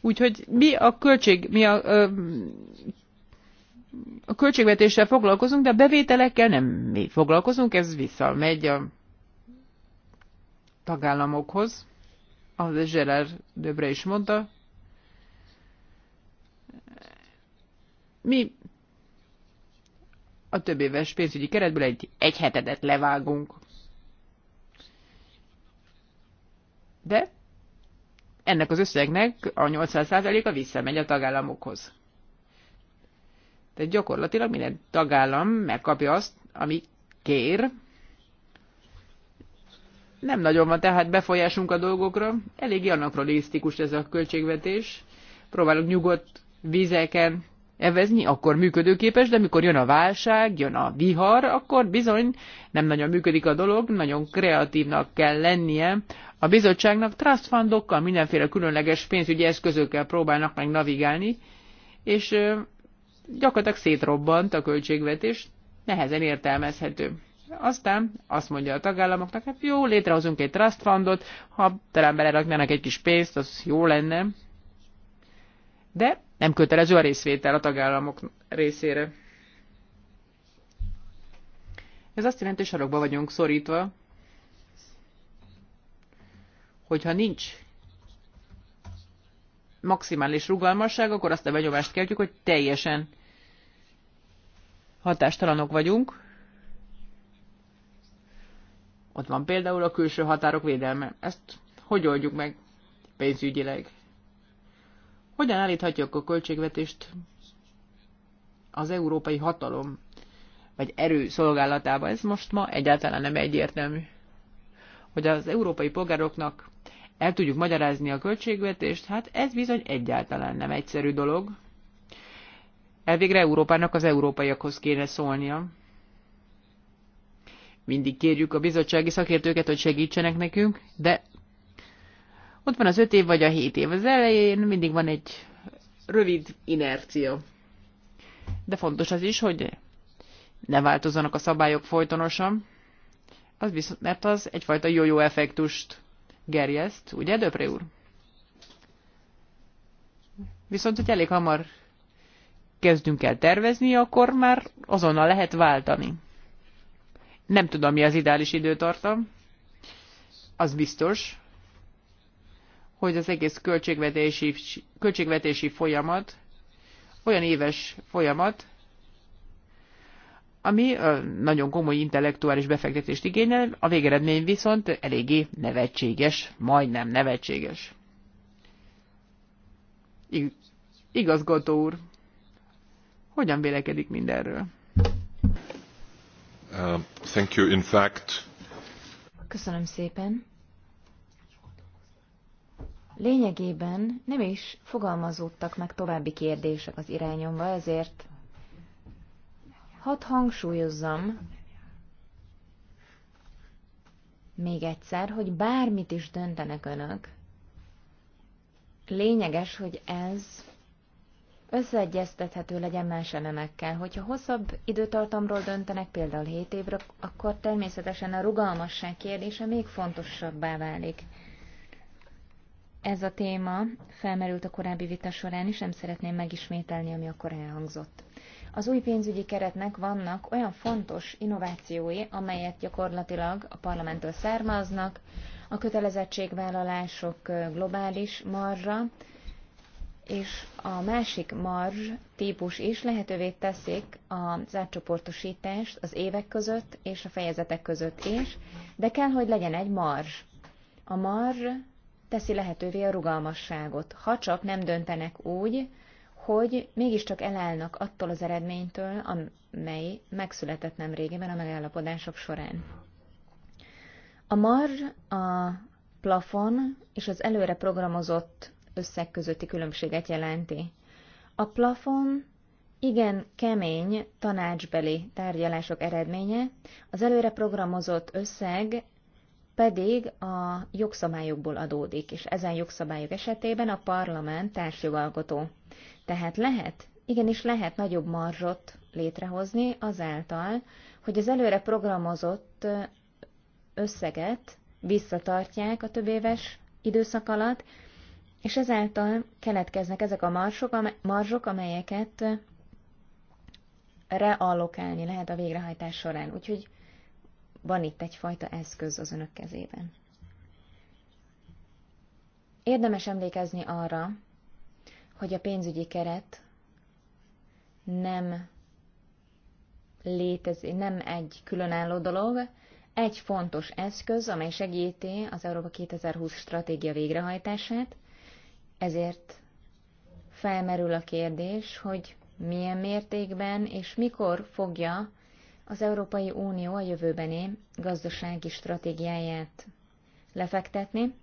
Úgyhogy mi a költség, mi a, a költségvetéssel foglalkozunk, de a bevételekkel nem mi foglalkozunk, ez visszamegy a tagállamokhoz, az Zseler Döbre is mondta. Mi a több éves pénzügyi keretből egy, egy hetedet levágunk. De ennek az összegnek a 80%-a visszamegy a tagállamokhoz. Tehát gyakorlatilag minden tagállam megkapja azt, ami kér. Nem nagyon van tehát befolyásunk a dolgokra, eléggé anakronisztikus ez a költségvetés. Próbálok nyugodt vizeken evezni, akkor működőképes, de mikor jön a válság, jön a vihar, akkor bizony nem nagyon működik a dolog, nagyon kreatívnak kell lennie. A bizottságnak trust fundokkal, mindenféle különleges pénzügyi eszközökkel próbálnak meg navigálni, és gyakorlatilag szétrobbant a költségvetés, nehezen értelmezhető. Aztán azt mondja a tagállamoknak, hát jó, létrehozunk egy trust fundot, ha talán beleraknának egy kis pénzt, az jó lenne, de nem kötelező a részvétel a tagállamok részére. Ez azt jelenti, hogy sarokba vagyunk szorítva, hogyha nincs maximális rugalmasság, akkor azt a benyomást keltjük, hogy teljesen hatástalanok vagyunk. Ott van például a külső határok védelme. Ezt hogy oldjuk meg pénzügyileg? Hogyan állíthatjuk a költségvetést az európai hatalom vagy erő szolgálatába? Ez most ma egyáltalán nem egyértelmű. Hogy az európai polgároknak el tudjuk magyarázni a költségvetést, hát ez bizony egyáltalán nem egyszerű dolog. Elvégre Európának az európaiakhoz kéne szólnia. Mindig kérjük a bizottsági szakértőket, hogy segítsenek nekünk, de ott van az öt év vagy a hét év. Az elején mindig van egy rövid inercia. De fontos az is, hogy ne változzanak a szabályok folytonosan, az viszont, mert az egyfajta jó-jó effektust gerjeszt, ugye, Döpré úr? Viszont, hogy elég hamar kezdünk el tervezni, akkor már azonnal lehet váltani. Nem tudom, mi az ideális időtartam. Az biztos, hogy az egész költségvetési, költségvetési folyamat olyan éves folyamat, ami nagyon komoly intellektuális befektetést igényel, a végeredmény viszont eléggé nevetséges, majdnem nevetséges. igazgató úr, hogyan vélekedik mindenről? Uh, thank you, in fact. Köszönöm szépen. Lényegében nem is fogalmazódtak meg további kérdések az irányomba, ezért hadd hangsúlyozzam még egyszer, hogy bármit is döntenek önök, lényeges, hogy ez összeegyeztethető legyen más elemekkel. Hogyha hosszabb időtartamról döntenek, például 7 évre, akkor természetesen a rugalmasság kérdése még fontosabbá válik. Ez a téma felmerült a korábbi vita során és nem szeretném megismételni, ami akkor elhangzott. Az új pénzügyi keretnek vannak olyan fontos innovációi, amelyek gyakorlatilag a parlamenttől származnak, a kötelezettségvállalások globális marra, és a másik marzs típus is lehetővé teszik az átcsoportosítást az évek között és a fejezetek között is, de kell, hogy legyen egy marzs. A marzs teszi lehetővé a rugalmasságot, ha csak nem döntenek úgy, hogy mégiscsak elállnak attól az eredménytől, amely megszületett nem régiben a megállapodások során. A marzs, a plafon és az előre programozott összeg közötti különbséget jelenti. A plafon igen kemény tanácsbeli tárgyalások eredménye, az előre programozott összeg pedig a jogszabályokból adódik, és ezen jogszabályok esetében a parlament társjogalkotó. Tehát lehet, igenis lehet nagyobb marzsot létrehozni azáltal, hogy az előre programozott összeget visszatartják a éves időszak alatt, és ezáltal keletkeznek ezek a marzsok, marzsok amelyeket reallokálni lehet a végrehajtás során. Úgyhogy van itt egyfajta eszköz az önök kezében. Érdemes emlékezni arra, hogy a pénzügyi keret nem létezik, nem egy különálló dolog, egy fontos eszköz, amely segíti az Európa 2020 stratégia végrehajtását, ezért felmerül a kérdés, hogy milyen mértékben és mikor fogja az Európai Unió a jövőbeni gazdasági stratégiáját lefektetni,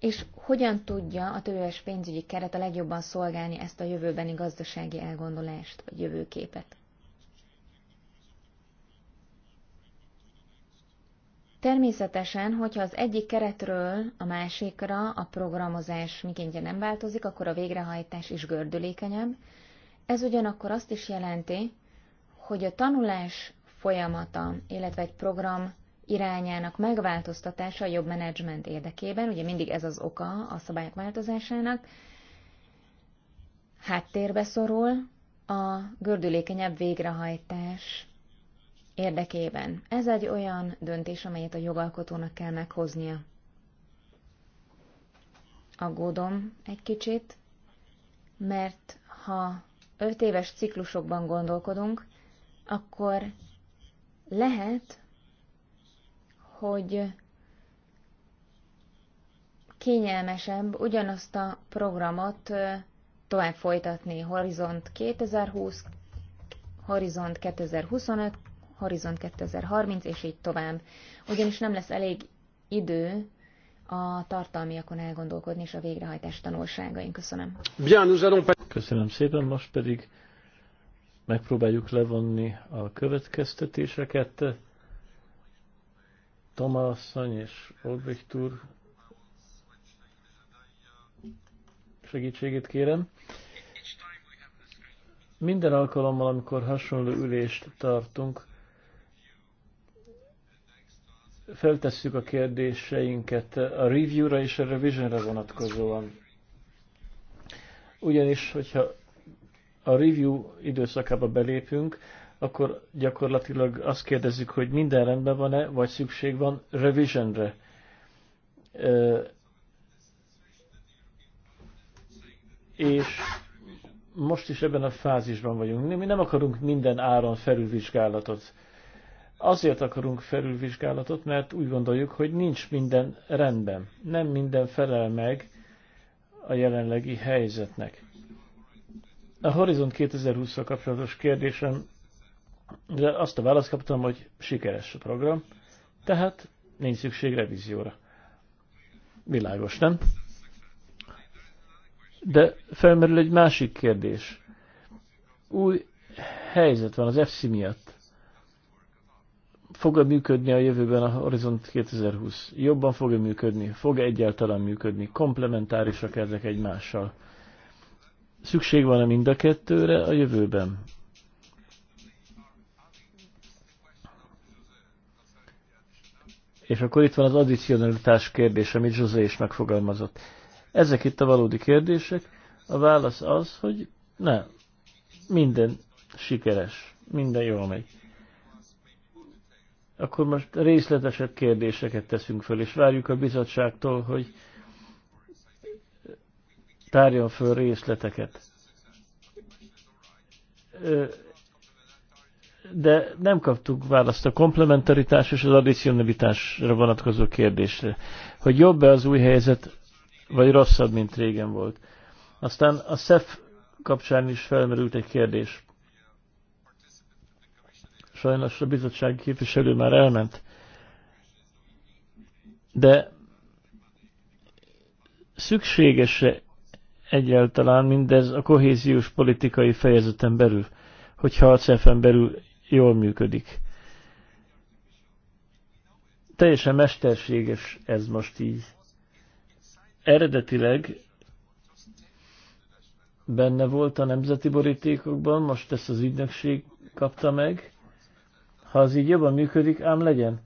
és hogyan tudja a tőves pénzügyi keret a legjobban szolgálni ezt a jövőbeni gazdasági elgondolást, vagy jövőképet? Természetesen, hogyha az egyik keretről a másikra a programozás mikéntje nem változik, akkor a végrehajtás is gördülékenyebb. Ez ugyanakkor azt is jelenti, hogy a tanulás folyamata, illetve egy program irányának megváltoztatása a jobb menedzsment érdekében, ugye mindig ez az oka a szabályok változásának, háttérbe szorul a gördülékenyebb végrehajtás érdekében. Ez egy olyan döntés, amelyet a jogalkotónak kell meghoznia. Aggódom egy kicsit, mert ha öt éves ciklusokban gondolkodunk, akkor lehet, hogy kényelmesebb ugyanazt a programot tovább folytatni Horizont 2020, Horizont 2025, Horizont 2030, és így tovább. Ugyanis nem lesz elég idő a tartalmiakon elgondolkodni és a végrehajtás tanulságain. Köszönöm. Köszönöm szépen, most pedig megpróbáljuk levonni a következtetéseket. Thomas, és Olbricht úr segítségét kérem. Minden alkalommal, amikor hasonló ülést tartunk, feltesszük a kérdéseinket a review-ra és a revision-re vonatkozóan. Ugyanis, hogyha a review időszakába belépünk, akkor gyakorlatilag azt kérdezzük, hogy minden rendben van-e, vagy szükség van revisionre. És most is ebben a fázisban vagyunk. Mi nem akarunk minden áron felülvizsgálatot. Azért akarunk felülvizsgálatot, mert úgy gondoljuk, hogy nincs minden rendben. Nem minden felel meg a jelenlegi helyzetnek. A Horizon 2020-szal kapcsolatos kérdésem, de azt a választ kaptam, hogy sikeres a program, tehát nincs szükség revízióra. Világos, nem? De felmerül egy másik kérdés. Új helyzet van az FC miatt. Fog-e működni a jövőben a Horizont 2020? Jobban fog-e működni? Fog-e egyáltalán működni? Komplementárisak ezek egymással? Szükség van-e mind a kettőre a jövőben? És akkor itt van az addicionalitás kérdése, amit Zsuzsa is megfogalmazott. Ezek itt a valódi kérdések. A válasz az, hogy nem. Minden sikeres. Minden jól megy. Akkor most részletesebb kérdéseket teszünk föl, és várjuk a bizottságtól, hogy tárjon föl részleteket. De nem kaptuk választ a komplementaritás és az addicionalitásra vonatkozó kérdésre. Hogy jobb-e az új helyzet, vagy rosszabb, mint régen volt. Aztán a SEF kapcsán is felmerült egy kérdés. Sajnos a bizottsági képviselő már elment. De szükséges-e egyáltalán mindez a kohéziós politikai fejezeten belül, hogyha a CEF-en belül jól működik. Teljesen mesterséges ez most így. Eredetileg benne volt a nemzeti borítékokban, most ezt az ügynökség kapta meg. Ha az így jobban működik, ám legyen.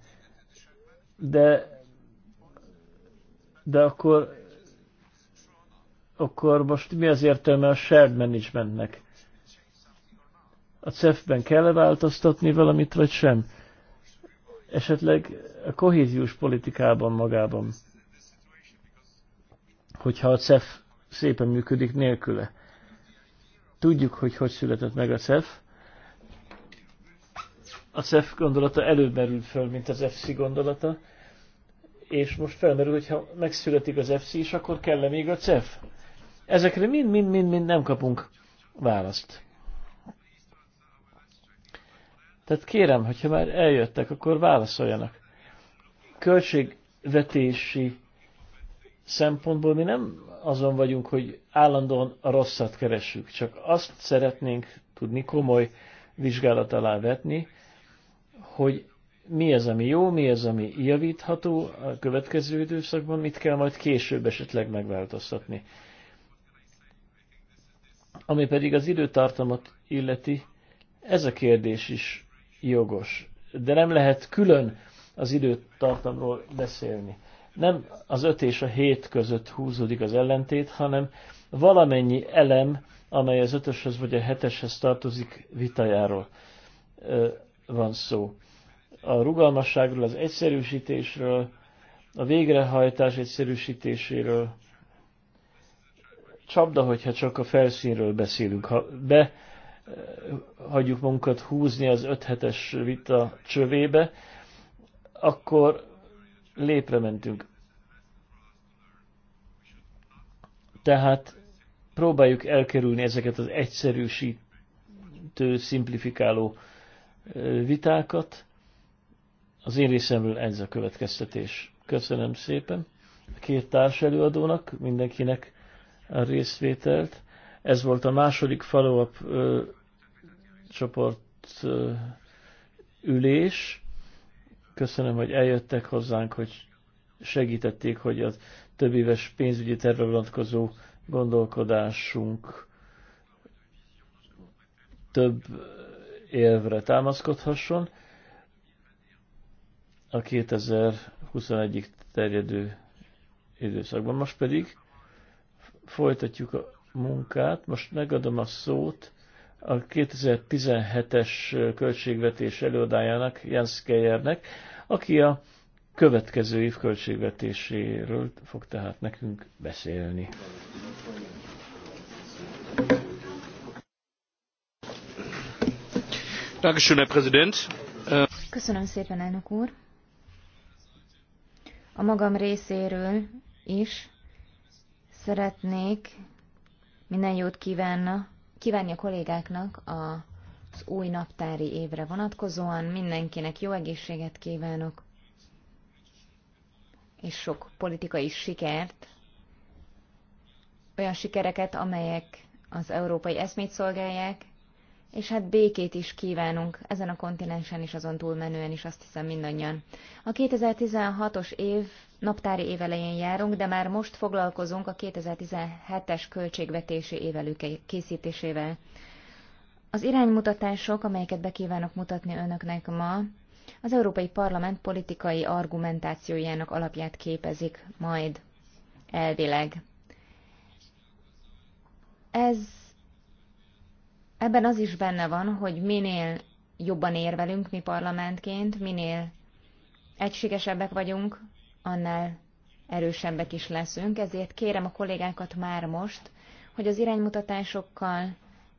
De, de akkor akkor most mi az értelme a shared managementnek? A CEF-ben kell -e változtatni valamit, vagy sem? Esetleg a kohéziós politikában magában, hogyha a CEF szépen működik nélküle. Tudjuk, hogy hogy született meg a CEF. A CEF gondolata előbb merült föl, mint az FC gondolata, és most felmerül, hogy ha megszületik az FC is, akkor kell -e még a CEF? Ezekre mind-mind-mind nem kapunk választ. Tehát kérem, hogyha már eljöttek, akkor válaszoljanak. Költségvetési szempontból mi nem azon vagyunk, hogy állandóan a rosszat keressük, csak azt szeretnénk tudni komoly vizsgálat alá vetni, hogy mi az, ami jó, mi az, ami javítható a következő időszakban, mit kell majd később esetleg megváltoztatni. Ami pedig az időtartamot illeti, ez a kérdés is jogos. De nem lehet külön az időtartamról beszélni. Nem az öt és a hét között húzódik az ellentét, hanem valamennyi elem, amely az ötöshöz vagy a heteshez tartozik vitajáról van szó. A rugalmasságról, az egyszerűsítésről, a végrehajtás egyszerűsítéséről, csapda, hogyha csak a felszínről beszélünk. Ha be eh, hagyjuk magunkat húzni az öthetes hetes vita csövébe, akkor lépre mentünk. Tehát próbáljuk elkerülni ezeket az egyszerűsítő, szimplifikáló eh, vitákat. Az én részemről ez a következtetés. Köszönöm szépen a két társ előadónak, mindenkinek a részvételt. Ez volt a második follow-up csoport ö, ülés. Köszönöm, hogy eljöttek hozzánk, hogy segítették, hogy a több éves pénzügyi tervre vonatkozó gondolkodásunk több élvre támaszkodhasson a 2021-ig terjedő időszakban. Most pedig folytatjuk a munkát. Most megadom a szót a 2017-es költségvetés előadájának, Jens Geyernek, aki a következő év költségvetéséről fog tehát nekünk beszélni. Köszönöm szépen, elnök úr! A magam részéről is Szeretnék minden jót kívánna, kívánni a kollégáknak az új naptári évre vonatkozóan. Mindenkinek jó egészséget kívánok, és sok politikai sikert, olyan sikereket, amelyek az európai eszmét szolgálják, és hát békét is kívánunk ezen a kontinensen is, azon túlmenően is, azt hiszem mindannyian. A 2016-os év naptári évelején járunk, de már most foglalkozunk a 2017-es költségvetési évelő készítésével. Az iránymutatások, amelyeket bekívánok mutatni önöknek ma, az Európai Parlament politikai argumentációjának alapját képezik majd elvileg. Ez Ebben az is benne van, hogy minél jobban érvelünk mi parlamentként, minél egységesebbek vagyunk, annál erősebbek is leszünk, ezért kérem a kollégákat már most, hogy az iránymutatásokkal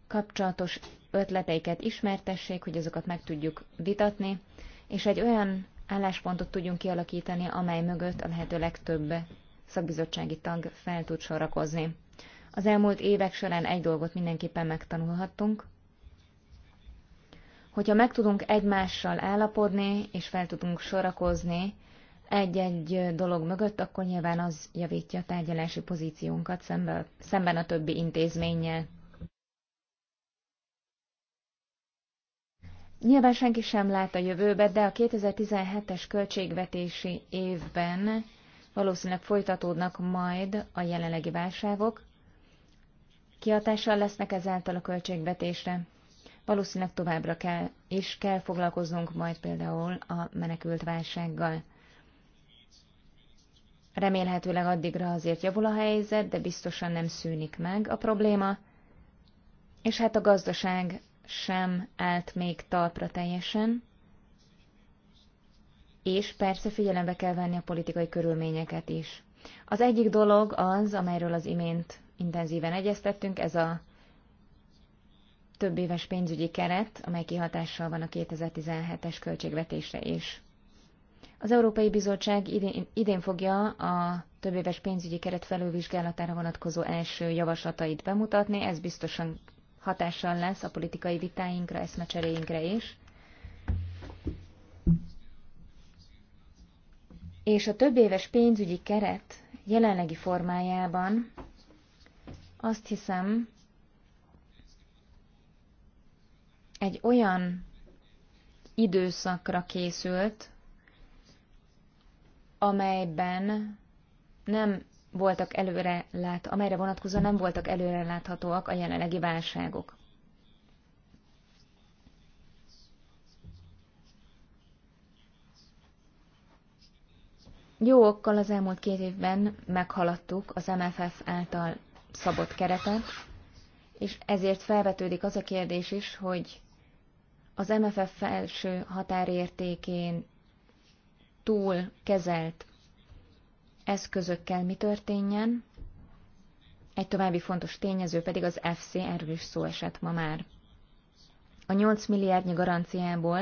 kapcsolatos ötleteiket ismertessék, hogy azokat meg tudjuk vitatni, és egy olyan álláspontot tudjunk kialakítani, amely mögött a lehető legtöbb szakbizottsági tag fel tud sorakozni. Az elmúlt évek során egy dolgot mindenképpen megtanulhattunk, hogyha meg tudunk egymással állapodni, és fel tudunk sorakozni egy-egy dolog mögött, akkor nyilván az javítja a tárgyalási pozíciónkat szemben, a többi intézménnyel. Nyilván senki sem lát a jövőbe, de a 2017-es költségvetési évben valószínűleg folytatódnak majd a jelenlegi válságok, kihatással lesznek ezáltal a költségvetésre. Valószínűleg továbbra kell, és kell foglalkoznunk majd például a menekült válsággal. Remélhetőleg addigra azért javul a helyzet, de biztosan nem szűnik meg a probléma, és hát a gazdaság sem állt még talpra teljesen, és persze figyelembe kell venni a politikai körülményeket is. Az egyik dolog az, amelyről az imént intenzíven egyeztettünk. Ez a több éves pénzügyi keret, amely kihatással van a 2017-es költségvetésre is. Az Európai Bizottság idén, idén fogja a több éves pénzügyi keret felülvizsgálatára vonatkozó első javaslatait bemutatni, ez biztosan hatással lesz a politikai vitáinkra, eszmecseréinkre is. És a több éves pénzügyi keret jelenlegi formájában azt hiszem, egy olyan időszakra készült, amelyben nem voltak előre lát, amelyre vonatkozóan nem voltak előre láthatóak a jelenlegi válságok. Jó okkal az elmúlt két évben meghaladtuk az MFF által szabott keretet, és ezért felvetődik az a kérdés is, hogy az MFF felső határértékén túl kezelt eszközökkel mi történjen, egy további fontos tényező pedig az FC, erről is szó esett ma már. A 8 milliárdnyi garanciából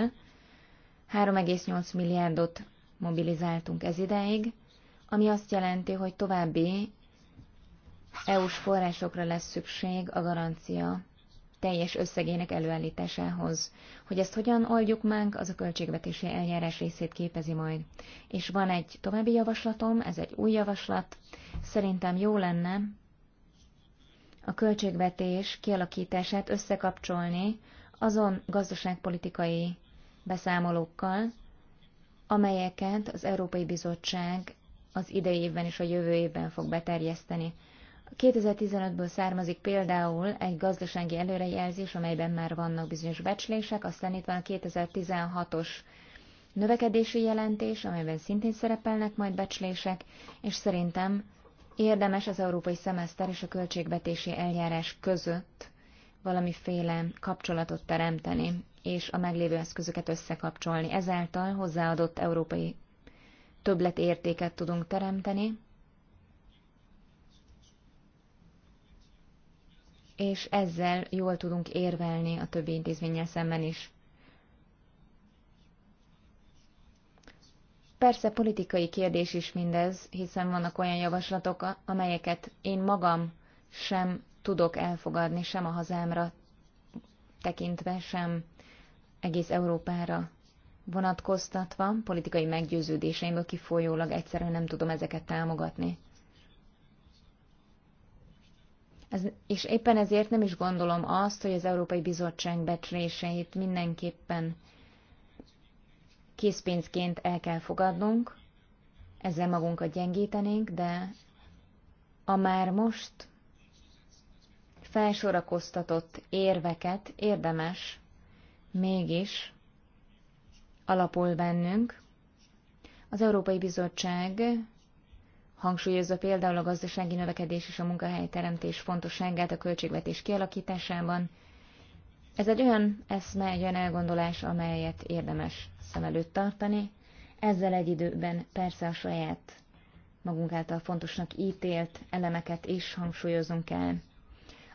3,8 milliárdot mobilizáltunk ez ideig, ami azt jelenti, hogy további EU-s forrásokra lesz szükség a garancia teljes összegének előállításához. Hogy ezt hogyan oldjuk meg, az a költségvetési eljárás részét képezi majd. És van egy további javaslatom, ez egy új javaslat. Szerintem jó lenne a költségvetés kialakítását összekapcsolni azon gazdaságpolitikai beszámolókkal, amelyeket az Európai Bizottság az idei évben és a jövő évben fog beterjeszteni. 2015-ből származik például egy gazdasági előrejelzés, amelyben már vannak bizonyos becslések, aztán itt van a 2016-os növekedési jelentés, amelyben szintén szerepelnek majd becslések, és szerintem érdemes az európai szemeszter és a költségvetési eljárás között valamiféle kapcsolatot teremteni, és a meglévő eszközöket összekapcsolni. Ezáltal hozzáadott európai többletértéket tudunk teremteni, és ezzel jól tudunk érvelni a többi intézménnyel szemben is. Persze politikai kérdés is mindez, hiszen vannak olyan javaslatok, amelyeket én magam sem tudok elfogadni, sem a hazámra tekintve, sem egész Európára vonatkoztatva, politikai meggyőződéseimből kifolyólag egyszerűen nem tudom ezeket támogatni. Ez, és éppen ezért nem is gondolom azt, hogy az Európai Bizottság becsléseit mindenképpen készpénzként el kell fogadnunk, ezzel magunkat gyengítenénk, de a már most felsorakoztatott érveket érdemes mégis alapul vennünk. Az Európai Bizottság hangsúlyozza például a gazdasági növekedés és a munkahelyteremtés fontosságát a költségvetés kialakításában. Ez egy olyan eszme, egy olyan elgondolás, amelyet érdemes szem előtt tartani. Ezzel egy időben persze a saját magunk által fontosnak ítélt elemeket is hangsúlyozunk el.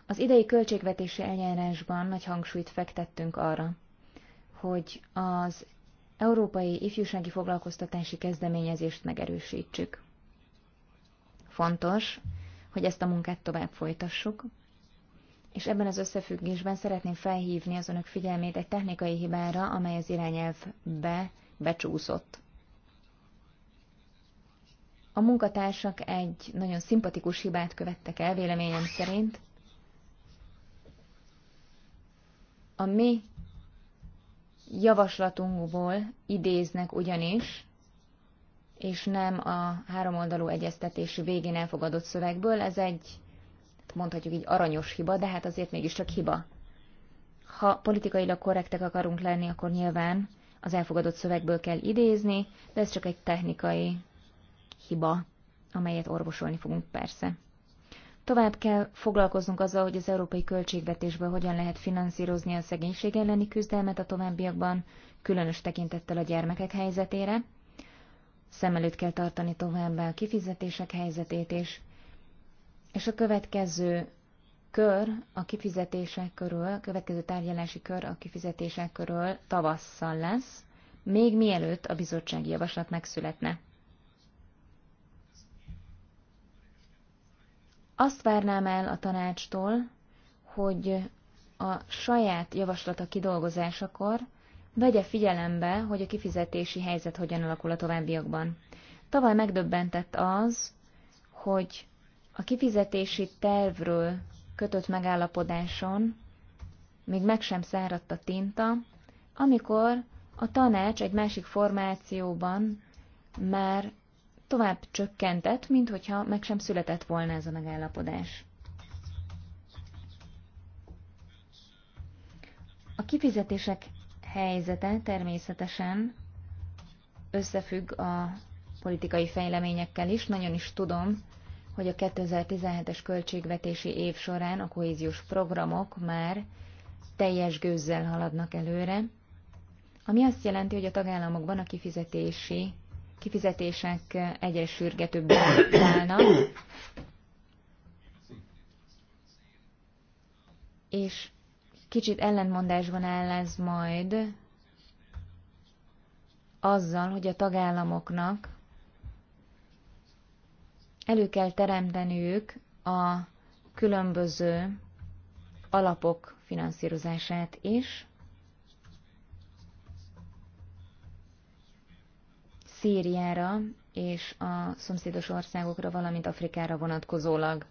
Az idei költségvetési eljárásban nagy hangsúlyt fektettünk arra, hogy az európai ifjúsági foglalkoztatási kezdeményezést megerősítsük. Fontos, hogy ezt a munkát tovább folytassuk, és ebben az összefüggésben szeretném felhívni az önök figyelmét egy technikai hibára, amely az irányelvbe becsúszott. A munkatársak egy nagyon szimpatikus hibát követtek el, véleményem szerint. A mi javaslatunkból idéznek ugyanis és nem a háromoldalú egyeztetés végén elfogadott szövegből. Ez egy, mondhatjuk így, aranyos hiba, de hát azért mégiscsak hiba. Ha politikailag korrektek akarunk lenni, akkor nyilván az elfogadott szövegből kell idézni, de ez csak egy technikai hiba, amelyet orvosolni fogunk persze. Tovább kell foglalkoznunk azzal, hogy az európai költségvetésből hogyan lehet finanszírozni a szegénység elleni küzdelmet a továbbiakban, különös tekintettel a gyermekek helyzetére, Szem előtt kell tartani továbbá a kifizetések helyzetét is, és a következő kör a kifizetések körül, a következő tárgyalási kör a kifizetések körül tavasszal lesz, még mielőtt a bizottsági javaslat megszületne. Azt várnám el a tanácstól, hogy a saját javaslata kidolgozásakor vegye figyelembe, hogy a kifizetési helyzet hogyan alakul a továbbiakban. Tavaly megdöbbentett az, hogy a kifizetési tervről kötött megállapodáson még meg sem száradt a tinta, amikor a tanács egy másik formációban már tovább csökkentett, mint hogyha meg sem született volna ez a megállapodás. A kifizetések helyzete természetesen összefügg a politikai fejleményekkel is. Nagyon is tudom, hogy a 2017-es költségvetési év során a kohéziós programok már teljes gőzzel haladnak előre, ami azt jelenti, hogy a tagállamokban a kifizetési kifizetések egyre sürgetőbben válnak, és Kicsit ellentmondásban áll ez majd azzal, hogy a tagállamoknak elő kell teremteniük a különböző alapok finanszírozását is. Szíriára és a szomszédos országokra, valamint Afrikára vonatkozólag.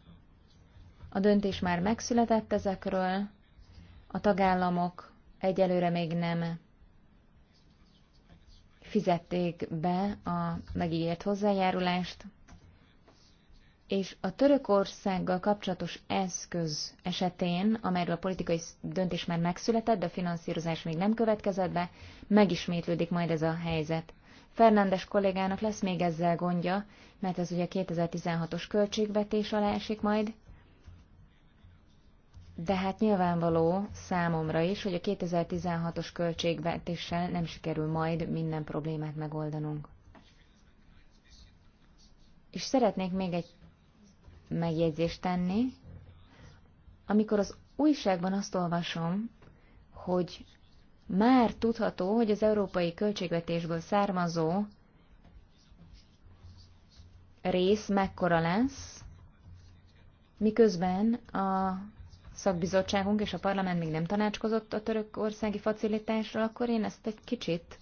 A döntés már megszületett ezekről, a tagállamok egyelőre még nem fizették be a megígért hozzájárulást, és a Törökországgal kapcsolatos eszköz esetén, amelyről a politikai döntés már megszületett, de a finanszírozás még nem következett be, megismétlődik majd ez a helyzet. Fernándes kollégának lesz még ezzel gondja, mert ez ugye 2016-os költségvetés alá esik majd, de hát nyilvánvaló számomra is, hogy a 2016-os költségvetéssel nem sikerül majd minden problémát megoldanunk. És szeretnék még egy megjegyzést tenni. Amikor az újságban azt olvasom, hogy már tudható, hogy az európai költségvetésből származó rész mekkora lesz, miközben a szakbizottságunk és a parlament még nem tanácskozott a törökországi facilitásról, akkor én ezt egy kicsit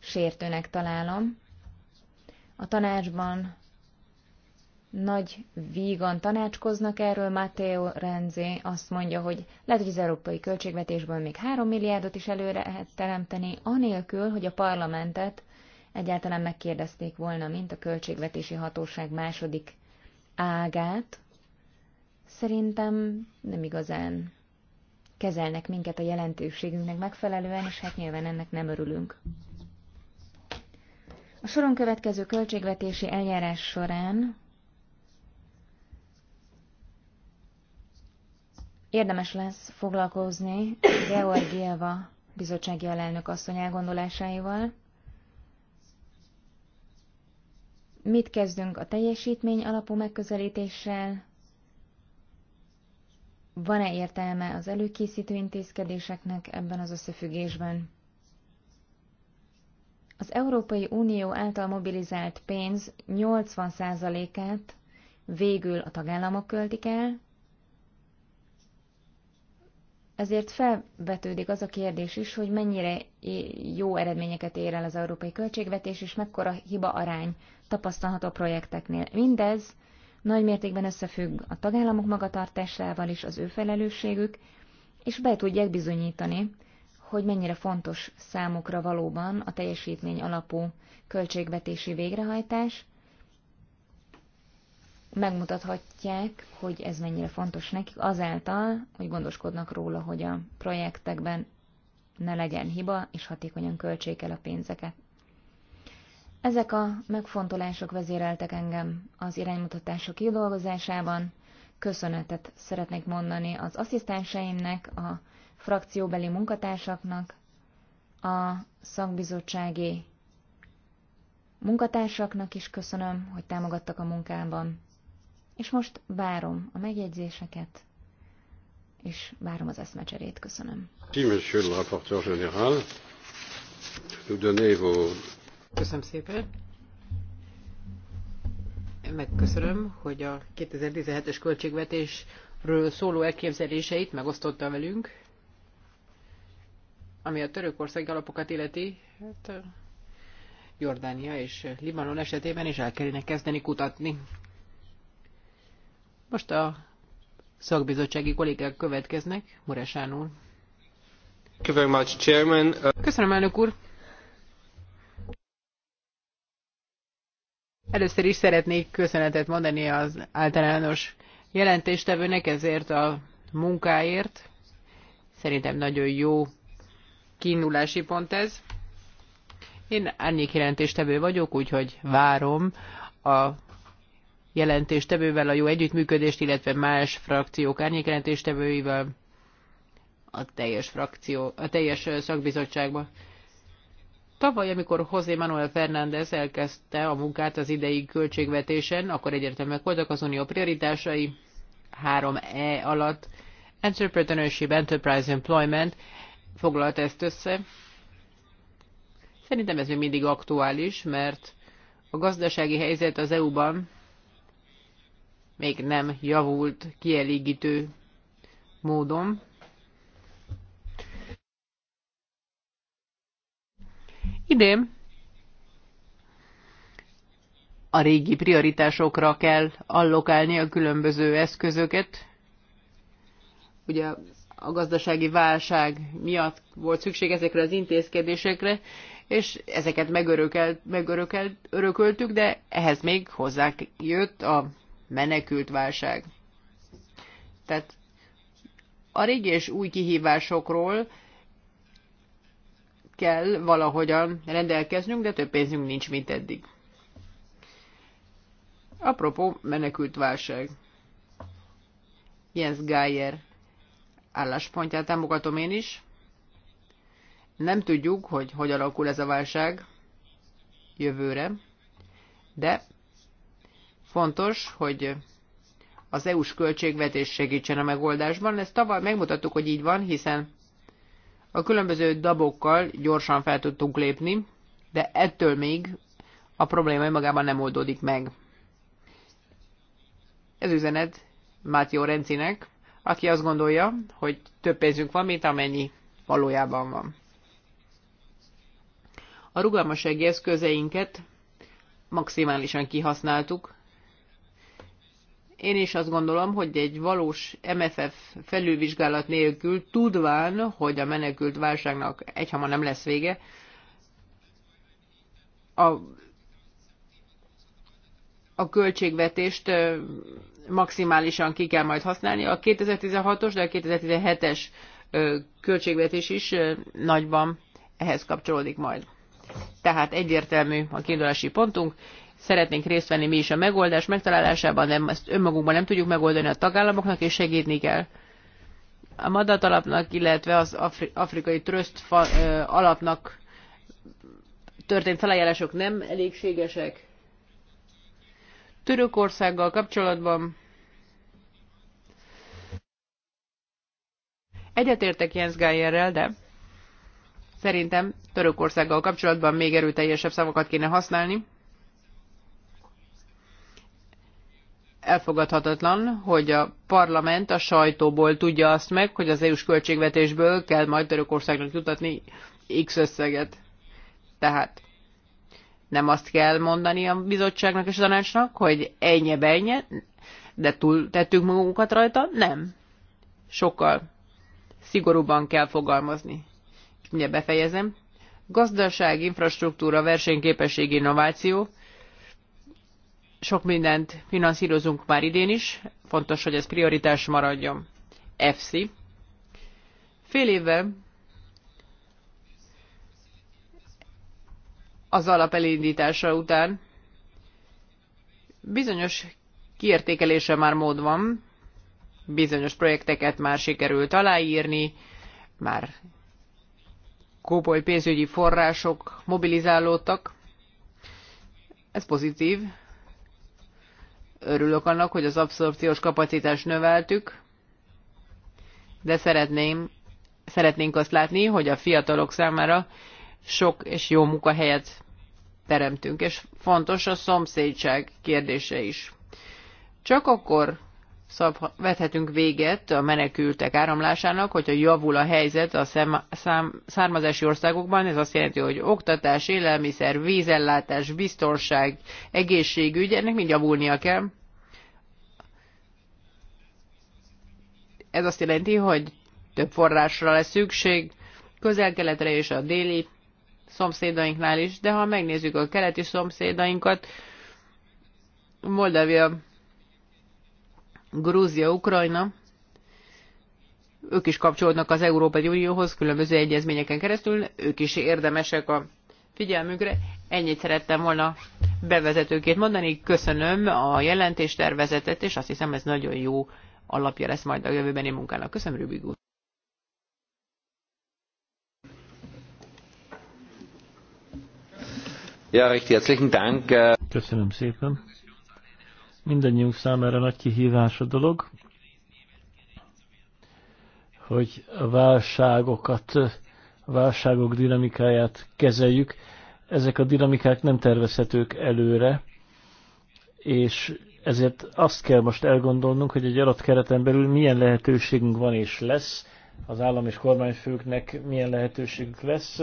sértőnek találom. A tanácsban nagy vígan tanácskoznak erről, Matteo Renzi azt mondja, hogy lehet, hogy az európai költségvetésből még 3 milliárdot is előre lehet teremteni, anélkül, hogy a parlamentet egyáltalán megkérdezték volna, mint a költségvetési hatóság második ágát, Szerintem nem igazán kezelnek minket a jelentőségünknek megfelelően, és hát nyilván ennek nem örülünk. A soron következő költségvetési eljárás során érdemes lesz foglalkozni Georgieva bizottsági alelnök asszony elgondolásaival. Mit kezdünk a teljesítmény alapú megközelítéssel, van-e értelme az előkészítő intézkedéseknek ebben az összefüggésben? Az Európai Unió által mobilizált pénz 80%-át végül a tagállamok költik el, ezért felvetődik az a kérdés is, hogy mennyire jó eredményeket ér el az európai költségvetés, és mekkora hiba arány tapasztalható projekteknél. Mindez nagy mértékben összefügg a tagállamok magatartásával is, az ő felelősségük, és be tudják bizonyítani, hogy mennyire fontos számukra valóban a teljesítmény alapú költségvetési végrehajtás, megmutathatják, hogy ez mennyire fontos nekik, azáltal, hogy gondoskodnak róla, hogy a projektekben ne legyen hiba, és hatékonyan költsék el a pénzeket. Ezek a megfontolások vezéreltek engem az iránymutatások kidolgozásában. Köszönetet szeretnék mondani az asszisztenseimnek, a frakcióbeli munkatársaknak, a szakbizottsági munkatársaknak is köszönöm, hogy támogattak a munkámban. És most várom a megjegyzéseket, és várom az eszmecserét. Köszönöm. Merci, monsieur le rapporteur général. vos Köszönöm szépen. Megköszönöm, hogy a 2017-es költségvetésről szóló elképzeléseit megosztotta velünk. Ami a törökország alapokat illeti, hát Jordánia és Libanon esetében is el kellene kezdeni kutatni. Most a szakbizottsági kollégák következnek, Muresán úr. Köszönöm, elnök úr! Először is szeretnék köszönetet mondani az általános jelentéstevőnek ezért a munkáért. Szerintem nagyon jó kiindulási pont ez. Én árnyék jelentéstevő vagyok, úgyhogy várom a jelentéstevővel a jó együttműködést, illetve más frakciók árnyék jelentéstevőivel a teljes frakció, a teljes szakbizottságban. Tavaly, amikor José Manuel Fernández elkezdte a munkát az idei költségvetésen, akkor egyértelműek voltak az unió prioritásai 3E alatt. Entrepreneurship, Enterprise Employment foglalt ezt össze. Szerintem ez még mindig aktuális, mert a gazdasági helyzet az EU-ban még nem javult kielégítő módon. Idén a régi prioritásokra kell allokálni a különböző eszközöket. Ugye a gazdasági válság miatt volt szükség ezekre az intézkedésekre, és ezeket megörökelt, megörökelt, örököltük, de ehhez még hozzá jött a menekült válság. Tehát a régi és új kihívásokról kell valahogyan rendelkeznünk, de több pénzünk nincs, mint eddig. Apropó, menekült válság. Jens Geyer álláspontját támogatom én is. Nem tudjuk, hogy hogy alakul ez a válság jövőre, de fontos, hogy az EU-s költségvetés segítsen a megoldásban. Ezt tavaly megmutattuk, hogy így van, hiszen a különböző dabokkal gyorsan fel tudtunk lépni, de ettől még a probléma magában nem oldódik meg. Ez üzenet Mátyó Rencinek, aki azt gondolja, hogy több pénzünk van, mint amennyi valójában van. A rugalmassági eszközeinket maximálisan kihasználtuk, én is azt gondolom, hogy egy valós MFF felülvizsgálat nélkül, tudván, hogy a menekült válságnak egyhama nem lesz vége, a, a költségvetést maximálisan ki kell majd használni. A 2016-os, de a 2017-es költségvetés is nagyban ehhez kapcsolódik majd. Tehát egyértelmű a kiindulási pontunk, szeretnénk részt venni mi is a megoldás megtalálásában, de ezt önmagunkban nem tudjuk megoldani a tagállamoknak, és segítni kell. A Madat alapnak, illetve az Afri- Afrikai Tröst alapnak történt felajánlások nem elégségesek. Törökországgal kapcsolatban egyetértek Jens Geierrel, de szerintem Törökországgal kapcsolatban még erőteljesebb szavakat kéne használni. elfogadhatatlan, hogy a parlament a sajtóból tudja azt meg, hogy az EU-s költségvetésből kell majd Törökországnak jutatni X összeget. Tehát nem azt kell mondani a bizottságnak és a tanácsnak, hogy ennyi ennyi, de túl tettük magunkat rajta? Nem. Sokkal szigorúban kell fogalmazni. És mindjárt befejezem. Gazdaság, infrastruktúra, versenyképesség, innováció. Sok mindent finanszírozunk már idén is, fontos, hogy ez prioritás maradjon. FC. Fél évvel az alap elindítása után bizonyos kiértékelése már mód van, bizonyos projekteket már sikerült aláírni, már kópoly pénzügyi források mobilizálódtak. Ez pozitív, Örülök annak, hogy az abszorpciós kapacitást növeltük, de szeretném, szeretnénk azt látni, hogy a fiatalok számára sok és jó munkahelyet teremtünk, és fontos a szomszédság kérdése is. Csak akkor szab, vethetünk véget a menekültek áramlásának, hogyha javul a helyzet a szem, szám, származási országokban. Ez azt jelenti, hogy oktatás, élelmiszer, vízellátás, biztonság, egészségügy, ennek mind javulnia kell. Ez azt jelenti, hogy több forrásra lesz szükség, közel-keletre és a déli szomszédainknál is, de ha megnézzük a keleti szomszédainkat, Moldavia Grúzia, Ukrajna, ők is kapcsolódnak az Európai Unióhoz különböző egyezményeken keresztül, ők is érdemesek a figyelmükre. Ennyit szerettem volna bevezetőként mondani. Köszönöm a jelentéstervezetet, és azt hiszem ez nagyon jó alapja lesz majd a jövőbeni munkának. Köszönöm, Rubik úr. Ja, recht herzlichen Dank. Köszönöm szépen mindannyiunk számára nagy kihívás a dolog, hogy a válságokat, a válságok dinamikáját kezeljük. Ezek a dinamikák nem tervezhetők előre, és ezért azt kell most elgondolnunk, hogy egy adott kereten belül milyen lehetőségünk van és lesz, az állam és kormányfőknek milyen lehetőségük lesz,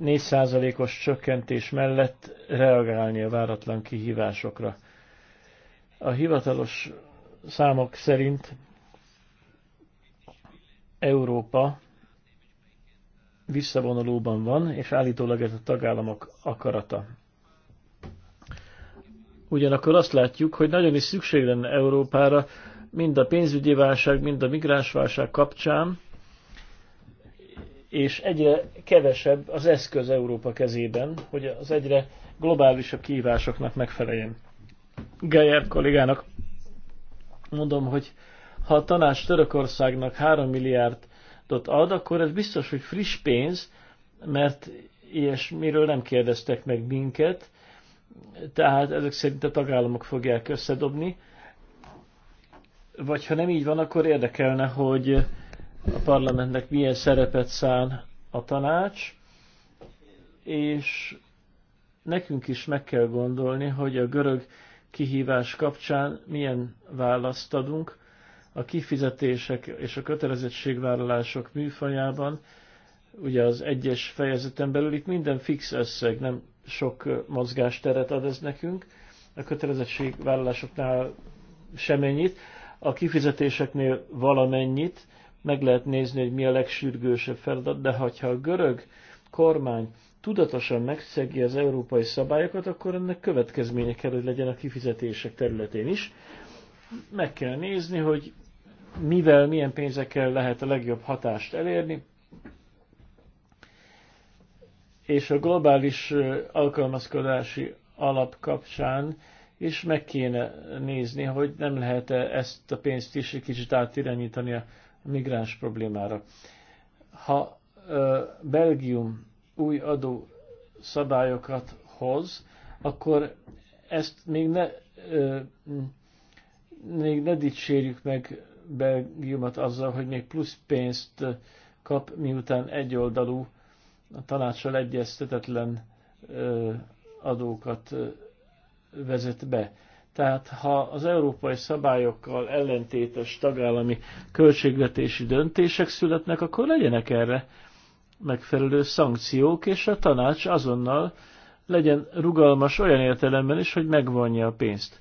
4%-os csökkentés mellett reagálni a váratlan kihívásokra. A hivatalos számok szerint Európa visszavonulóban van, és állítólag ez a tagállamok akarata. Ugyanakkor azt látjuk, hogy nagyon is szükség lenne Európára, mind a pénzügyi válság, mind a migránsválság kapcsán, és egyre kevesebb az eszköz Európa kezében, hogy az egyre globálisabb kihívásoknak megfeleljen. Geyer kollégának mondom, hogy ha a tanács Törökországnak 3 milliárdot ad, akkor ez biztos, hogy friss pénz, mert ilyesmiről nem kérdeztek meg minket, tehát ezek szerint a tagállamok fogják összedobni. Vagy ha nem így van, akkor érdekelne, hogy a parlamentnek milyen szerepet szán a tanács, és nekünk is meg kell gondolni, hogy a görög kihívás kapcsán milyen választ adunk a kifizetések és a kötelezettségvállalások műfajában, ugye az egyes fejezeten belül itt minden fix összeg, nem sok mozgásteret ad ez nekünk, a kötelezettségvállalásoknál semennyit, a kifizetéseknél valamennyit, meg lehet nézni, hogy mi a legsürgősebb feladat, de ha a görög kormány tudatosan megszegi az európai szabályokat, akkor ennek következménye kell, hogy legyen a kifizetések területén is. Meg kell nézni, hogy mivel, milyen pénzekkel lehet a legjobb hatást elérni, és a globális alkalmazkodási alap kapcsán is meg kéne nézni, hogy nem lehet -e ezt a pénzt is egy kicsit átirányítani a migráns problémára. Ha ö, Belgium új adó szabályokat hoz, akkor ezt még ne, ö, még ne dicsérjük meg Belgiumot azzal, hogy még plusz pénzt kap, miután egyoldalú a tanácssal egyeztetetlen ö, adókat ö, vezet be. Tehát ha az európai szabályokkal ellentétes tagállami költségvetési döntések születnek, akkor legyenek erre megfelelő szankciók, és a tanács azonnal legyen rugalmas olyan értelemben is, hogy megvonja a pénzt.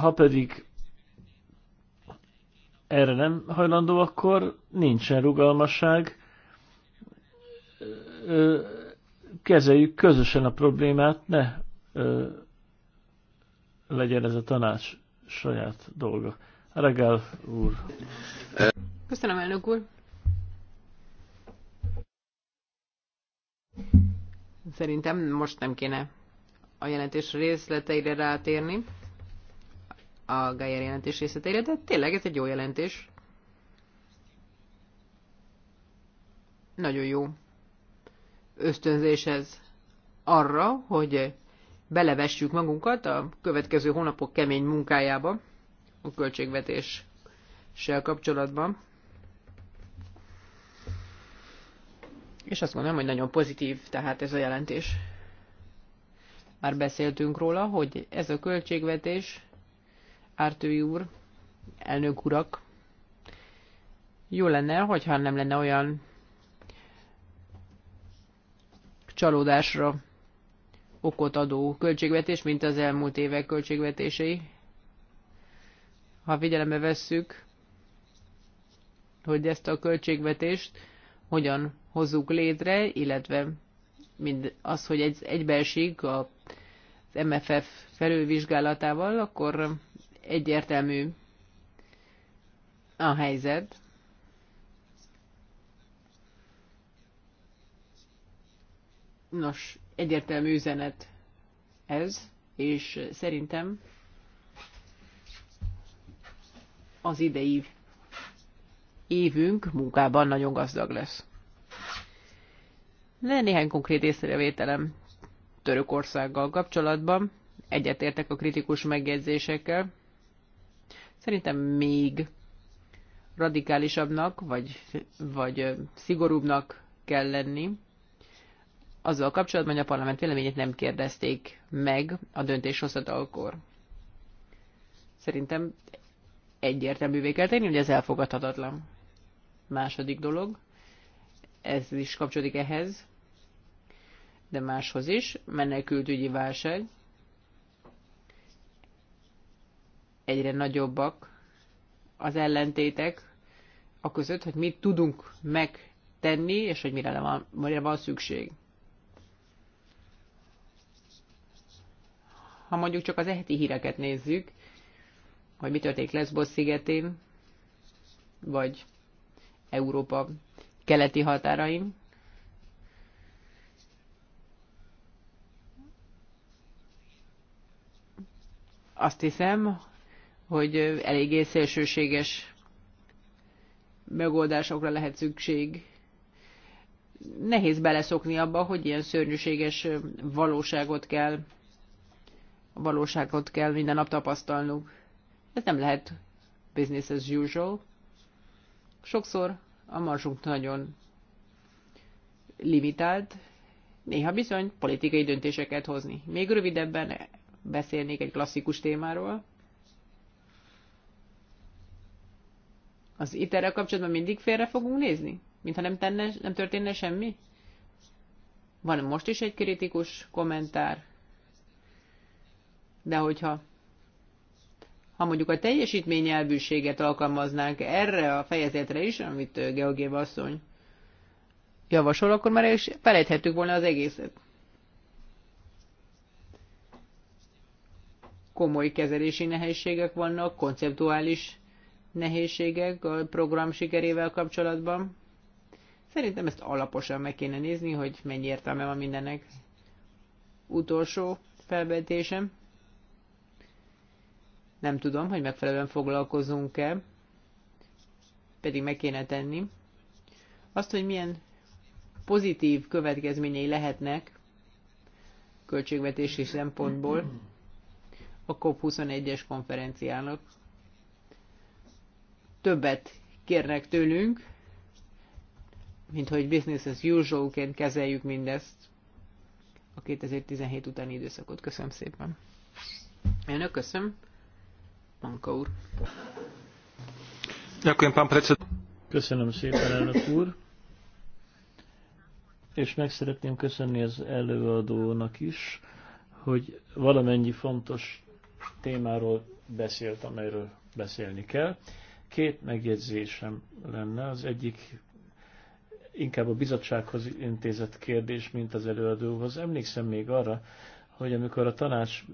Ha pedig erre nem hajlandó, akkor nincsen rugalmasság. Kezeljük közösen a problémát, ne legyen ez a tanács saját dolga. Regál úr. Köszönöm, elnök úr. Szerintem most nem kéne a jelentés részleteire rátérni, a Geyer jelentés részleteire, de tényleg ez egy jó jelentés. Nagyon jó ösztönzés ez arra, hogy belevessük magunkat a következő hónapok kemény munkájába a költségvetéssel kapcsolatban. és azt gondolom, hogy nagyon pozitív, tehát ez a jelentés. Már beszéltünk róla, hogy ez a költségvetés, Ártői úr, elnök urak, jó lenne, hogyha nem lenne olyan csalódásra okot adó költségvetés, mint az elmúlt évek költségvetései. Ha figyelembe vesszük, hogy ezt a költségvetést hogyan hozzuk létre, illetve mind az, hogy egy, egybeesik a az MFF felülvizsgálatával, akkor egyértelmű a helyzet. Nos, egyértelmű üzenet ez, és szerintem az idei évünk munkában nagyon gazdag lesz. Ne néhány konkrét észrevételem Törökországgal kapcsolatban. Egyetértek a kritikus megjegyzésekkel. Szerintem még radikálisabbnak, vagy, vagy szigorúbbnak kell lenni. Azzal kapcsolatban, hogy a parlament véleményét nem kérdezték meg a döntéshozatalkor. Szerintem egyértelművé kell tenni, hogy ez elfogadhatatlan. Második dolog, ez is kapcsolódik ehhez, de máshoz is, menekültügyi válság. Egyre nagyobbak az ellentétek, a között, hogy mit tudunk megtenni, és hogy mire van, mire van szükség. Ha mondjuk csak az eheti híreket nézzük, hogy mi történik Lesbos szigetén, vagy Európa keleti határain. Azt hiszem, hogy eléggé szélsőséges megoldásokra lehet szükség. Nehéz beleszokni abba, hogy ilyen szörnyűséges valóságot kell, valóságot kell minden nap tapasztalnunk. Ez nem lehet business as usual. Sokszor a marzsunk nagyon limitált, néha bizony politikai döntéseket hozni. Még rövidebben beszélnék egy klasszikus témáról. Az iterrel kapcsolatban mindig félre fogunk nézni? Mintha nem, tenne, nem történne semmi? Van most is egy kritikus kommentár, de hogyha ha mondjuk a teljesítményelvűséget alkalmaznánk erre a fejezetre is, amit Georgiev asszony javasol, akkor már is felejthettük volna az egészet. Komoly kezelési nehézségek vannak, konceptuális nehézségek a program sikerével kapcsolatban. Szerintem ezt alaposan meg kéne nézni, hogy mennyi értelme van mindennek. Utolsó felvetésem. Nem tudom, hogy megfelelően foglalkozunk-e, pedig meg kéne tenni. Azt, hogy milyen pozitív következményei lehetnek költségvetési szempontból a COP21-es konferenciának. Többet kérnek tőlünk, mint hogy business as usual-ként kezeljük mindezt a 2017 utáni időszakot. Köszönöm szépen. Önök, köszönöm. Manka úr. Köszönöm szépen, elnök úr. És meg szeretném köszönni az előadónak is, hogy valamennyi fontos témáról beszélt, amelyről beszélni kell. Két megjegyzésem lenne. Az egyik inkább a bizottsághoz intézett kérdés, mint az előadóhoz. Emlékszem még arra, hogy amikor a tanács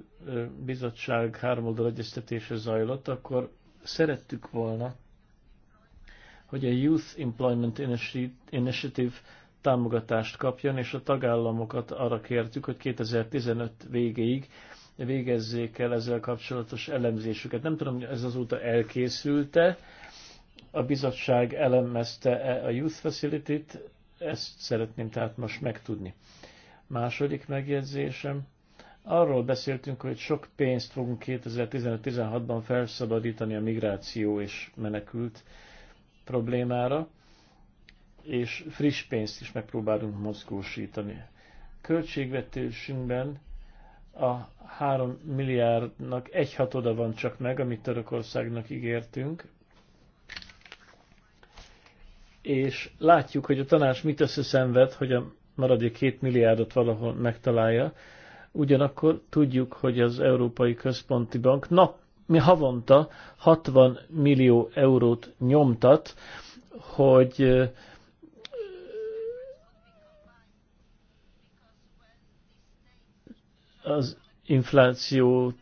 bizottság háromoldal egyeztetése zajlott, akkor szerettük volna, hogy a Youth Employment Initiative támogatást kapjon, és a tagállamokat arra kértük, hogy 2015 végéig végezzék el ezzel kapcsolatos elemzésüket. Nem tudom, ez azóta elkészült-e, a bizottság elemezte -e a Youth Facility-t, ezt szeretném tehát most megtudni. Második megjegyzésem, Arról beszéltünk, hogy sok pénzt fogunk 2015-16-ban felszabadítani a migráció és menekült problémára, és friss pénzt is megpróbálunk mozgósítani. Költségvetésünkben a 3 milliárdnak egy hatoda van csak meg, amit Törökországnak ígértünk, és látjuk, hogy a tanács mit összeszenved, hogy a maradék 2 milliárdot valahol megtalálja, Ugyanakkor tudjuk, hogy az Európai Központi Bank nap, mi havonta 60 millió eurót nyomtat, hogy az inflációt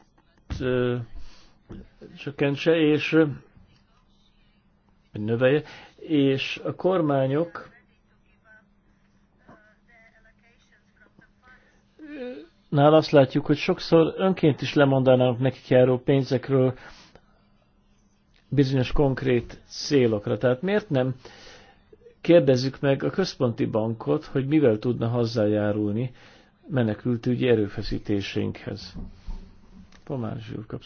csökkentse és növelje, és a kormányok nál azt látjuk, hogy sokszor önként is lemondanának nekik járó pénzekről bizonyos konkrét célokra. Tehát miért nem kérdezzük meg a központi bankot, hogy mivel tudna hozzájárulni menekültügyi erőfeszítéseinkhez? Pomás úr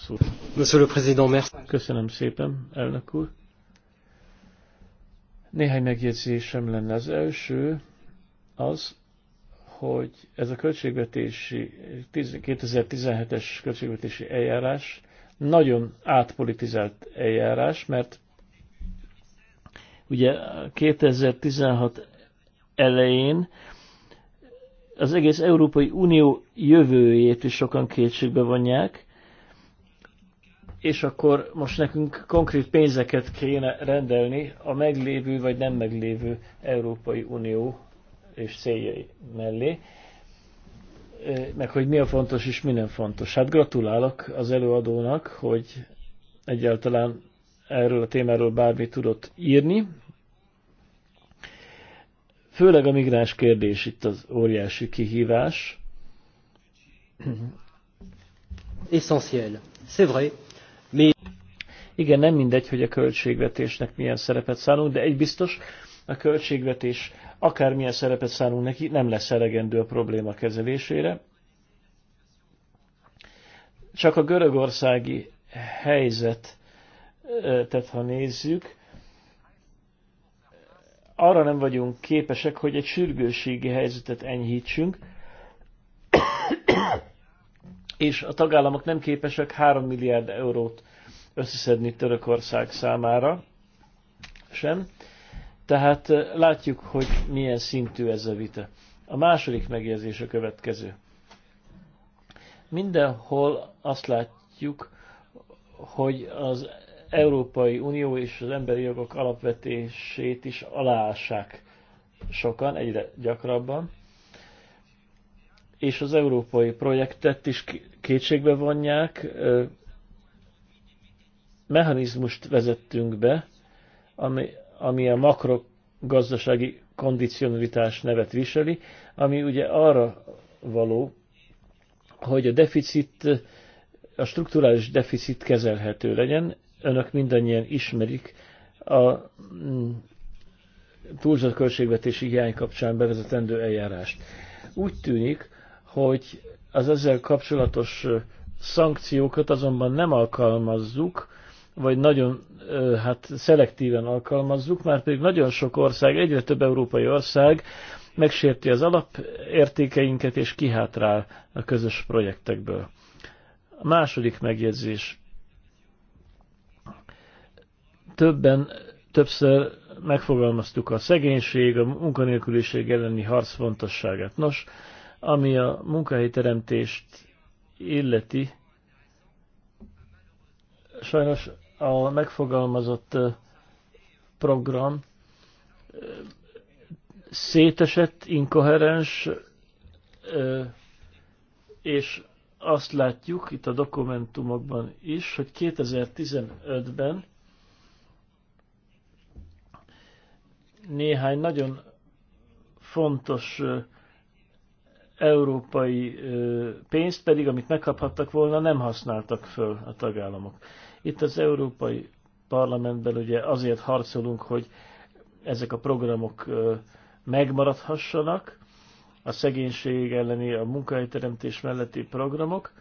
Monsieur le Président, merci. Köszönöm szépen, elnök úr. Néhány megjegyzésem lenne. Az első az, hogy ez a költségvetési 2017-es költségvetési eljárás nagyon átpolitizált eljárás, mert ugye 2016 elején az egész Európai Unió jövőjét is sokan kétségbe vonják, és akkor most nekünk konkrét pénzeket kéne rendelni a meglévő vagy nem meglévő Európai Unió és céljai mellé, meg hogy mi a fontos és mi nem fontos. Hát gratulálok az előadónak, hogy egyáltalán erről a témáról bármit tudott írni. Főleg a migráns kérdés itt az óriási kihívás. Essentiel. C'est vrai. Mi... Igen, nem mindegy, hogy a költségvetésnek milyen szerepet szánunk, de egy biztos, a költségvetés akármilyen szerepet szánunk neki, nem lesz elegendő a probléma kezelésére. Csak a görögországi helyzet, tehát ha nézzük, arra nem vagyunk képesek, hogy egy sürgőségi helyzetet enyhítsünk, és a tagállamok nem képesek 3 milliárd eurót összeszedni Törökország számára sem tehát látjuk, hogy milyen szintű ez a vita. A második megjegyzés a következő. Mindenhol azt látjuk, hogy az Európai Unió és az emberi jogok alapvetését is aláássák sokan, egyre gyakrabban, és az európai projektet is kétségbe vonják. Mechanizmust vezettünk be, ami ami a makrogazdasági kondicionalitás nevet viseli, ami ugye arra való, hogy a deficit, a strukturális deficit kezelhető legyen. Önök mindannyian ismerik a mm, túlzott költségvetési hiány kapcsán bevezetendő eljárást. Úgy tűnik, hogy az ezzel kapcsolatos szankciókat azonban nem alkalmazzuk, vagy nagyon hát szelektíven alkalmazzuk, már pedig nagyon sok ország, egyre több európai ország megsérti az alapértékeinket és kihátrál a közös projektekből. A második megjegyzés. Többen többször megfogalmaztuk a szegénység, a munkanélküliség elleni harc fontosságát. Nos, ami a munkahelyteremtést illeti, sajnos a megfogalmazott program szétesett, inkoherens, és azt látjuk itt a dokumentumokban is, hogy 2015-ben néhány nagyon fontos európai pénzt pedig, amit megkaphattak volna, nem használtak föl a tagállamok. Itt az Európai Parlamentben ugye azért harcolunk, hogy ezek a programok megmaradhassanak, a szegénység elleni, a munkahelyteremtés melletti programok,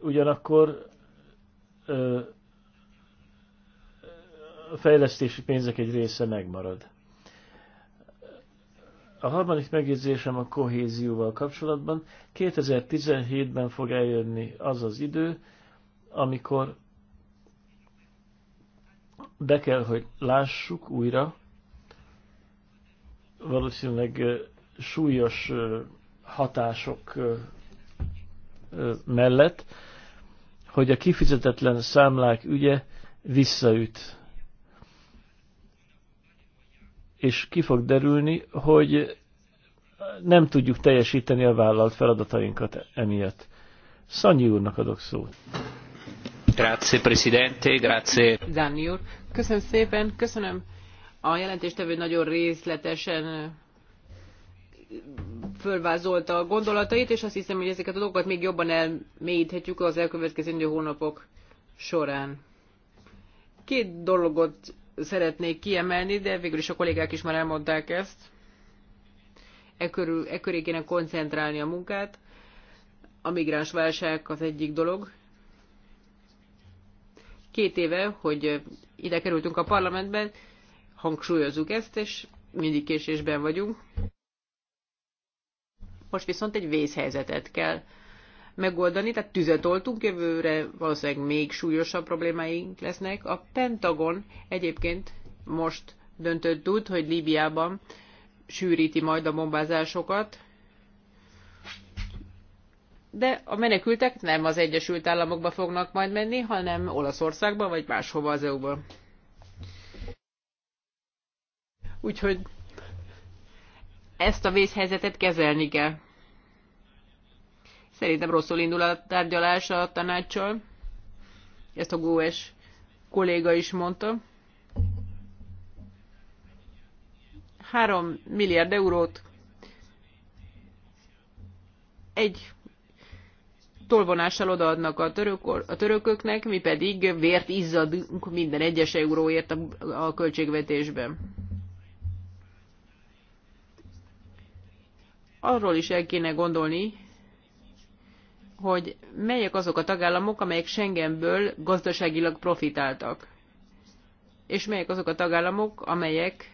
ugyanakkor a fejlesztési pénzek egy része megmarad. A harmadik megjegyzésem a kohézióval kapcsolatban. 2017-ben fog eljönni az az idő, amikor be kell, hogy lássuk újra, valószínűleg súlyos hatások mellett, hogy a kifizetetlen számlák ügye visszaüt. És ki fog derülni, hogy nem tudjuk teljesíteni a vállalt feladatainkat emiatt. Szanyi úrnak adok szót köszönöm szépen, köszönöm a jelentéstevő nagyon részletesen fölvázolta a gondolatait, és azt hiszem, hogy ezeket a dolgokat még jobban elmélyíthetjük az elkövetkezendő hónapok során. Két dologot szeretnék kiemelni, de végül is a kollégák is már elmondták ezt. E, körül, e kéne koncentrálni a munkát. A migráns válság az egyik dolog, Két éve, hogy ide kerültünk a parlamentben, hangsúlyozzuk ezt, és mindig késésben vagyunk. Most viszont egy vészhelyzetet kell megoldani, tehát tüzet oltunk jövőre, valószínűleg még súlyosabb problémáink lesznek. A Pentagon egyébként most döntött úgy, hogy Líbiában sűríti majd a bombázásokat, de a menekültek nem az Egyesült Államokba fognak majd menni, hanem Olaszországba vagy máshova az EU-ba. Úgyhogy ezt a vészhelyzetet kezelni kell. Szerintem rosszul indul a tárgyalás a tanácssal. Ezt a GOES kolléga is mondta. 3 milliárd eurót egy tolvonással odaadnak a, török, a törököknek, mi pedig vért izzadunk minden egyes euróért a, a költségvetésben. Arról is el kéne gondolni, hogy melyek azok a tagállamok, amelyek Schengenből gazdaságilag profitáltak, és melyek azok a tagállamok, amelyek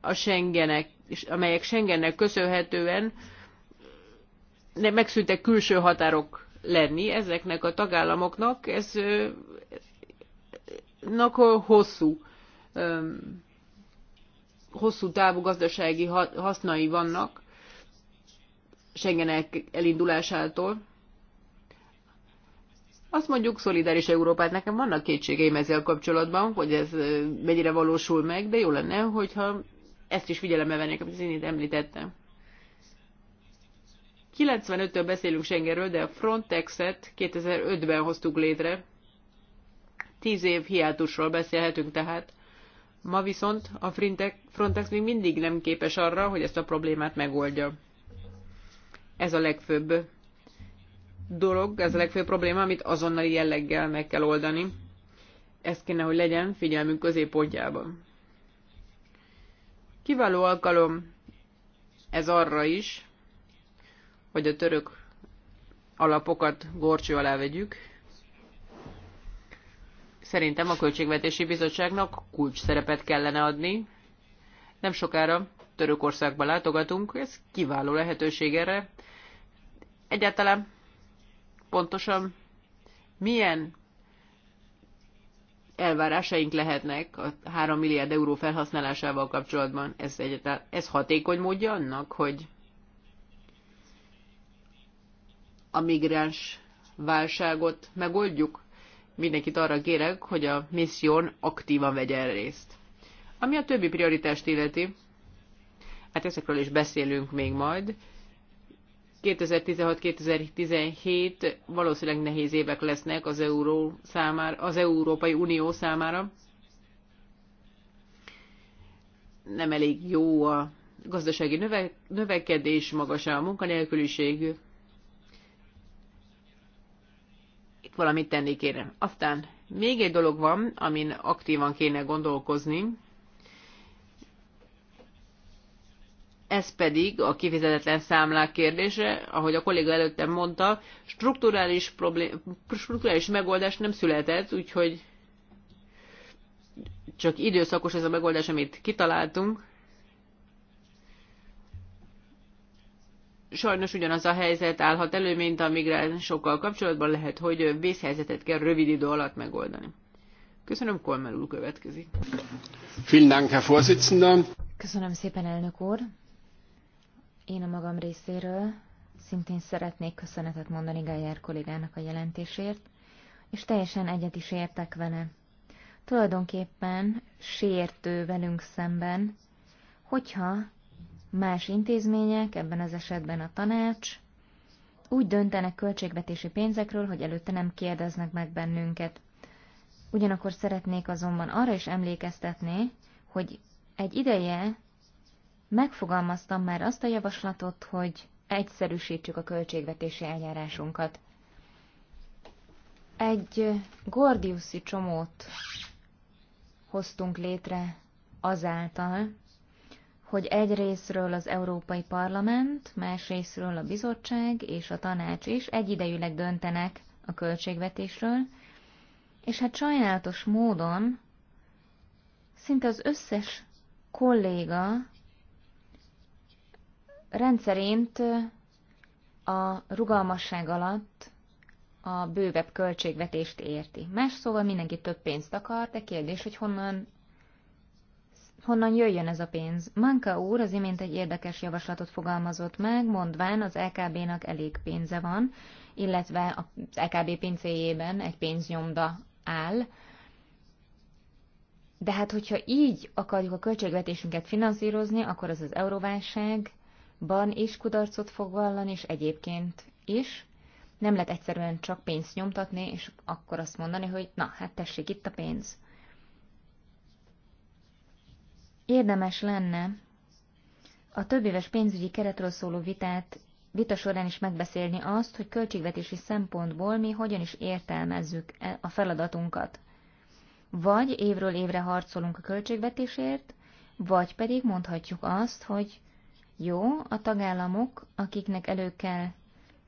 a Schengenek, amelyek Schengennek köszönhetően megszűntek külső határok lenni ezeknek a tagállamoknak, ez hosszú hosszú távú gazdasági hasznai vannak Schengen elindulásától. Azt mondjuk szolidáris Európát, nekem vannak kétségeim ezzel kapcsolatban, hogy ez mennyire valósul meg, de jó lenne, hogyha ezt is figyelembe vennék, amit én itt említettem. 95-től beszélünk Schengenről, de a Frontexet 2005-ben hoztuk létre. Tíz év hiátusról beszélhetünk tehát. Ma viszont a Frontex még mindig nem képes arra, hogy ezt a problémát megoldja. Ez a legfőbb dolog, ez a legfőbb probléma, amit azonnali jelleggel meg kell oldani. Ez kéne, hogy legyen figyelmünk középpontjában. Kiváló alkalom ez arra is, hogy a török alapokat gorcső alá vegyük. Szerintem a Költségvetési Bizottságnak kulcs szerepet kellene adni. Nem sokára Törökországba látogatunk, ez kiváló lehetőség erre. Egyáltalán pontosan milyen elvárásaink lehetnek a 3 milliárd euró felhasználásával kapcsolatban? Ez, egyáltalán, ez hatékony módja annak, hogy a migráns válságot megoldjuk? Mindenkit arra kérek, hogy a misszión aktívan el részt. Ami a többi prioritást illeti, hát ezekről is beszélünk még majd. 2016-2017 valószínűleg nehéz évek lesznek az, Euró számára, az Európai Unió számára. Nem elég jó a gazdasági növekedés, magas a munkanélküliség, valamit tenni kéne. Aztán még egy dolog van, amin aktívan kéne gondolkozni, ez pedig a kifizetetlen számlák kérdése, ahogy a kolléga előttem mondta, strukturális, problém, strukturális megoldás nem született, úgyhogy csak időszakos ez a megoldás, amit kitaláltunk. sajnos ugyanaz a helyzet állhat elő, mint a migránsokkal kapcsolatban lehet, hogy vészhelyzetet kell rövid idő alatt megoldani. Köszönöm, Kolmer úr következik. Vielen Dank, Herr Vorsitzender. Köszönöm szépen, elnök úr. Én a magam részéről szintén szeretnék köszönetet mondani Gájár kollégának a jelentésért, és teljesen egyet is értek vele. Tulajdonképpen sértő velünk szemben, hogyha más intézmények, ebben az esetben a tanács, úgy döntenek költségvetési pénzekről, hogy előtte nem kérdeznek meg bennünket. Ugyanakkor szeretnék azonban arra is emlékeztetni, hogy egy ideje megfogalmaztam már azt a javaslatot, hogy egyszerűsítsük a költségvetési eljárásunkat. Egy Gordiuszi csomót hoztunk létre azáltal, hogy egy részről az Európai Parlament, más részről a bizottság és a tanács is egyidejűleg döntenek a költségvetésről, és hát sajnálatos módon szinte az összes kolléga rendszerint a rugalmasság alatt a bővebb költségvetést érti. Más szóval mindenki több pénzt akar, de kérdés, hogy honnan honnan jöjjön ez a pénz. Manka úr az imént egy érdekes javaslatot fogalmazott meg, mondván az LKB-nak elég pénze van, illetve az LKB pincéjében egy pénznyomda áll. De hát, hogyha így akarjuk a költségvetésünket finanszírozni, akkor az az euróválságban is kudarcot fog vallani, és egyébként is. Nem lehet egyszerűen csak pénzt nyomtatni, és akkor azt mondani, hogy na, hát tessék itt a pénz érdemes lenne a éves pénzügyi keretről szóló vitát vita során is megbeszélni azt, hogy költségvetési szempontból mi hogyan is értelmezzük e a feladatunkat. Vagy évről évre harcolunk a költségvetésért, vagy pedig mondhatjuk azt, hogy jó, a tagállamok, akiknek elő kell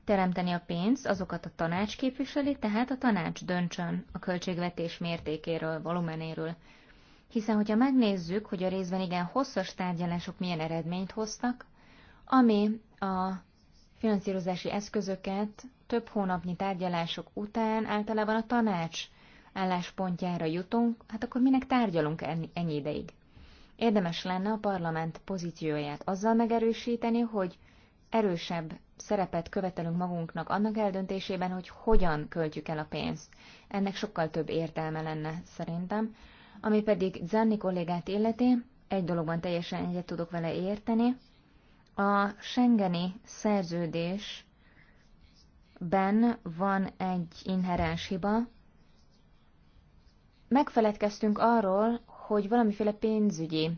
teremteni a pénzt, azokat a tanács képviseli, tehát a tanács döntsön a költségvetés mértékéről, volumenéről hiszen hogyha megnézzük, hogy a részben igen hosszas tárgyalások milyen eredményt hoztak, ami a finanszírozási eszközöket több hónapnyi tárgyalások után általában a tanács álláspontjára jutunk, hát akkor minek tárgyalunk ennyi ideig? Érdemes lenne a parlament pozícióját azzal megerősíteni, hogy erősebb szerepet követelünk magunknak annak eldöntésében, hogy hogyan költjük el a pénzt. Ennek sokkal több értelme lenne szerintem. Ami pedig Zanni kollégát illeti, egy dologban teljesen egyet tudok vele érteni. A Schengeni szerződésben van egy inherens hiba. Megfeledkeztünk arról, hogy valamiféle pénzügyi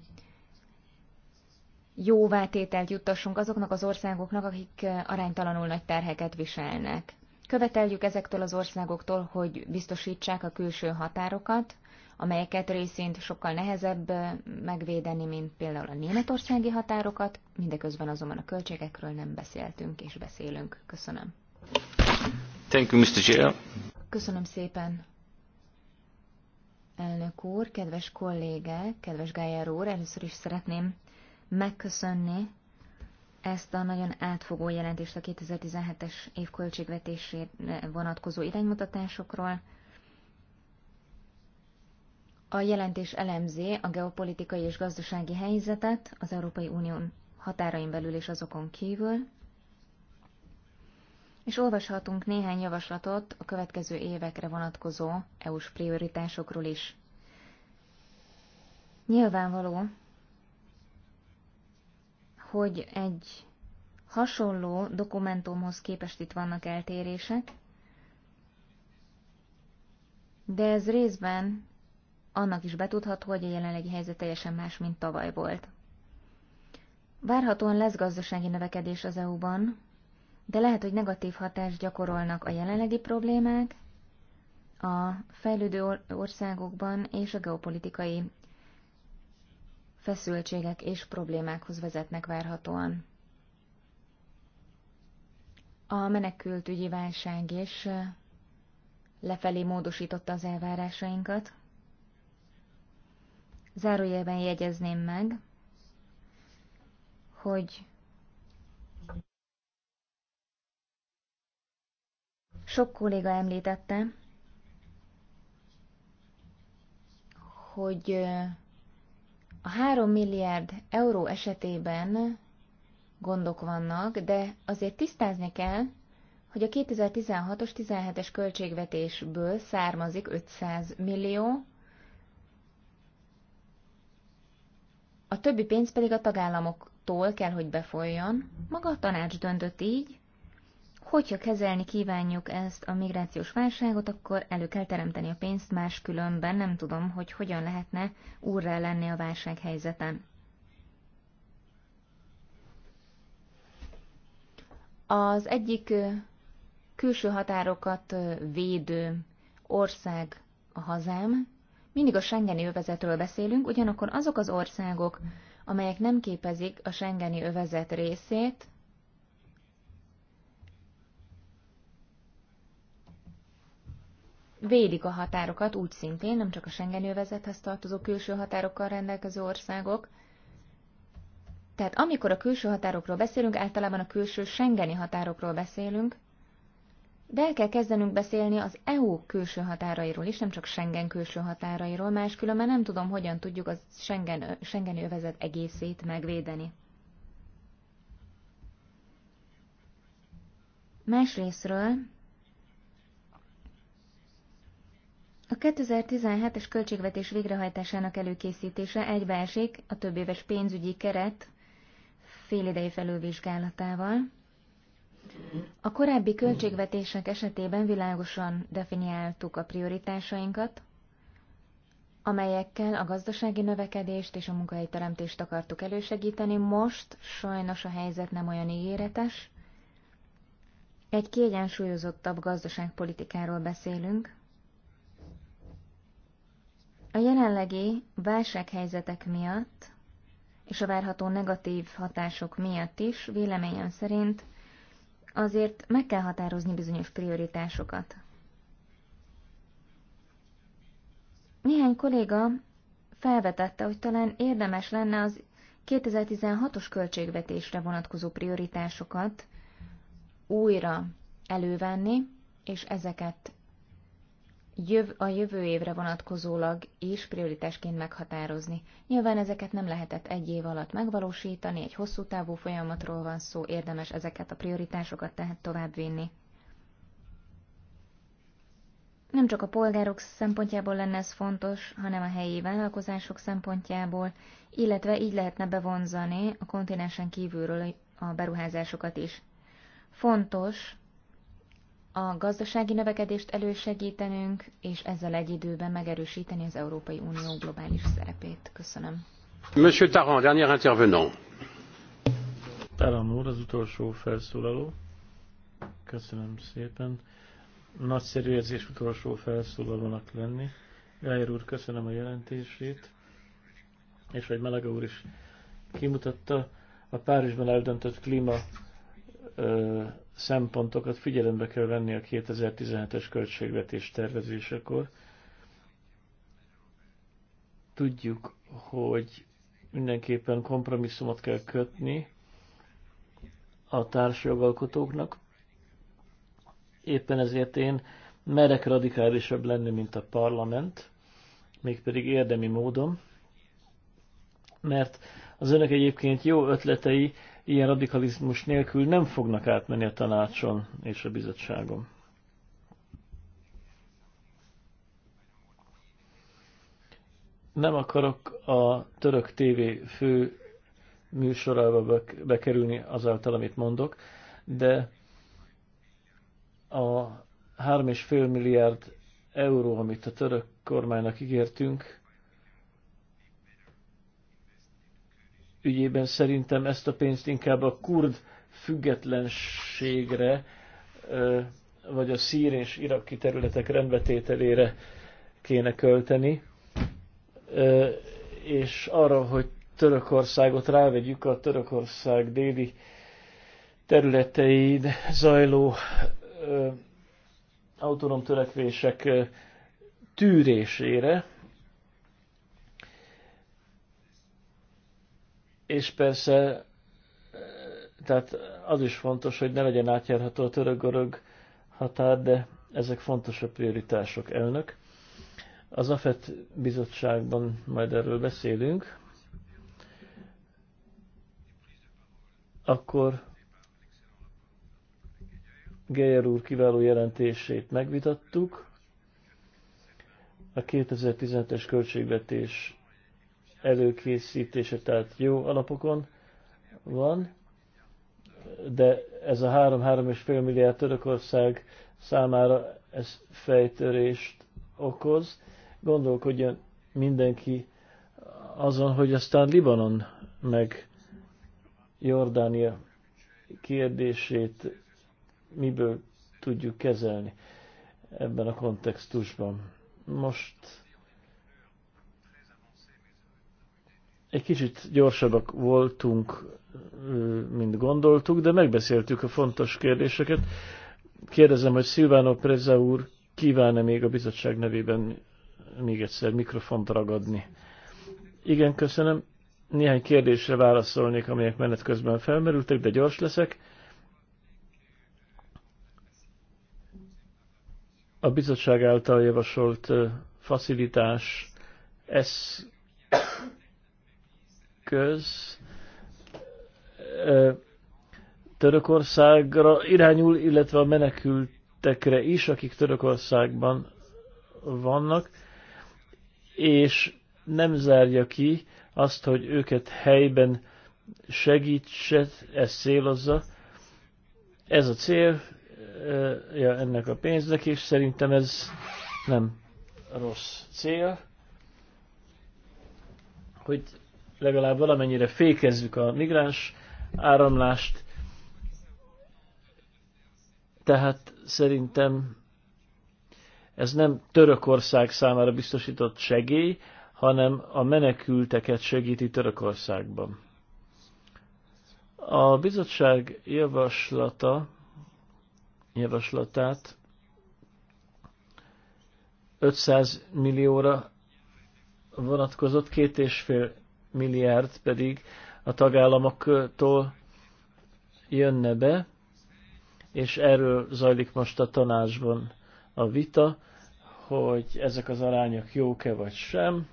jóvátételt juttassunk azoknak az országoknak, akik aránytalanul nagy terheket viselnek. Követeljük ezektől az országoktól, hogy biztosítsák a külső határokat, amelyeket részint sokkal nehezebb megvédeni, mint például a németországi határokat, mindeközben azonban a költségekről nem beszéltünk és beszélünk. Köszönöm. Thank you, Mr. Chair. Köszönöm szépen. Elnök úr, kedves kollége, kedves Gájár úr, először is szeretném megköszönni ezt a nagyon átfogó jelentést a 2017-es év költségvetésére vonatkozó iránymutatásokról. A jelentés elemzi a geopolitikai és gazdasági helyzetet az Európai Unión határain belül és azokon kívül, és olvashatunk néhány javaslatot a következő évekre vonatkozó EU-s prioritásokról is. Nyilvánvaló, hogy egy hasonló dokumentumhoz képest itt vannak eltérések, de ez részben annak is betudható, hogy a jelenlegi helyzet teljesen más, mint tavaly volt. Várhatóan lesz gazdasági növekedés az EU-ban, de lehet, hogy negatív hatást gyakorolnak a jelenlegi problémák, a fejlődő országokban és a geopolitikai feszültségek és problémákhoz vezetnek várhatóan. A menekültügyi válság is lefelé módosította az elvárásainkat. Zárójelben jegyezném meg, hogy sok kolléga említette, hogy a 3 milliárd euró esetében gondok vannak, de azért tisztázni kell, hogy a 2016-os 17-es költségvetésből származik 500 millió, a többi pénz pedig a tagállamoktól kell, hogy befolyjon. Maga a tanács döntött így, hogyha kezelni kívánjuk ezt a migrációs válságot, akkor elő kell teremteni a pénzt, máskülönben nem tudom, hogy hogyan lehetne úrra lenni a válsághelyzeten. Az egyik külső határokat védő ország a hazám, mindig a Schengeni övezetről beszélünk, ugyanakkor azok az országok, amelyek nem képezik a Schengeni övezet részét, védik a határokat úgy szintén, nem csak a Schengeni övezethez tartozó külső határokkal rendelkező országok. Tehát amikor a külső határokról beszélünk, általában a külső Schengeni határokról beszélünk, de el kell kezdenünk beszélni az EU külső határairól is, nem csak Schengen külső határairól, máskülönben nem tudom, hogyan tudjuk a Schengen, Schengen övezet egészét megvédeni. Másrésztről a 2017-es költségvetés végrehajtásának előkészítése egybeesik a többéves pénzügyi keret félidei felülvizsgálatával. A korábbi költségvetések esetében világosan definiáltuk a prioritásainkat, amelyekkel a gazdasági növekedést és a munkahelyteremtést akartuk elősegíteni. Most sajnos a helyzet nem olyan ígéretes. Egy kiegyensúlyozottabb gazdaságpolitikáról beszélünk. A jelenlegi válsághelyzetek miatt és a várható negatív hatások miatt is véleményem szerint azért meg kell határozni bizonyos prioritásokat. Néhány kolléga felvetette, hogy talán érdemes lenne az 2016-os költségvetésre vonatkozó prioritásokat újra elővenni, és ezeket a jövő évre vonatkozólag is prioritásként meghatározni. Nyilván ezeket nem lehetett egy év alatt megvalósítani, egy hosszú távú folyamatról van szó, érdemes ezeket a prioritásokat tehát továbbvinni. Nem csak a polgárok szempontjából lenne ez fontos, hanem a helyi vállalkozások szempontjából, illetve így lehetne bevonzani a kontinensen kívülről a beruházásokat is. Fontos, a gazdasági növekedést elősegítenünk, és ezzel egy időben megerősíteni az Európai Unió globális szerepét. Köszönöm. Monsieur Taran, dernier intervenant. Taran úr, az utolsó felszólaló. Köszönöm szépen. Nagyszerű érzés utolsó felszólalónak lenni. Gájer úr, köszönöm a jelentését, és hogy Melega úr is kimutatta a Párizsban eldöntött klíma ö, szempontokat figyelembe kell venni a 2017-es költségvetés tervezésekor. Tudjuk, hogy mindenképpen kompromisszumot kell kötni a társjogalkotóknak. Éppen ezért én merek radikálisabb lenni, mint a parlament, mégpedig érdemi módon, mert az önök egyébként jó ötletei ilyen radikalizmus nélkül nem fognak átmenni a tanácson és a bizottságon. Nem akarok a török TV fő műsorába bekerülni azáltal, amit mondok, de a 3,5 milliárd euró, amit a török kormánynak ígértünk, ügyében szerintem ezt a pénzt inkább a kurd függetlenségre, vagy a szír és iraki területek rendbetételére kéne költeni, és arra, hogy Törökországot rávegyük a Törökország déli területein zajló autonóm törekvések tűrésére, és persze, eh, tehát az is fontos, hogy ne legyen átjárható a török-görög határ, de ezek fontosabb prioritások, elnök. Az AFET bizottságban majd erről beszélünk. Akkor Geyer úr kiváló jelentését megvitattuk. A 2015-es költségvetés előkészítése, tehát jó alapokon van, de ez a 3-3,5 milliárd Törökország számára ez fejtörést okoz. Gondolkodjon mindenki azon, hogy aztán Libanon meg Jordánia kérdését miből tudjuk kezelni ebben a kontextusban. Most Egy kicsit gyorsabbak voltunk, mint gondoltuk, de megbeszéltük a fontos kérdéseket. Kérdezem, hogy Szilvánó Preza úr kíván-e még a bizottság nevében még egyszer mikrofont ragadni? Igen, köszönöm. Néhány kérdésre válaszolnék, amelyek menet közben felmerültek, de gyors leszek. A bizottság által javasolt facilitás, ez eszköz Törökországra irányul, illetve a menekültekre is, akik Törökországban vannak, és nem zárja ki azt, hogy őket helyben segítse, ezt célozza. Ez a cél ja, ennek a pénznek, és szerintem ez nem rossz cél, hogy legalább valamennyire fékezzük a migráns áramlást. Tehát szerintem ez nem Törökország számára biztosított segély, hanem a menekülteket segíti Törökországban. A bizottság javaslata, javaslatát 500 millióra vonatkozott két és fél milliárd pedig a tagállamoktól jönne be, és erről zajlik most a tanácsban a vita, hogy ezek az arányok jók-e vagy sem,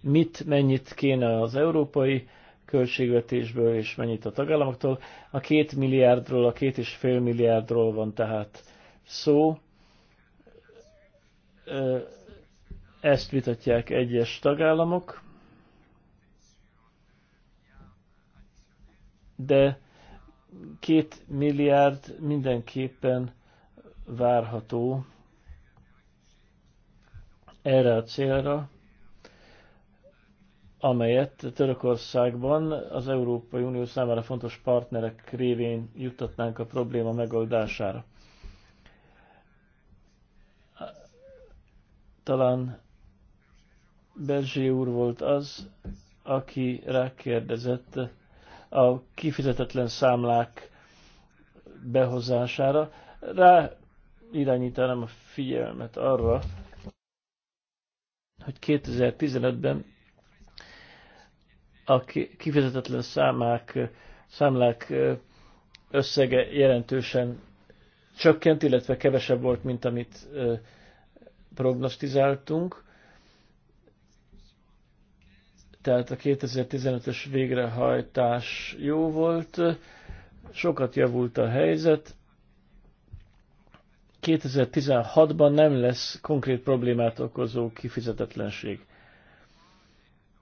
mit, mennyit kéne az európai költségvetésből, és mennyit a tagállamoktól. A két milliárdról, a két és fél milliárdról van tehát szó. Ezt vitatják egyes tagállamok, de két milliárd mindenképpen várható erre a célra, amelyet Törökországban az Európai Unió számára fontos partnerek révén juttatnánk a probléma megoldására. Talán Berzsé úr volt az, aki rákérdezett a kifizetetlen számlák behozására. Rá irányítanám a figyelmet arra, hogy 2015-ben a kifizetetlen számlák, számlák összege jelentősen csökkent, illetve kevesebb volt, mint amit prognosztizáltunk tehát a 2015-ös végrehajtás jó volt, sokat javult a helyzet. 2016-ban nem lesz konkrét problémát okozó kifizetetlenség.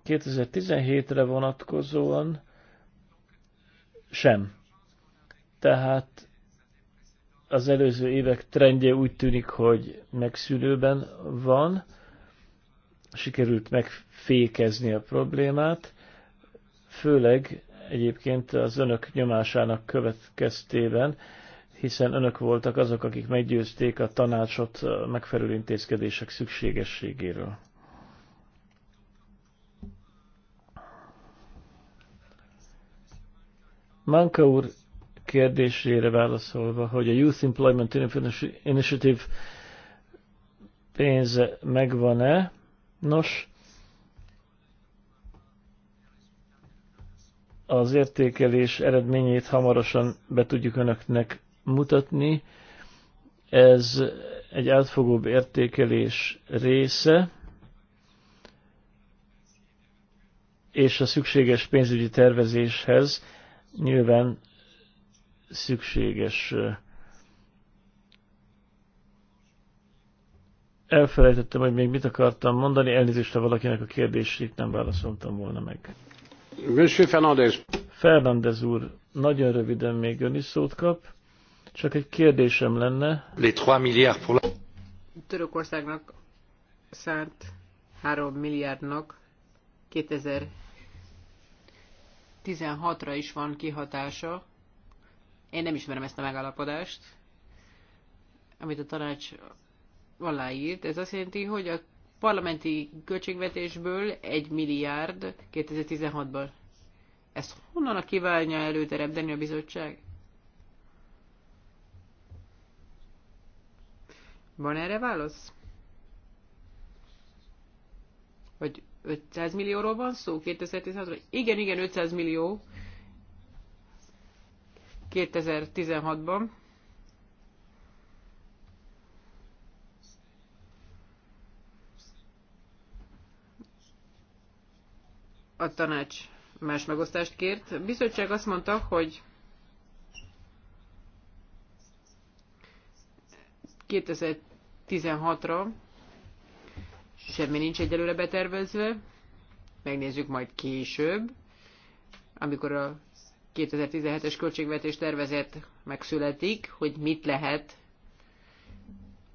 2017-re vonatkozóan sem. Tehát az előző évek trendje úgy tűnik, hogy megszűnőben van sikerült megfékezni a problémát, főleg egyébként az önök nyomásának következtében, hiszen önök voltak azok, akik meggyőzték a tanácsot a megfelelő intézkedések szükségességéről. Manka úr kérdésére válaszolva, hogy a Youth Employment Initiative pénze megvan-e, Nos, az értékelés eredményét hamarosan be tudjuk önöknek mutatni. Ez egy átfogóbb értékelés része, és a szükséges pénzügyi tervezéshez nyilván szükséges elfelejtettem, hogy még mit akartam mondani, elnézést, a valakinek a kérdését nem válaszoltam volna meg. Monsieur Fernandez. Fernandez úr, nagyon röviden még ön is szót kap. Csak egy kérdésem lenne. Les 3 milliárd pour la... Törökországnak szánt 3 milliárdnak 2016-ra is van kihatása. Én nem ismerem ezt a megállapodást, amit a tanács aláírt. Ez azt jelenti, hogy a parlamenti költségvetésből egy milliárd 2016-ban. Ezt honnan a kívánja előteremteni a bizottság? Van erre válasz? Vagy 500 millióról van szó 2016-ra? Igen, igen, 500 millió 2016-ban. a tanács más megosztást kért. A bizottság azt mondta, hogy 2016-ra semmi nincs egyelőre betervezve, megnézzük majd később, amikor a 2017-es költségvetés tervezet megszületik, hogy mit lehet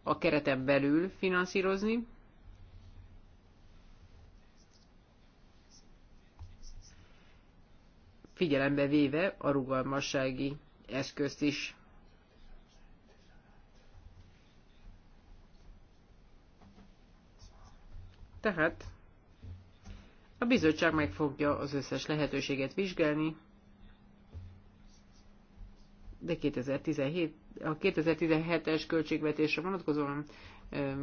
a kereten belül finanszírozni. figyelembe véve a rugalmassági eszközt is. Tehát a bizottság meg fogja az összes lehetőséget vizsgálni, de 2017, a 2017-es költségvetésre vonatkozóan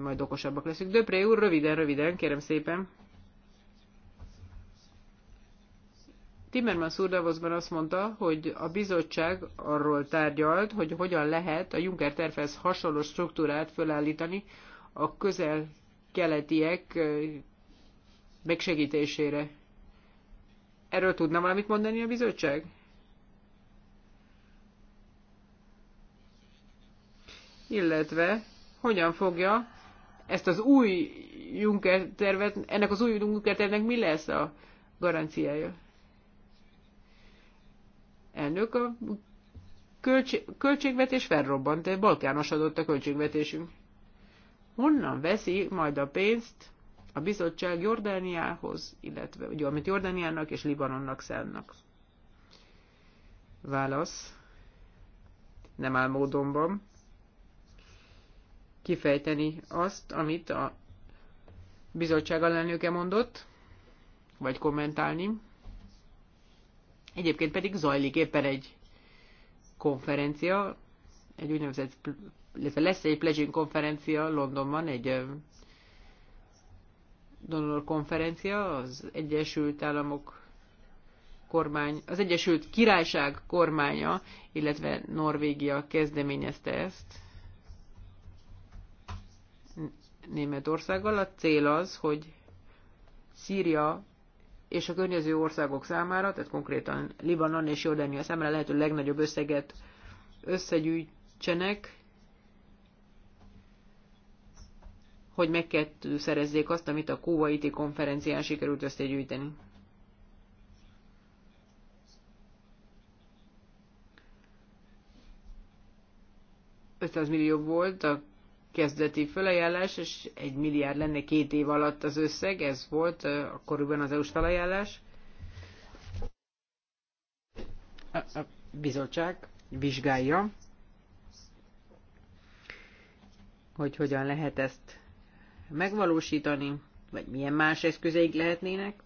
majd okosabbak leszünk. Döpré úr, röviden, röviden, kérem szépen. Timmermans úr Davosban azt mondta, hogy a bizottság arról tárgyalt, hogy hogyan lehet a Juncker tervhez hasonló struktúrát fölállítani a közel-keletiek megsegítésére. Erről tudna valamit mondani a bizottság? Illetve hogyan fogja ezt az új Juncker tervet, ennek az új Juncker tervnek mi lesz a garanciája? Elnök, a költs- költségvetés felrobbant, adott a költségvetésünk. Honnan veszi majd a pénzt a bizottság Jordániához, illetve ugye, amit Jordániának és Libanonnak szánnak? Válasz. Nem áll módonban kifejteni azt, amit a bizottság alelnöke mondott, vagy kommentálni. Egyébként pedig zajlik éppen egy konferencia, egy úgynevezett, illetve lesz egy pledging konferencia Londonban, egy donor konferencia, az Egyesült Államok kormány, az Egyesült Királyság kormánya, illetve Norvégia kezdeményezte ezt Németországgal. A cél az, hogy Szíria és a környező országok számára, tehát konkrétan Libanon és Jordánia számára lehető legnagyobb összeget összegyűjtsenek, hogy szerezzék azt, amit a kuwaiti konferencián sikerült összegyűjteni. millió volt a kezdeti felajánlás, és egy milliárd lenne két év alatt az összeg, ez volt akkoriban az EU-s felajánlás. A bizottság vizsgálja, hogy hogyan lehet ezt megvalósítani, vagy milyen más eszközeik lehetnének.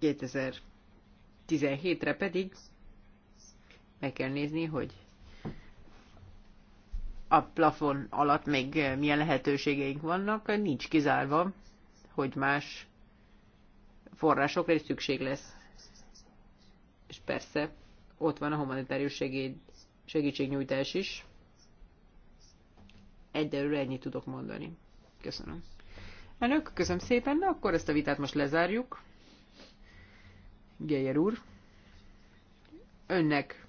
2017-re pedig meg kell nézni, hogy a plafon alatt még milyen lehetőségeink vannak, nincs kizárva, hogy más forrásokra is szükség lesz. És persze ott van a humanitárius segéd, segítségnyújtás is. Egyelőre ennyit tudok mondani. Köszönöm. Elnök, köszönöm szépen, de akkor ezt a vitát most lezárjuk. Geyer úr, önnek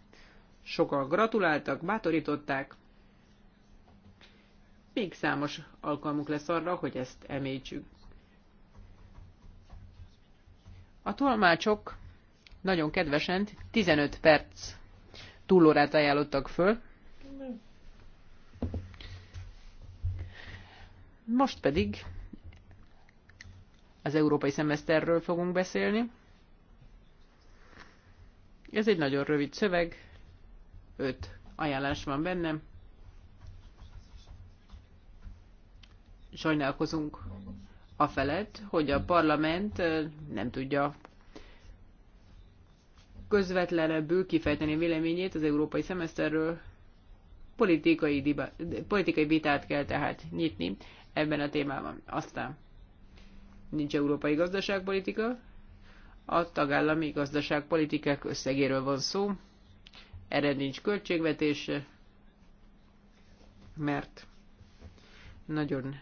sokan gratuláltak, bátorították, még számos alkalmunk lesz arra, hogy ezt emítsük. A tolmácsok nagyon kedvesen 15 perc túlórát ajánlottak föl. Most pedig az európai szemeszterről fogunk beszélni. Ez egy nagyon rövid szöveg, 5 ajánlás van bennem. sajnálkozunk a felett, hogy a parlament nem tudja közvetlenebbül kifejteni véleményét az európai szemeszterről. Politikai, diba, politikai vitát kell tehát nyitni ebben a témában. Aztán nincs európai gazdaságpolitika, a tagállami gazdaságpolitikák összegéről van szó, erre nincs költségvetése, mert nagyon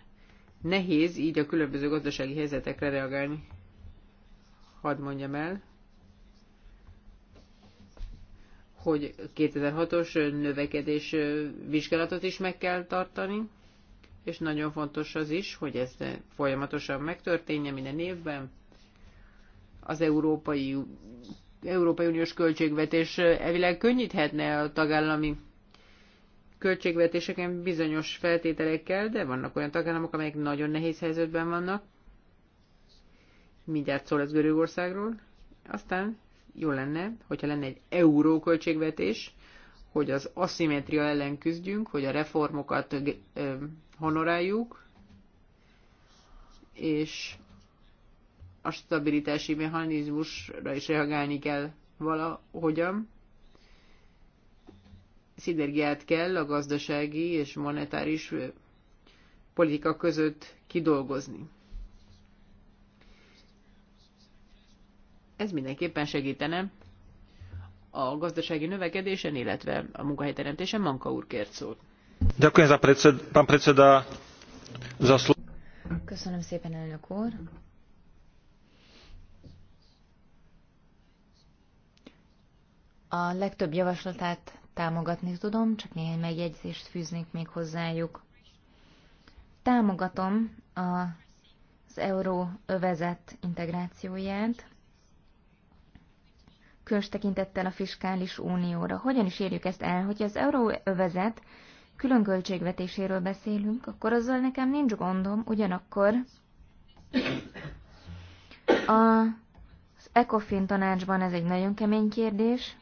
Nehéz így a különböző gazdasági helyzetekre reagálni. Hadd mondjam el, hogy 2006-os növekedés vizsgálatot is meg kell tartani, és nagyon fontos az is, hogy ez folyamatosan megtörténje minden évben. Az Európai, Európai Uniós költségvetés elvileg könnyíthetne a tagállami költségvetéseken bizonyos feltételekkel, de vannak olyan tagállamok, amelyek nagyon nehéz helyzetben vannak. Mindjárt szól ez Görögországról. Aztán jó lenne, hogyha lenne egy euró költségvetés, hogy az aszimetria ellen küzdjünk, hogy a reformokat honoráljuk, és a stabilitási mechanizmusra is reagálni kell valahogyan szinergiát kell a gazdasági és monetáris politika között kidolgozni. Ez mindenképpen segítene a gazdasági növekedésen, illetve a munkahelyteremtésen. Manka úr kért szót. Köszönöm szépen, elnök úr. A legtöbb javaslatát támogatni tudom, csak néhány megjegyzést fűznék még hozzájuk. Támogatom a, az euró övezet integrációját, különös tekintettel a fiskális unióra. Hogyan is érjük ezt el, hogy az euró övezet külön költségvetéséről beszélünk, akkor azzal nekem nincs gondom, ugyanakkor a, az ECOFIN tanácsban ez egy nagyon kemény kérdés,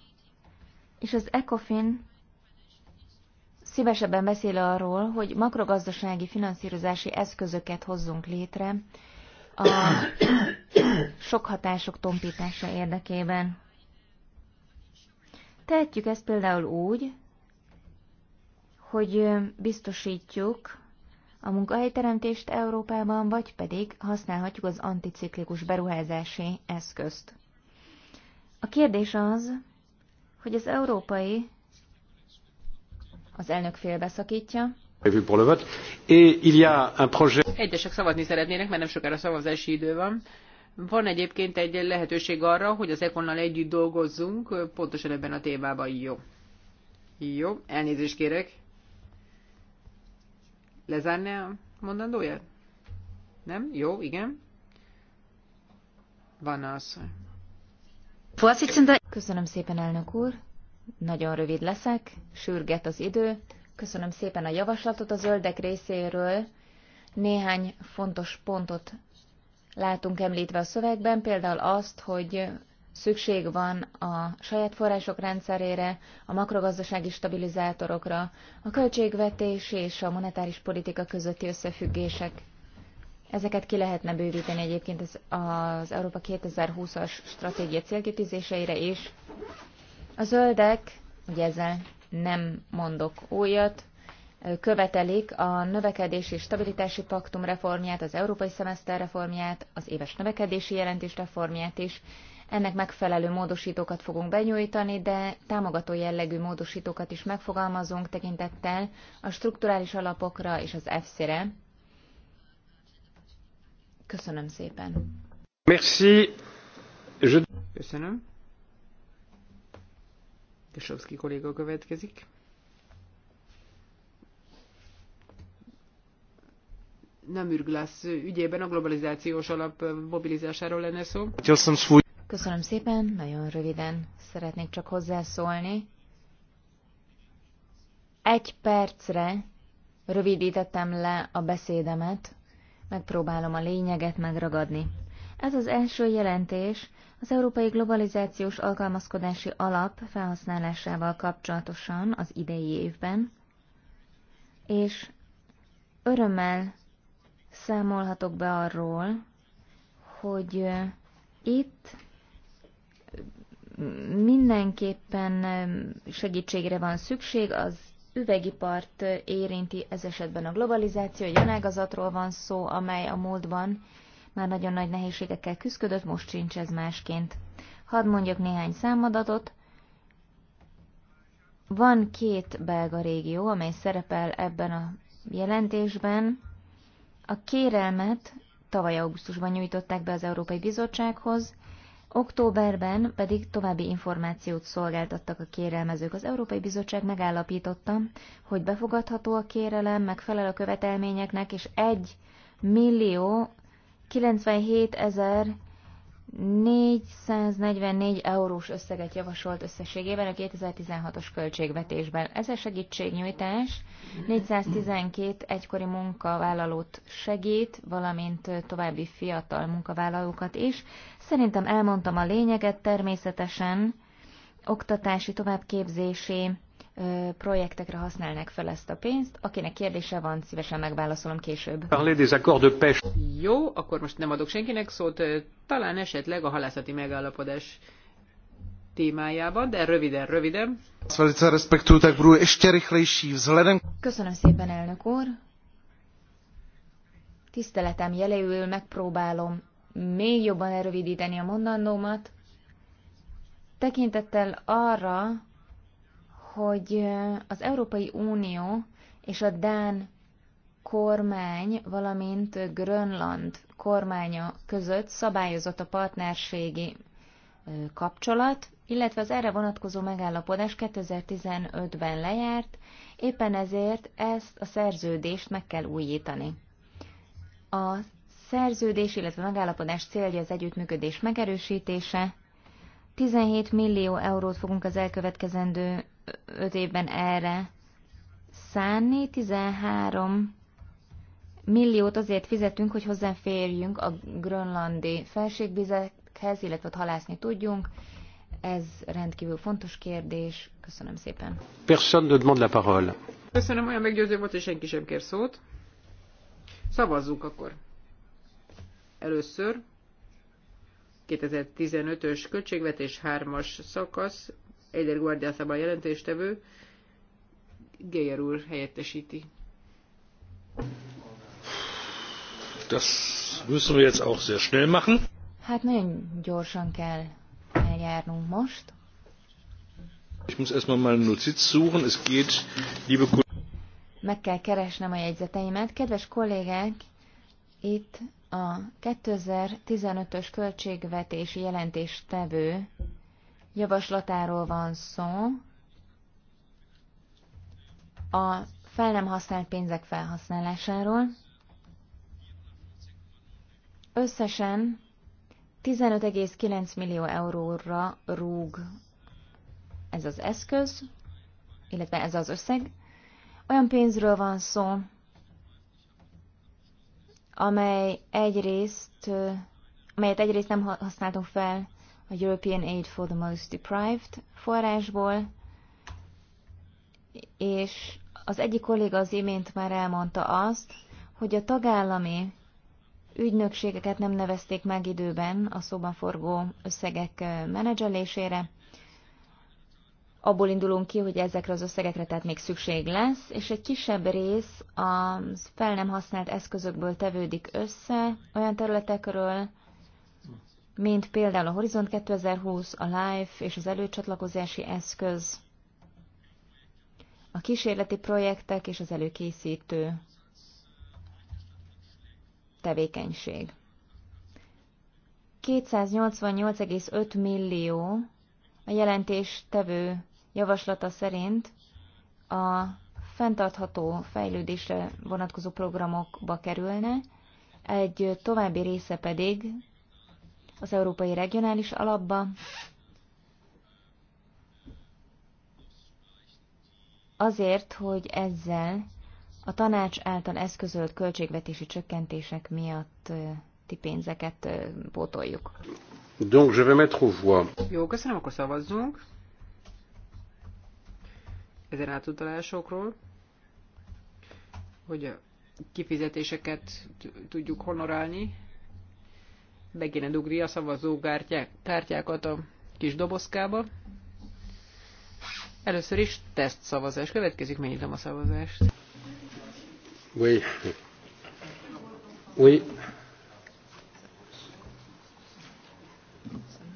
és az ECOFIN szívesebben beszél arról, hogy makrogazdasági finanszírozási eszközöket hozzunk létre a sok hatások tompítása érdekében. Tehetjük ezt például úgy, hogy biztosítjuk a munkahelyteremtést Európában, vagy pedig használhatjuk az anticiklikus beruházási eszközt. A kérdés az, hogy az európai az elnök félbeszakítja. Egyesek szavazni szeretnének, mert nem sokára szavazási idő van. Van egyébként egy lehetőség arra, hogy az Ekonnal együtt dolgozzunk, pontosan ebben a témában jó. Jó, elnézést kérek. Lezárni a mondandóját? Nem? Jó, igen. Van az. Köszönöm szépen, elnök úr. Nagyon rövid leszek, sürget az idő. Köszönöm szépen a javaslatot a zöldek részéről. Néhány fontos pontot látunk említve a szövegben, például azt, hogy szükség van a saját források rendszerére, a makrogazdasági stabilizátorokra, a költségvetés és a monetáris politika közötti összefüggések Ezeket ki lehetne bővíteni egyébként az, az Európa 2020-as stratégia célkitűzéseire is. A zöldek, ugye ezzel nem mondok újat, követelik a növekedési és stabilitási paktum reformját, az európai szemeszter reformját, az éves növekedési jelentés reformját is. Ennek megfelelő módosítókat fogunk benyújtani, de támogató jellegű módosítókat is megfogalmazunk tekintettel a strukturális alapokra és az EFSZ-re, Köszönöm szépen. Merci. Je... Köszönöm. Kesovszki kolléga következik. Nem ürglász ügyében a globalizációs alap mobilizásáról lenne szó. Köszönöm szépen, nagyon röviden szeretnék csak hozzászólni. Egy percre rövidítettem le a beszédemet, Megpróbálom a lényeget megragadni. Ez az első jelentés az Európai Globalizációs Alkalmazkodási Alap felhasználásával kapcsolatosan az idei évben, és örömmel számolhatok be arról, hogy itt mindenképpen segítségre van szükség, az üvegipart érinti ez esetben a globalizáció, egy olyan ágazatról van szó, amely a múltban már nagyon nagy nehézségekkel küzdött, most sincs ez másként. Hadd mondjak néhány számadatot. Van két belga régió, amely szerepel ebben a jelentésben. A kérelmet tavaly augusztusban nyújtották be az Európai Bizottsághoz, Októberben pedig további információt szolgáltattak a kérelmezők. Az Európai Bizottság megállapította, hogy befogadható a kérelem, megfelel a követelményeknek, és 1 millió 97 ezer 444 eurós összeget javasolt összességében a 2016-os költségvetésben. Ez a segítségnyújtás 412 egykori munkavállalót segít, valamint további fiatal munkavállalókat is. Szerintem elmondtam a lényeget, természetesen oktatási továbbképzési projektekre használnák fel ezt a pénzt. Akinek kérdése van, szívesen megválaszolom később. Jó, akkor most nem adok senkinek szót, talán esetleg a halászati megállapodás témájában, de röviden, röviden. Köszönöm szépen, elnök úr. Tiszteletem jeléül megpróbálom még jobban elrövidíteni a mondandómat. Tekintettel arra, hogy az Európai Unió és a Dán kormány, valamint Grönland kormánya között szabályozott a partnerségi kapcsolat, illetve az erre vonatkozó megállapodás 2015-ben lejárt, éppen ezért ezt a szerződést meg kell újítani. A szerződés, illetve megállapodás célja az együttműködés megerősítése. 17 millió eurót fogunk az elkövetkezendő öt évben erre szánni, 13 milliót azért fizetünk, hogy hozzáférjünk a grönlandi felségvizekhez, illetve ott halászni tudjunk. Ez rendkívül fontos kérdés. Köszönöm szépen. Personne ne demande la parole. Köszönöm, olyan meggyőző volt, hogy senki sem kér szót. Szavazzunk akkor. Először 2015-ös költségvetés 3-as szakasz Eider Guardiaszában jelentéstevő, Geyer úr helyettesíti. Das müssen wir jetzt auch sehr schnell machen. Hát nagyon gyorsan kell eljárnunk most. Ich muss erstmal meine Notiz suchen. Es geht, liebe Meg kell keresnem a jegyzeteimet. Kedves kollégák, itt a 2015-ös költségvetési jelentéstevő javaslatáról van szó. A fel nem használt pénzek felhasználásáról. Összesen 15,9 millió euróra rúg ez az eszköz, illetve ez az összeg. Olyan pénzről van szó, amely egyrészt, amelyet egyrészt nem használtunk fel a European Aid for the Most Deprived forrásból, és az egyik kolléga az imént már elmondta azt, hogy a tagállami ügynökségeket nem nevezték meg időben a szóban forgó összegek menedzselésére. Abból indulunk ki, hogy ezekre az összegekre tehát még szükség lesz, és egy kisebb rész a fel nem használt eszközökből tevődik össze olyan területekről, mint például a Horizon 2020, a LIFE és az előcsatlakozási eszköz, a kísérleti projektek és az előkészítő tevékenység. 288,5 millió a jelentés tevő javaslata szerint a fenntartható fejlődésre vonatkozó programokba kerülne, egy további része pedig az Európai Regionális Alapba. Azért, hogy ezzel a tanács által eszközölt költségvetési csökkentések miatt ti pénzeket pótoljuk. Donc je vais mettre au voix. Jó, köszönöm, akkor szavazzunk. Ezen átutalásokról, hogy a kifizetéseket tudjuk honorálni be dugni a szavazókártyákat a kis dobozkába. Először is teszt szavazás. Következik, megnyitom a szavazást. Oui. Oui.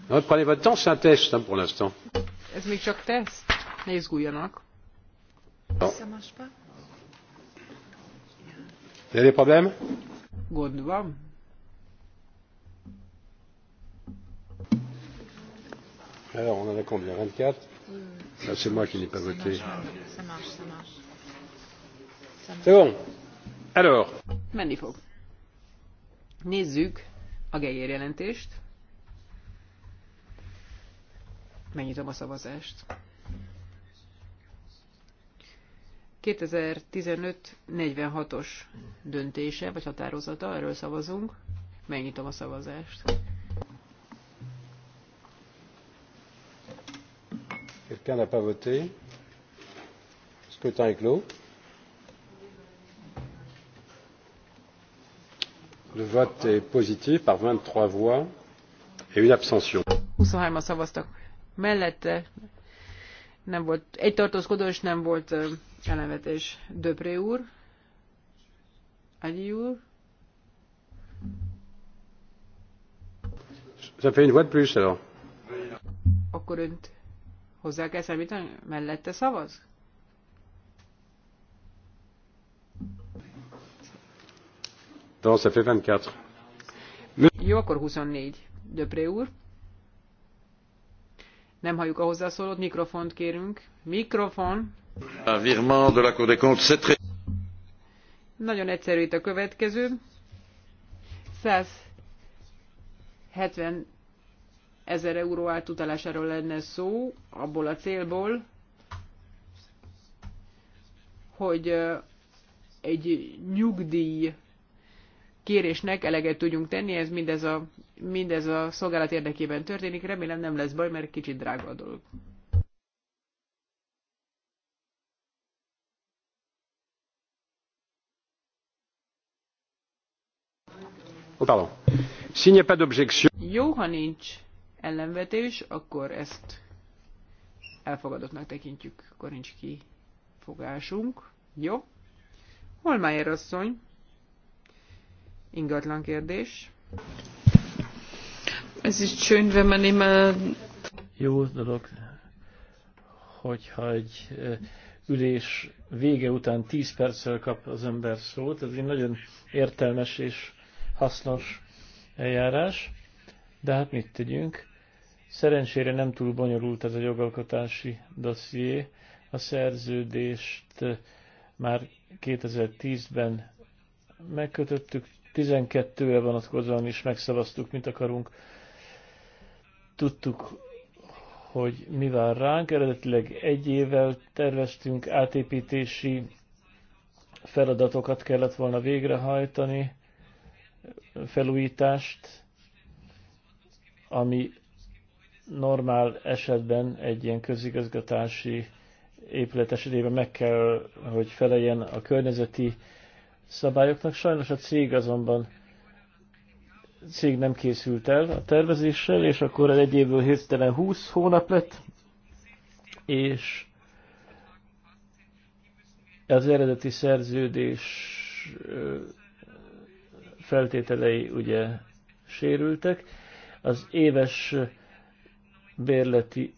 Prenez votre temps, c'est un test hein, pour l'instant. Ez még csak teszt. Ne izguljanak. Non. Vous avez des problèmes Gond van. Alors, on en a combien 24 Là, euh, ah, c'est moi qui n'ai pas voté. Ça marche, ça marche. C'est bon. Alors. Menni fog. Nézzük a Geyer jelentést. Megnyitom a szavazást. 2015-46-os döntése, vagy határozata, erről szavazunk. Megnyitom a szavazást. Quelqu'un n'a pas voté. Le scrutin est clos. Le vote est positif par 23 voix et une abstention. 23-an szavaztak mellette, nem volt egy tartózkodó, és nem volt elevetés. Döpré úr, Agyi úr. Ça fait une voix de plus alors. Akkor önt Hozzá kell számítani, mellette szavaz? Non, ça fait 24. Jó, akkor 24. Döpré úr. Nem halljuk a hozzászólót, mikrofont kérünk. Mikrofon. A virement de la Cour des comptes, c'est Nagyon egyszerű itt a következő. 170 Ezer euró átutalásáról lenne szó, abból a célból, hogy egy nyugdíj kérésnek eleget tudjunk tenni, ez mindez a, mindez a szolgálat érdekében történik, remélem nem lesz baj, mert kicsit drága a dolog. Jó, ha nincs ellenvetés, akkor ezt elfogadottnak tekintjük, akkor nincs kifogásunk. Jó. Holmájer asszony. Ingatlan kérdés. Ez is schön, wenn man Jó dolog, hogyha egy ülés vége után 10 perccel kap az ember szót. Ez egy nagyon értelmes és hasznos eljárás. De hát mit tegyünk? Szerencsére nem túl bonyolult ez a jogalkotási dosszié. A szerződést eh, már 2010-ben megkötöttük, 12-re vonatkozóan is megszavaztuk, mit akarunk. Tudtuk, hogy mi vár ránk. Eredetileg egy évvel terveztünk, átépítési feladatokat kellett volna végrehajtani, felújítást, ami normál esetben egy ilyen közigazgatási épület esetében meg kell, hogy feleljen a környezeti szabályoknak. Sajnos a cég azonban a cég nem készült el a tervezéssel, és akkor egy évből hirtelen 20 hónap lett, és az eredeti szerződés feltételei ugye sérültek. Az éves bérleti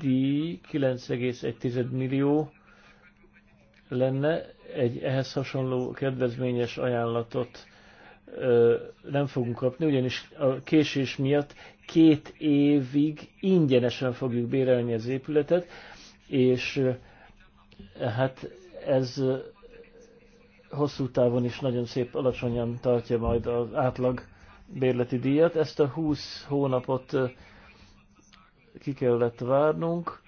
díj 9,1 millió lenne, egy ehhez hasonló kedvezményes ajánlatot nem fogunk kapni, ugyanis a késés miatt két évig ingyenesen fogjuk bérelni az épületet, és hát ez hosszú távon is nagyon szép alacsonyan tartja majd az átlag bérleti díjat. Ezt a 20 hónapot ki kellett várnunk.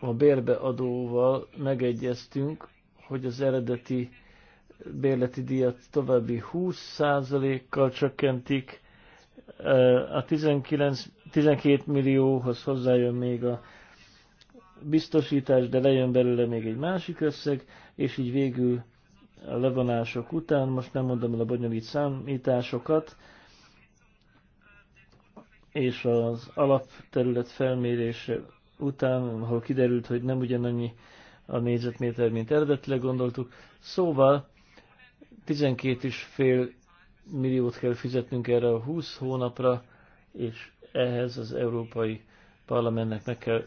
A bérbeadóval megegyeztünk, hogy az eredeti bérleti díjat további 20%-kal csökkentik, a 19, 12 millióhoz hozzájön még a biztosítás, de lejön belőle még egy másik összeg, és így végül a levonások után, most nem mondom el a bonyolít számításokat, és az alapterület felmérése után, ahol kiderült, hogy nem ugyanannyi a négyzetméter, mint eredetileg gondoltuk. Szóval 12,5 milliót kell fizetnünk erre a 20 hónapra, és ehhez az Európai Parlamentnek meg kell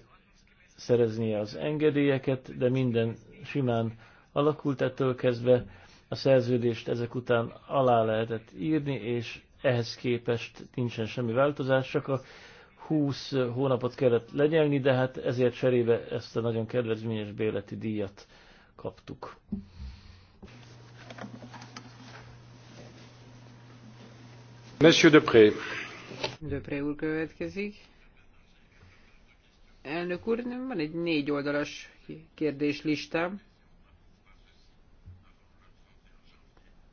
szereznie az engedélyeket, de minden simán alakult ettől kezdve. A szerződést ezek után alá lehetett írni, és ehhez képest nincsen semmi változás, csak a 20 hónapot kellett lenyelni de hát ezért cserébe ezt a nagyon kedvezményes béleti díjat kaptuk. Monsieur Depré. Depré úr következik. Elnök úr, van egy négy oldalas kérdéslistám.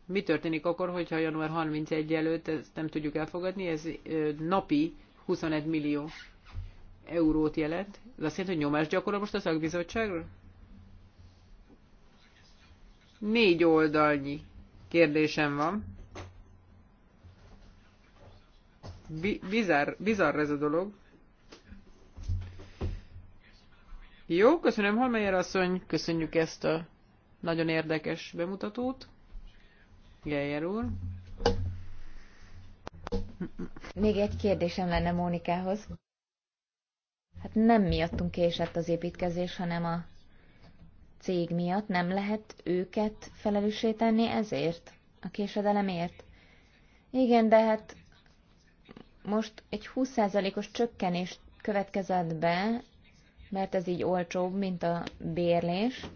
mi történik akkor, hogyha január 31 előtt ezt nem tudjuk elfogadni, ez napi 21 millió eurót jelent. Ez azt jelenti, hogy nyomás gyakorol most a szakbizottságra? Négy oldalnyi kérdésem van. Bizarr, bizarr ez a dolog. Jó, köszönöm Halmeyer asszony, köszönjük ezt a nagyon érdekes bemutatót. Geyer úr. Még egy kérdésem lenne Mónikához. Hát nem miattunk késett az építkezés, hanem a cég miatt nem lehet őket felelőssé tenni ezért, a késedelemért. Igen, de hát most egy 20%-os csökkenés következett be, mert ez így olcsóbb, mint a bérlés.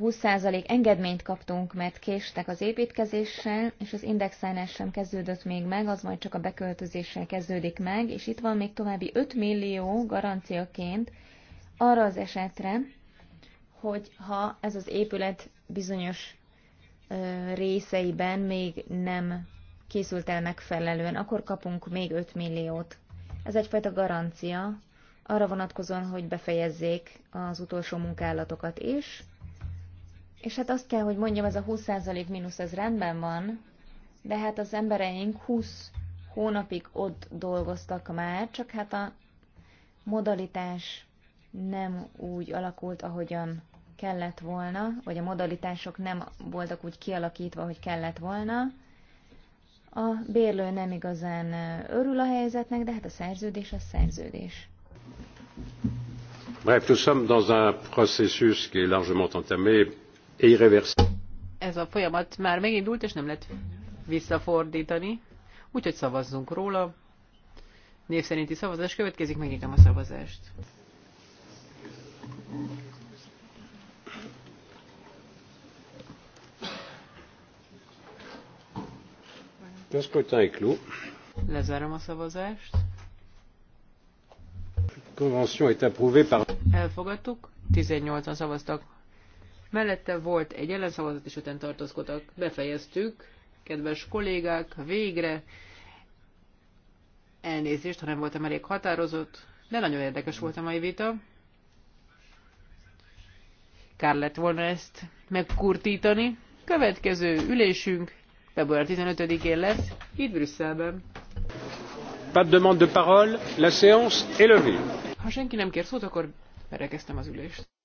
20% engedményt kaptunk, mert késtek az építkezéssel, és az indexálás sem kezdődött még meg, az majd csak a beköltözéssel kezdődik meg, és itt van még további 5 millió garanciaként arra az esetre, hogy ha ez az épület bizonyos ö, részeiben még nem készült el megfelelően, akkor kapunk még 5 milliót. Ez egyfajta garancia arra vonatkozóan, hogy befejezzék az utolsó munkálatokat is, és hát azt kell, hogy mondjam, ez a 20% mínusz, ez rendben van, de hát az embereink 20 hónapig ott dolgoztak már, csak hát a modalitás nem úgy alakult, ahogyan kellett volna, vagy a modalitások nem voltak úgy kialakítva, hogy kellett volna. A bérlő nem igazán örül a helyzetnek, de hát a szerződés a szerződés. Bref, nous sommes dans un processus qui est largement entamé et irréversible. Ez a folyamat már megindult, és nem lehet visszafordítani, úgyhogy szavazzunk róla. Név szerinti szavazás következik, megnyitom a szavazást. Lezárom a szavazást. Convention est approuvée par... Elfogadtuk, 18-an szavaztak Mellette volt egy ellenszavazat, és öten tartózkodtak. Befejeztük, kedves kollégák, végre. Elnézést, ha nem voltam elég határozott, de nagyon érdekes volt a mai vita. Kár lett volna ezt megkurtítani. Következő ülésünk február 15-én lesz, itt Brüsszelben. Pas de demande de parole, la séance est levée. Ha senki nem kér szót, akkor berekeztem az ülést.